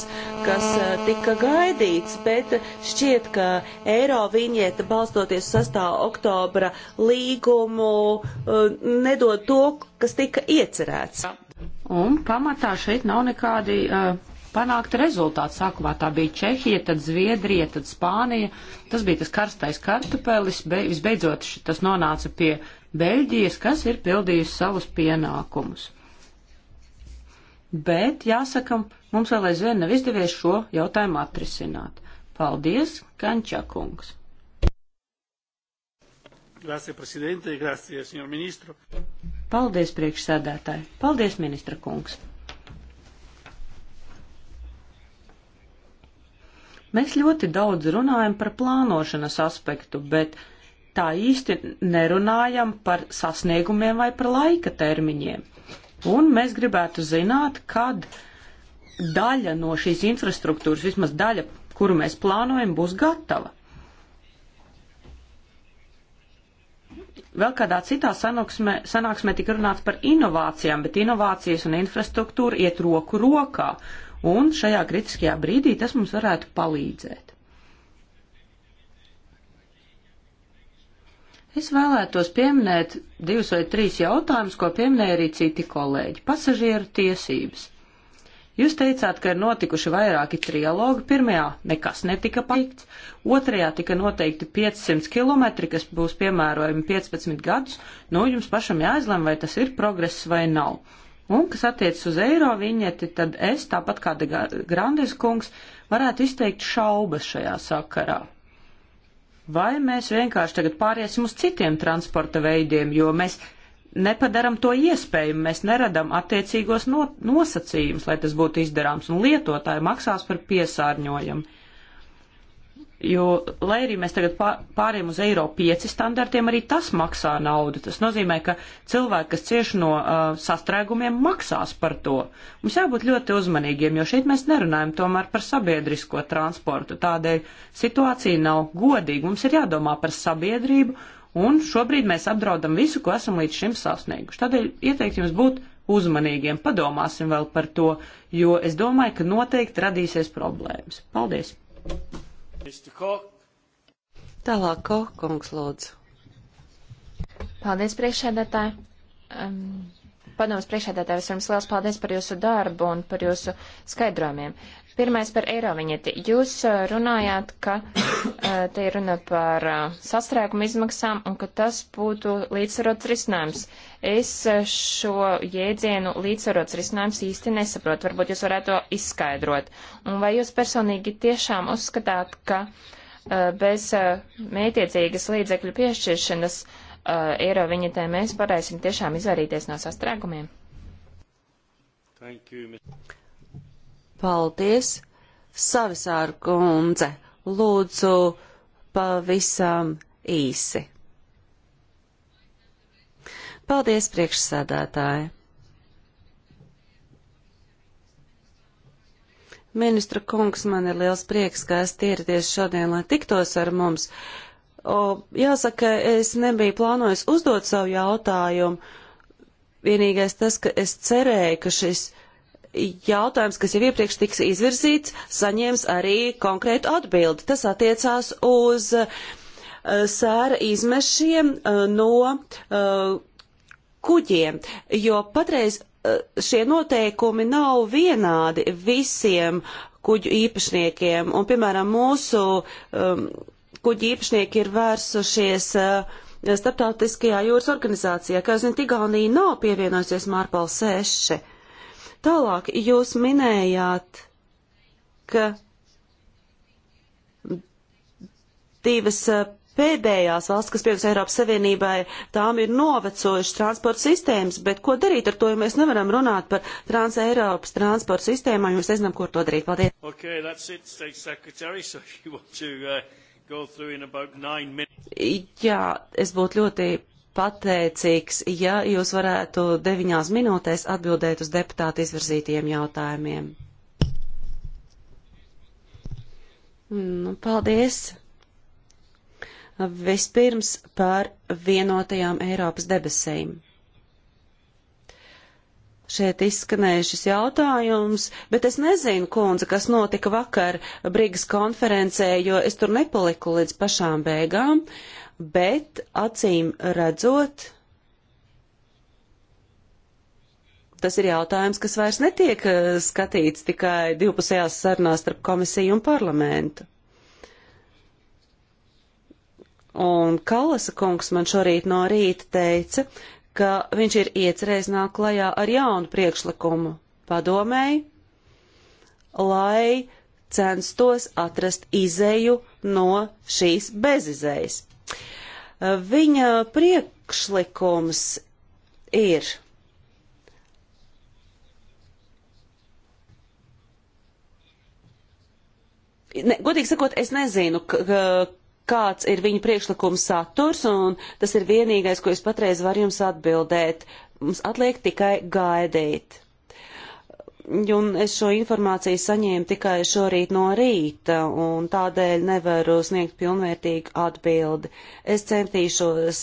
kas eh, tika gaidīts, bet šķiet, ka eiro viņieta balstoties 6. oktobra līgumu eh, nedod to, kas tika iecerēts. Un pamatā šeit nav nekādi uh, panākt rezultātu. Sākumā tā bija Čehija, tad Zviedrija, tad Spānija. Tas bija tas karstais kartupelis, be, visbeidzot tas nonāca pie Beļģijas, kas ir pildījusi savus pienākumus. Bet, jāsakam, mums vēl aizvien nav izdevies šo jautājumu atrisināt. Paldies, Kančakungs! Grazie, Grazie, Paldies, priekšsēdētāji! Paldies, ministra kungs! Mēs ļoti daudz runājam par plānošanas aspektu, bet tā īsti nerunājam par sasniegumiem vai par laika termiņiem. Un mēs gribētu zināt, kad daļa no šīs infrastruktūras, vismaz daļa, kuru mēs plānojam, būs gatava. Vēl kādā citā sanāksmē, sanāksmē tika runāts par inovācijām, bet inovācijas un infrastruktūra iet roku rokā un šajā kritiskajā brīdī tas mums varētu palīdzēt. Es vēlētos pieminēt divus vai trīs jautājumus, ko pieminēja arī citi kolēģi. Pasažieru tiesības. Jūs teicāt, ka ir notikuši vairāki trialogi. Pirmajā nekas netika paikts, otrajā tika noteikti 500 km, kas būs piemērojami 15 gadus. Nu, jums pašam jāizlem, vai tas ir progress vai nav. Un, kas attiecas uz eiro viņeti, tad es, tāpat kā De Grandes kungs, varētu izteikt šaubas šajā sakarā. Vai mēs vienkārši tagad pāriesim uz citiem transporta veidiem, jo mēs nepadaram to iespējumu, mēs neradam attiecīgos no, nosacījumus, lai tas būtu izdarāms, un lietotāji maksās par piesārņojumu. Jo, lai arī mēs tagad pāriem uz eiro 5 standartiem, arī tas maksā naudu. Tas nozīmē, ka cilvēki, kas cieš no uh, sastrēgumiem, maksās par to. Mums jābūt ļoti uzmanīgiem, jo šeit mēs nerunājam tomēr par sabiedrisko transportu. Tādēļ situācija nav godīga. Mums ir jādomā par sabiedrību, un šobrīd mēs apdraudam visu, ko esam līdz šim sasnieguši. Tādēļ ieteiktu jums būt uzmanīgiem, padomāsim vēl par to, jo es domāju, ka noteikti radīsies problēmas. Paldies! Tālāk, ko, kungs, lūdzu. Paldies, priekšēdētāji. Um, padomas priekšēdētāji, vispirms liels paldies par jūsu darbu un par jūsu skaidrojumiem. Pirmais par eiroviņeti. Jūs eh, runājāt, ka eh, te ir runa par eh, sastrēgumu izmaksām un ka tas būtu līdzsvarots risinājums. Es šo jēdzienu līdzsvarots risinājums īsti nesaprotu. Varbūt jūs varētu to izskaidrot. Un vai jūs personīgi tiešām uzskatāt, ka bez mētiecīgas līdzekļu piešķiršanas eiroviņetē mēs varēsim tiešām izvairīties no sastrēgumiem? Thank you, Mr. Paldies, Savisāra kundze. Lūdzu, pavisam īsi. Paldies, priekšsēdētāji. Ministra kungs, man ir liels prieks, ka esat ieradies šodien, lai tiktos ar mums. O, jāsaka, es nebiju plānojis uzdot savu jautājumu. Vienīgais tas, ka es cerēju, ka šis jautājums, kas jau iepriekš tiks izvirzīts, saņems arī konkrētu atbildi. Tas attiecās uz uh, sēra izmešiem uh, no uh, kuģiem, jo patreiz šie noteikumi nav vienādi visiem kuģu īpašniekiem. Un, piemēram, mūsu um, kuģu īpašnieki ir vērsušies uh, Startautiskajā jūras organizācijā, kā zin, Tigaunija nav pievienojusies Mārpal 6. Tālāk jūs minējāt, ka divas pēdējās valsts, kas pievienojas Eiropas Savienībai, tām ir novecojušas transporta sistēmas, bet ko darīt ar to, ja mēs nevaram runāt par trans-Eiropas transporta sistēmām, jo mēs nezinām, kur to darīt. Paldies! Okay, it, so to, uh, Jā, es būtu ļoti pateicīgs, ja jūs varētu deviņās minūtēs atbildēt uz deputātu izvirzītiem jautājumiem. Nu, paldies! Vispirms par vienotajām Eiropas debesīm šeit izskanēja šis jautājums, bet es nezinu, kundze, kas notika vakar Brīgas konferencē, jo es tur nepaliku līdz pašām beigām. Uh, bet acīm redzot, tas ir jautājums, kas vairs netiek eh, skatīts tikai divpusējās sarunās starp komisiju un parlamentu. Un Kalasa kungs man šorīt no rīta teica, ka viņš ir iecerējis nākt klajā ar jaunu priekšlikumu padomēji, lai censtos atrast izēju no šīs bezizējas. Viņa priekšlikums ir ne, godīgi sakot, es nezinu, kāds ir viņa priekšlikuma saturs, un tas ir vienīgais, ko es patreiz varu jums atbildēt. Mums atliek tikai gaidīt un es šo informāciju saņēmu tikai šorīt no rīta, un tādēļ nevaru sniegt pilnvērtīgu atbildi. Es centīšos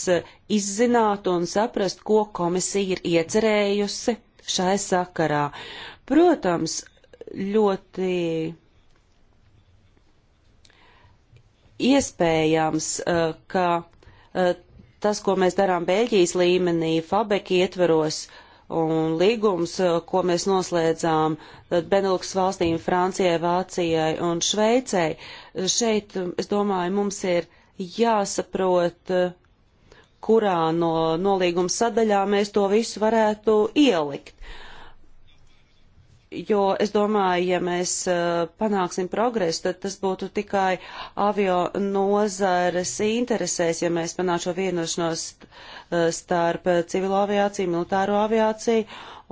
izzināt un saprast, ko komisija ir iecerējusi šai sakarā. Protams, ļoti iespējams, uh, ka uh, tas, ko mēs darām Beļģijas līmenī, Fabeki ietveros, uh, Un līgums, eh, ko mēs noslēdzām eh, Beneluks valstīm, Francijai, Vācijai un Šveicei, šeit, eh, es domāju, mums ir jāsaprot, kurā no nolīguma sadaļā mēs to visu varētu ielikt. Uh, jo es domāju, ja mēs uh, panāksim progresu, tad tas būtu tikai avio nozares interesēs, ja mēs panāktu šo vienošanos uh, starp civilo aviāciju, militāro aviāciju,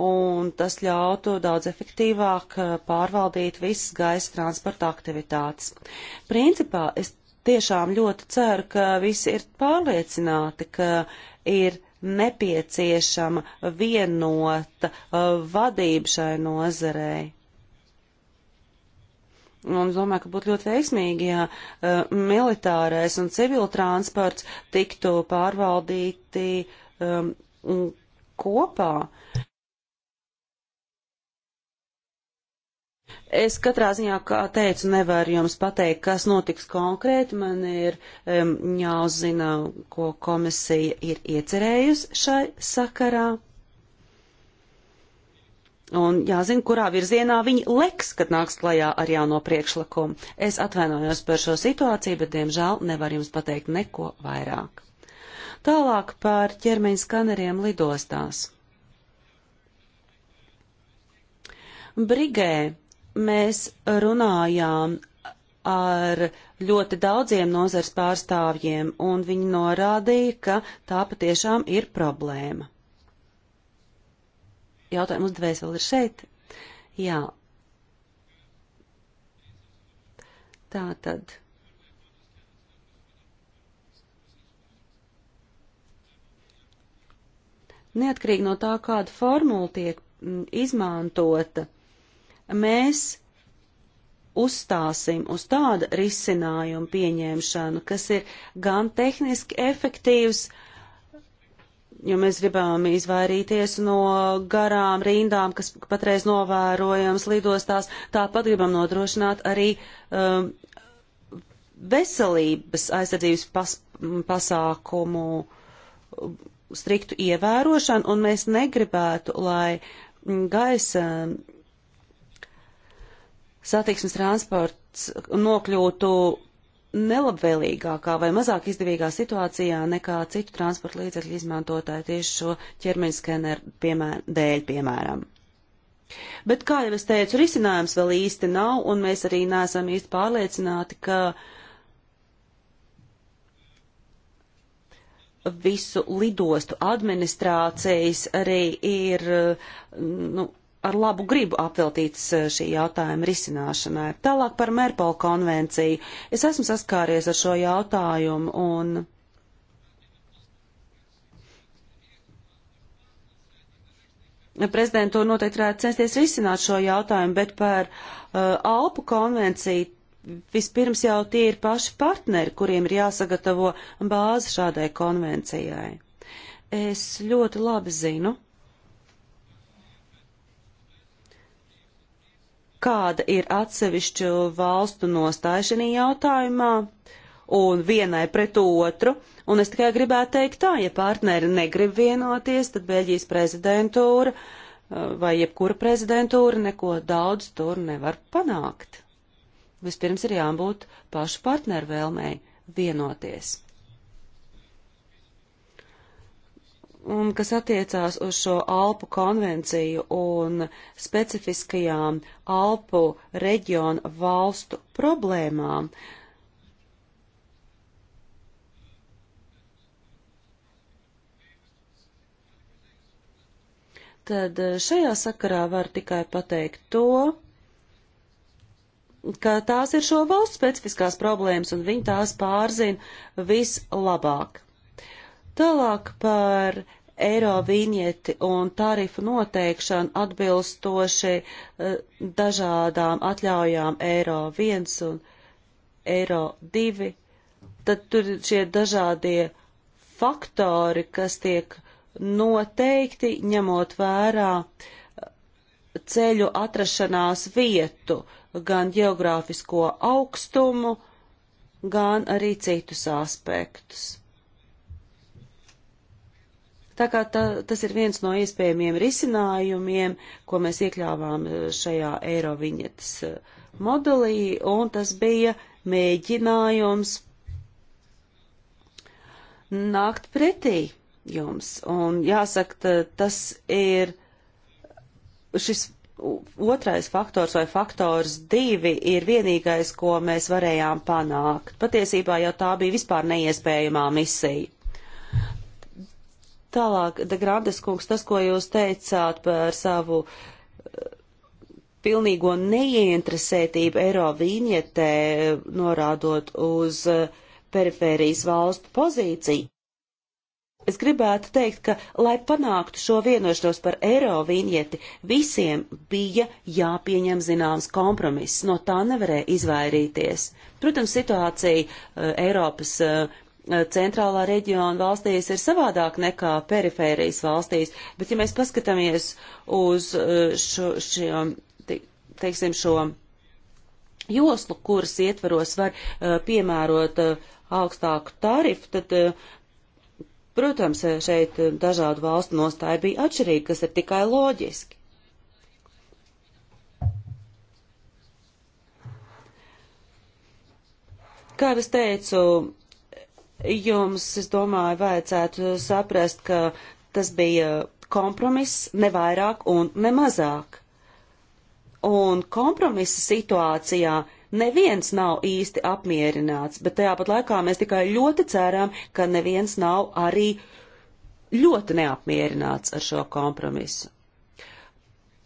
un tas ļautu daudz efektīvāk uh, pārvaldīt visas gaisa transporta aktivitātes. Principā es tiešām ļoti ceru, ka visi ir pārliecināti, ka ir nepieciešama vienota uh, vadība šai nozarei. Un es domāju, ka būtu ļoti veiksmīgi, ja uh, militārais un civiltransports tiktu pārvaldīti um, kopā. Uh, Es katrā ziņā, kā teicu, nevaru jums pateikt, kas notiks konkrēti. Man ir um, jāuzzina, ko komisija ir iecerējusi šai sakarā. Un jāzina, kurā virzienā viņi leks, kad nāks klajā ar jauno priekšlikumu. Es atvainojos par šo situāciju, bet, diemžēl, nevaru jums pateikt neko vairāk. Tālāk par ķermeņa skaneriem lidostās. Brigē mēs runājām ar ļoti daudziem nozars pārstāvjiem, un viņi norādīja, ka tā patiešām ir problēma. Jautājums uzdevējs vēl ir šeit? Jā. Tā tad. Neatkarīgi no tā, kāda formula tiek mm, izmantota, mēs uzstāsim uz tādu risinājumu pieņemšanu, kas ir gan tehniski efektīvs, jo mēs gribam izvairīties no garām rindām, kas patreiz novērojams lidostās, tāpat gribam nodrošināt arī um, veselības aizsardzības pas, pasākumu um, striktu ievērošanu, un mēs negribētu, lai mm, gaisa satiksmes transports nokļūtu nelabvēlīgākā vai mazāk izdevīgā situācijā nekā citu transporta līdzekļu izmantotāji tieši šo ķermeņa skeneru piemēr, dēļ, piemēram. Bet, kā jau es teicu, risinājums vēl īsti nav, un mēs arī neesam īsti pārliecināti, ka visu lidostu administrācijas arī ir nu, ar labu gribu apveltīts eh, šī jautājuma risināšanai. Tālāk par Mērpola konvenciju. Es esmu saskāries ar šo jautājumu un. Prezidents to noteikti varētu censties risināt šo jautājumu, bet par uh, Alpu konvenciju vispirms jau tie ir paši partneri, kuriem ir jāsagatavo bāze šādai konvencijai. Es ļoti labi zinu, kāda ir atsevišķu valstu nostāja šajā jautājumā, un vienai pret otru, un es tikai gribētu teikt tā, ja partneri negrib vienoties, tad Beļģijas prezidentūra uh, vai jebkura prezidentūra neko daudz tur nevar panākt. Vispirms ir jābūt pašu partneru vēlmei vienoties. un kas attiecās uz šo Alpu konvenciju un specifiskajām Alpu reģionu valstu problēmām. Tad eh, šajā sakarā var tikai pateikt to, ka tās ir šo valstu specifiskās problēmas un viņi tās pārzina vislabāk. Tālāk par eiro vīnieti un tarifu noteikšanu atbilstoši eh, dažādām atļaujām eiro 1 un eiro 2. Tad tur ir šie dažādie faktori, kas tiek noteikti ņemot vērā eh, ceļu atrašanās vietu, gan geogrāfisko augstumu, gan arī citus aspektus. Tā kā ta, tas ir viens no iespējamiem risinājumiem, ko mēs iekļāvām eh, šajā eiroviņetas eh, modelī, un tas bija mēģinājums nākt pretī jums. Un jāsaka, tas ir šis otrais faktors vai faktors divi ir vienīgais, ko mēs varējām panākt. Patiesībā jau tā bija vispār neiespējamā misija. Tālāk, De Grandes kungs, tas, ko jūs teicāt par savu eh, pilnīgo neieinteresētību eiro vīnietē, norādot uz eh, perifērijas valstu pozīciju. Es gribētu teikt, ka, lai panāktu šo vienošanos par eiro vīnieti, visiem bija jāpieņem zināms kompromiss, no tā nevarēja izvairīties. Protams, situācija uh, Eiropas uh, centrālā reģiona valstīs ir savādāk nekā perifērijas valstīs, bet ja mēs paskatāmies uz eh, šo, šo te, teiksim, šo joslu, kuras ietvaros var uh, piemērot uh, augstāku tarifu, tad, uh, protams, šeit dažādu valstu nostāja bija atšķirīga, kas ir tikai loģiski. Kā jau es teicu, jums, es domāju, vajadzētu saprast, ka tas bija kompromiss ne vairāk un ne mazāk. Un kompromisa situācijā neviens nav īsti apmierināts, bet tajā pat laikā mēs tikai ļoti ceram, ka neviens nav arī ļoti neapmierināts ar šo kompromisu.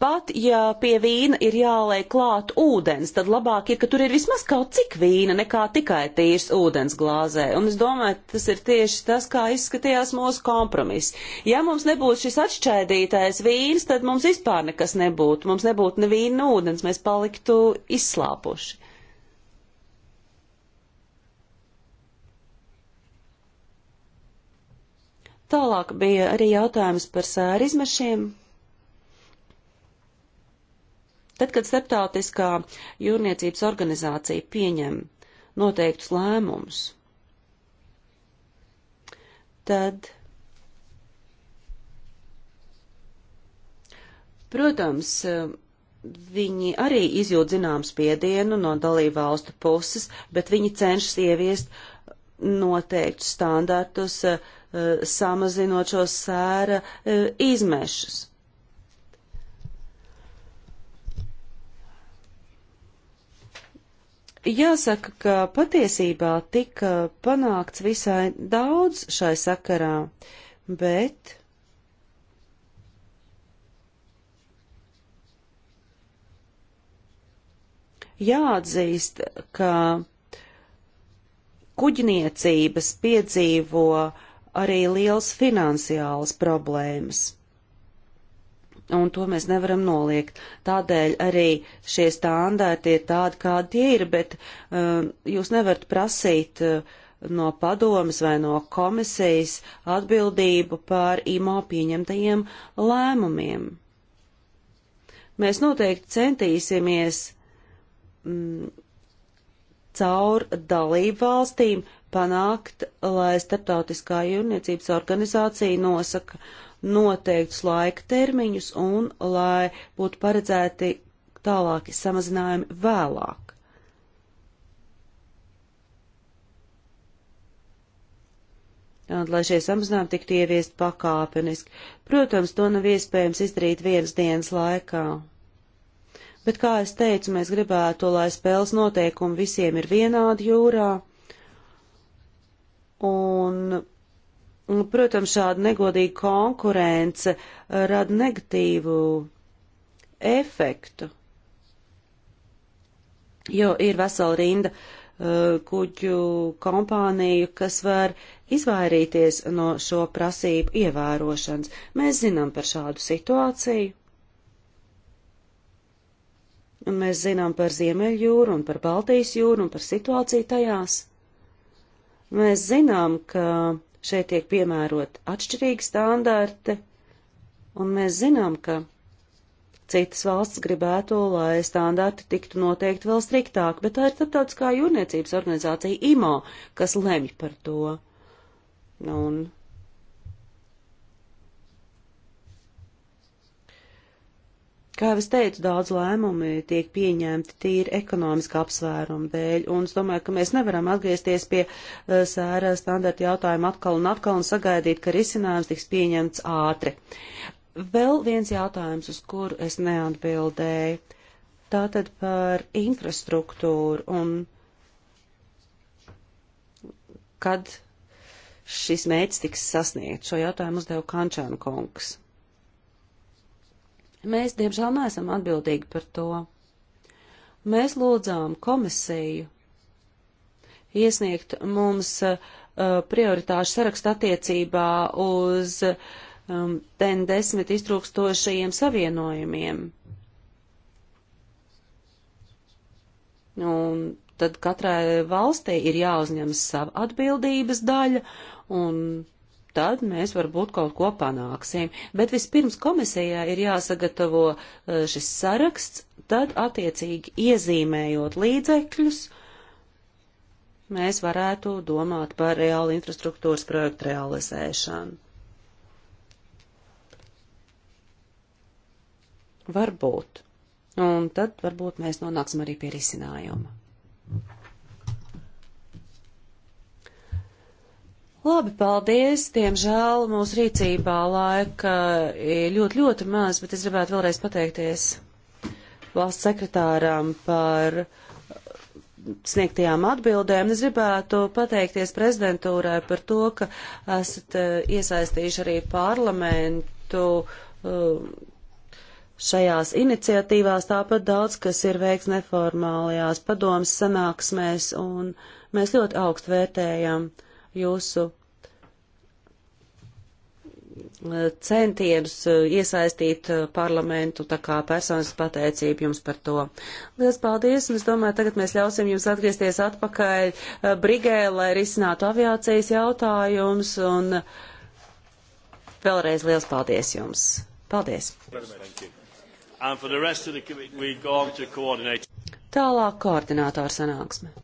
Pat ja pie vīna ir jāliek klāt ūdens, tad labāk ir, ka tur ir vismaz kaut cik vīna, nekā tikai tīrs ūdens glāzē. Un es domāju, tas ir tieši tas, kā izskatījās mūsu kompromiss. Ja mums nebūtu šis atšķaidītais vīns, tad mums vispār nekas nebūtu. Mums nebūtu ne vīna, ne ūdens, mēs paliktu izslāpuši. Tālāk bija arī jautājums par sēra izmešiem. Tad, kad starptautiskā jūrniecības organizācija pieņem noteiktus lēmumus, tad, protams, viņi arī izjūt zinām spiedienu no dalību valstu puses, bet viņi cenšas ieviest noteiktus standartus, samazinot šo sēra eh, izmešus. Jāsaka, ka patiesībā tika panākts visai daudz šai sakarā, bet. Jāatzīst, ka kuģniecības piedzīvo arī liels finansiāls problēmas un to mēs nevaram noliegt. Tādēļ arī šie standarti ir tādi, kādi tie ir, bet uh, jūs nevarat prasīt uh, no padomas vai no komisijas atbildību par IMO pieņemtajiem lēmumiem. Mēs noteikti centīsimies mm, caur dalību valstīm panākt, lai starptautiskā jūrniecības organizācija nosaka uh, noteikts laika termiņus un lai būtu paredzēti tālāki samazinājumi vēlāk. Un, lai šie samazinājumi tiktu ieviest pakāpeniski. Protams, to nav iespējams izdarīt vienas dienas laikā. Bet, kā es teicu, mēs gribētu, lai spēles noteikumi visiem ir vienādi jūrā. Un Protams, šāda negodīga konkurence eh, rada negatīvu efektu, jo ir vesela rinda uh, kuģu kompāniju, kas var izvairīties no šo prasību ievērošanas. Mēs zinām par šādu situāciju. Un mēs zinām par Ziemeļjūru un par Baltijas jūru un par situāciju tajās. Mēs zinām, ka Šeit tiek piemērot atšķirīgi standarti, un mēs zinām, ka citas valsts gribētu, lai standarti tiktu noteikti vēl striktāk, bet tā ir starptautiskā jūrniecības organizācija IMO, kas lemj par to. Nu, un Kā jau es teicu, daudz lēmumi tiek pieņemti tīri ekonomiska apsvēruma dēļ, un es domāju, ka mēs nevaram atgriezties pie uh, sēra standarta jautājuma atkal un atkal un sagaidīt, ka risinājums tiks pieņemts ātri. Vēl viens jautājums, uz kuru es neatbildēju, tātad par infrastruktūru un kad šis mērķis tiks sasniegts. Šo jautājumu uzdeva Kančāna kungs. Mēs, diemžēl, neesam atbildīgi par to. Mēs lūdzām komisiju iesniegt mums uh, prioritāšu sarakstu attiecībā uz um, ten desmit iztrūkstošajiem savienojumiem. Un tad katrai valstī ir jāuzņemas sava atbildības daļa, un tad mēs varbūt kaut ko panāksim. Bet vispirms komisijā ir jāsagatavo e, šis saraksts, tad attiecīgi iezīmējot līdzekļus, mēs varētu domāt par reālu infrastruktūras projektu realizēšanu. Varbūt. Un tad varbūt mēs nonāksim arī pie risinājuma. Labi, paldies. Diemžēl mūsu rīcībā laika ir ļoti, ļoti maz, bet es gribētu vēlreiz pateikties valsts sekretāram par sniegtajām atbildēm. Es gribētu pateikties prezidentūrai par to, ka esat eh, iesaistījuši arī parlamentu eh, šajās iniciatīvās, tāpat daudz, kas ir veikts neformālajās padomas sanāksmēs, un mēs ļoti augstu vērtējam uh, jūsu eh, centienus eh, iesaistīt eh, parlamentu, tā kā personisku pateicību jums par to. Lielas paldies, un es domāju, tagad mēs ļausim jums atgriezties atpakaļ brigē, lai risinātu aviācijas jautājumus, un vēlreiz liels paldies jums. Paldies. Tālāk koordinātāra sanāksme.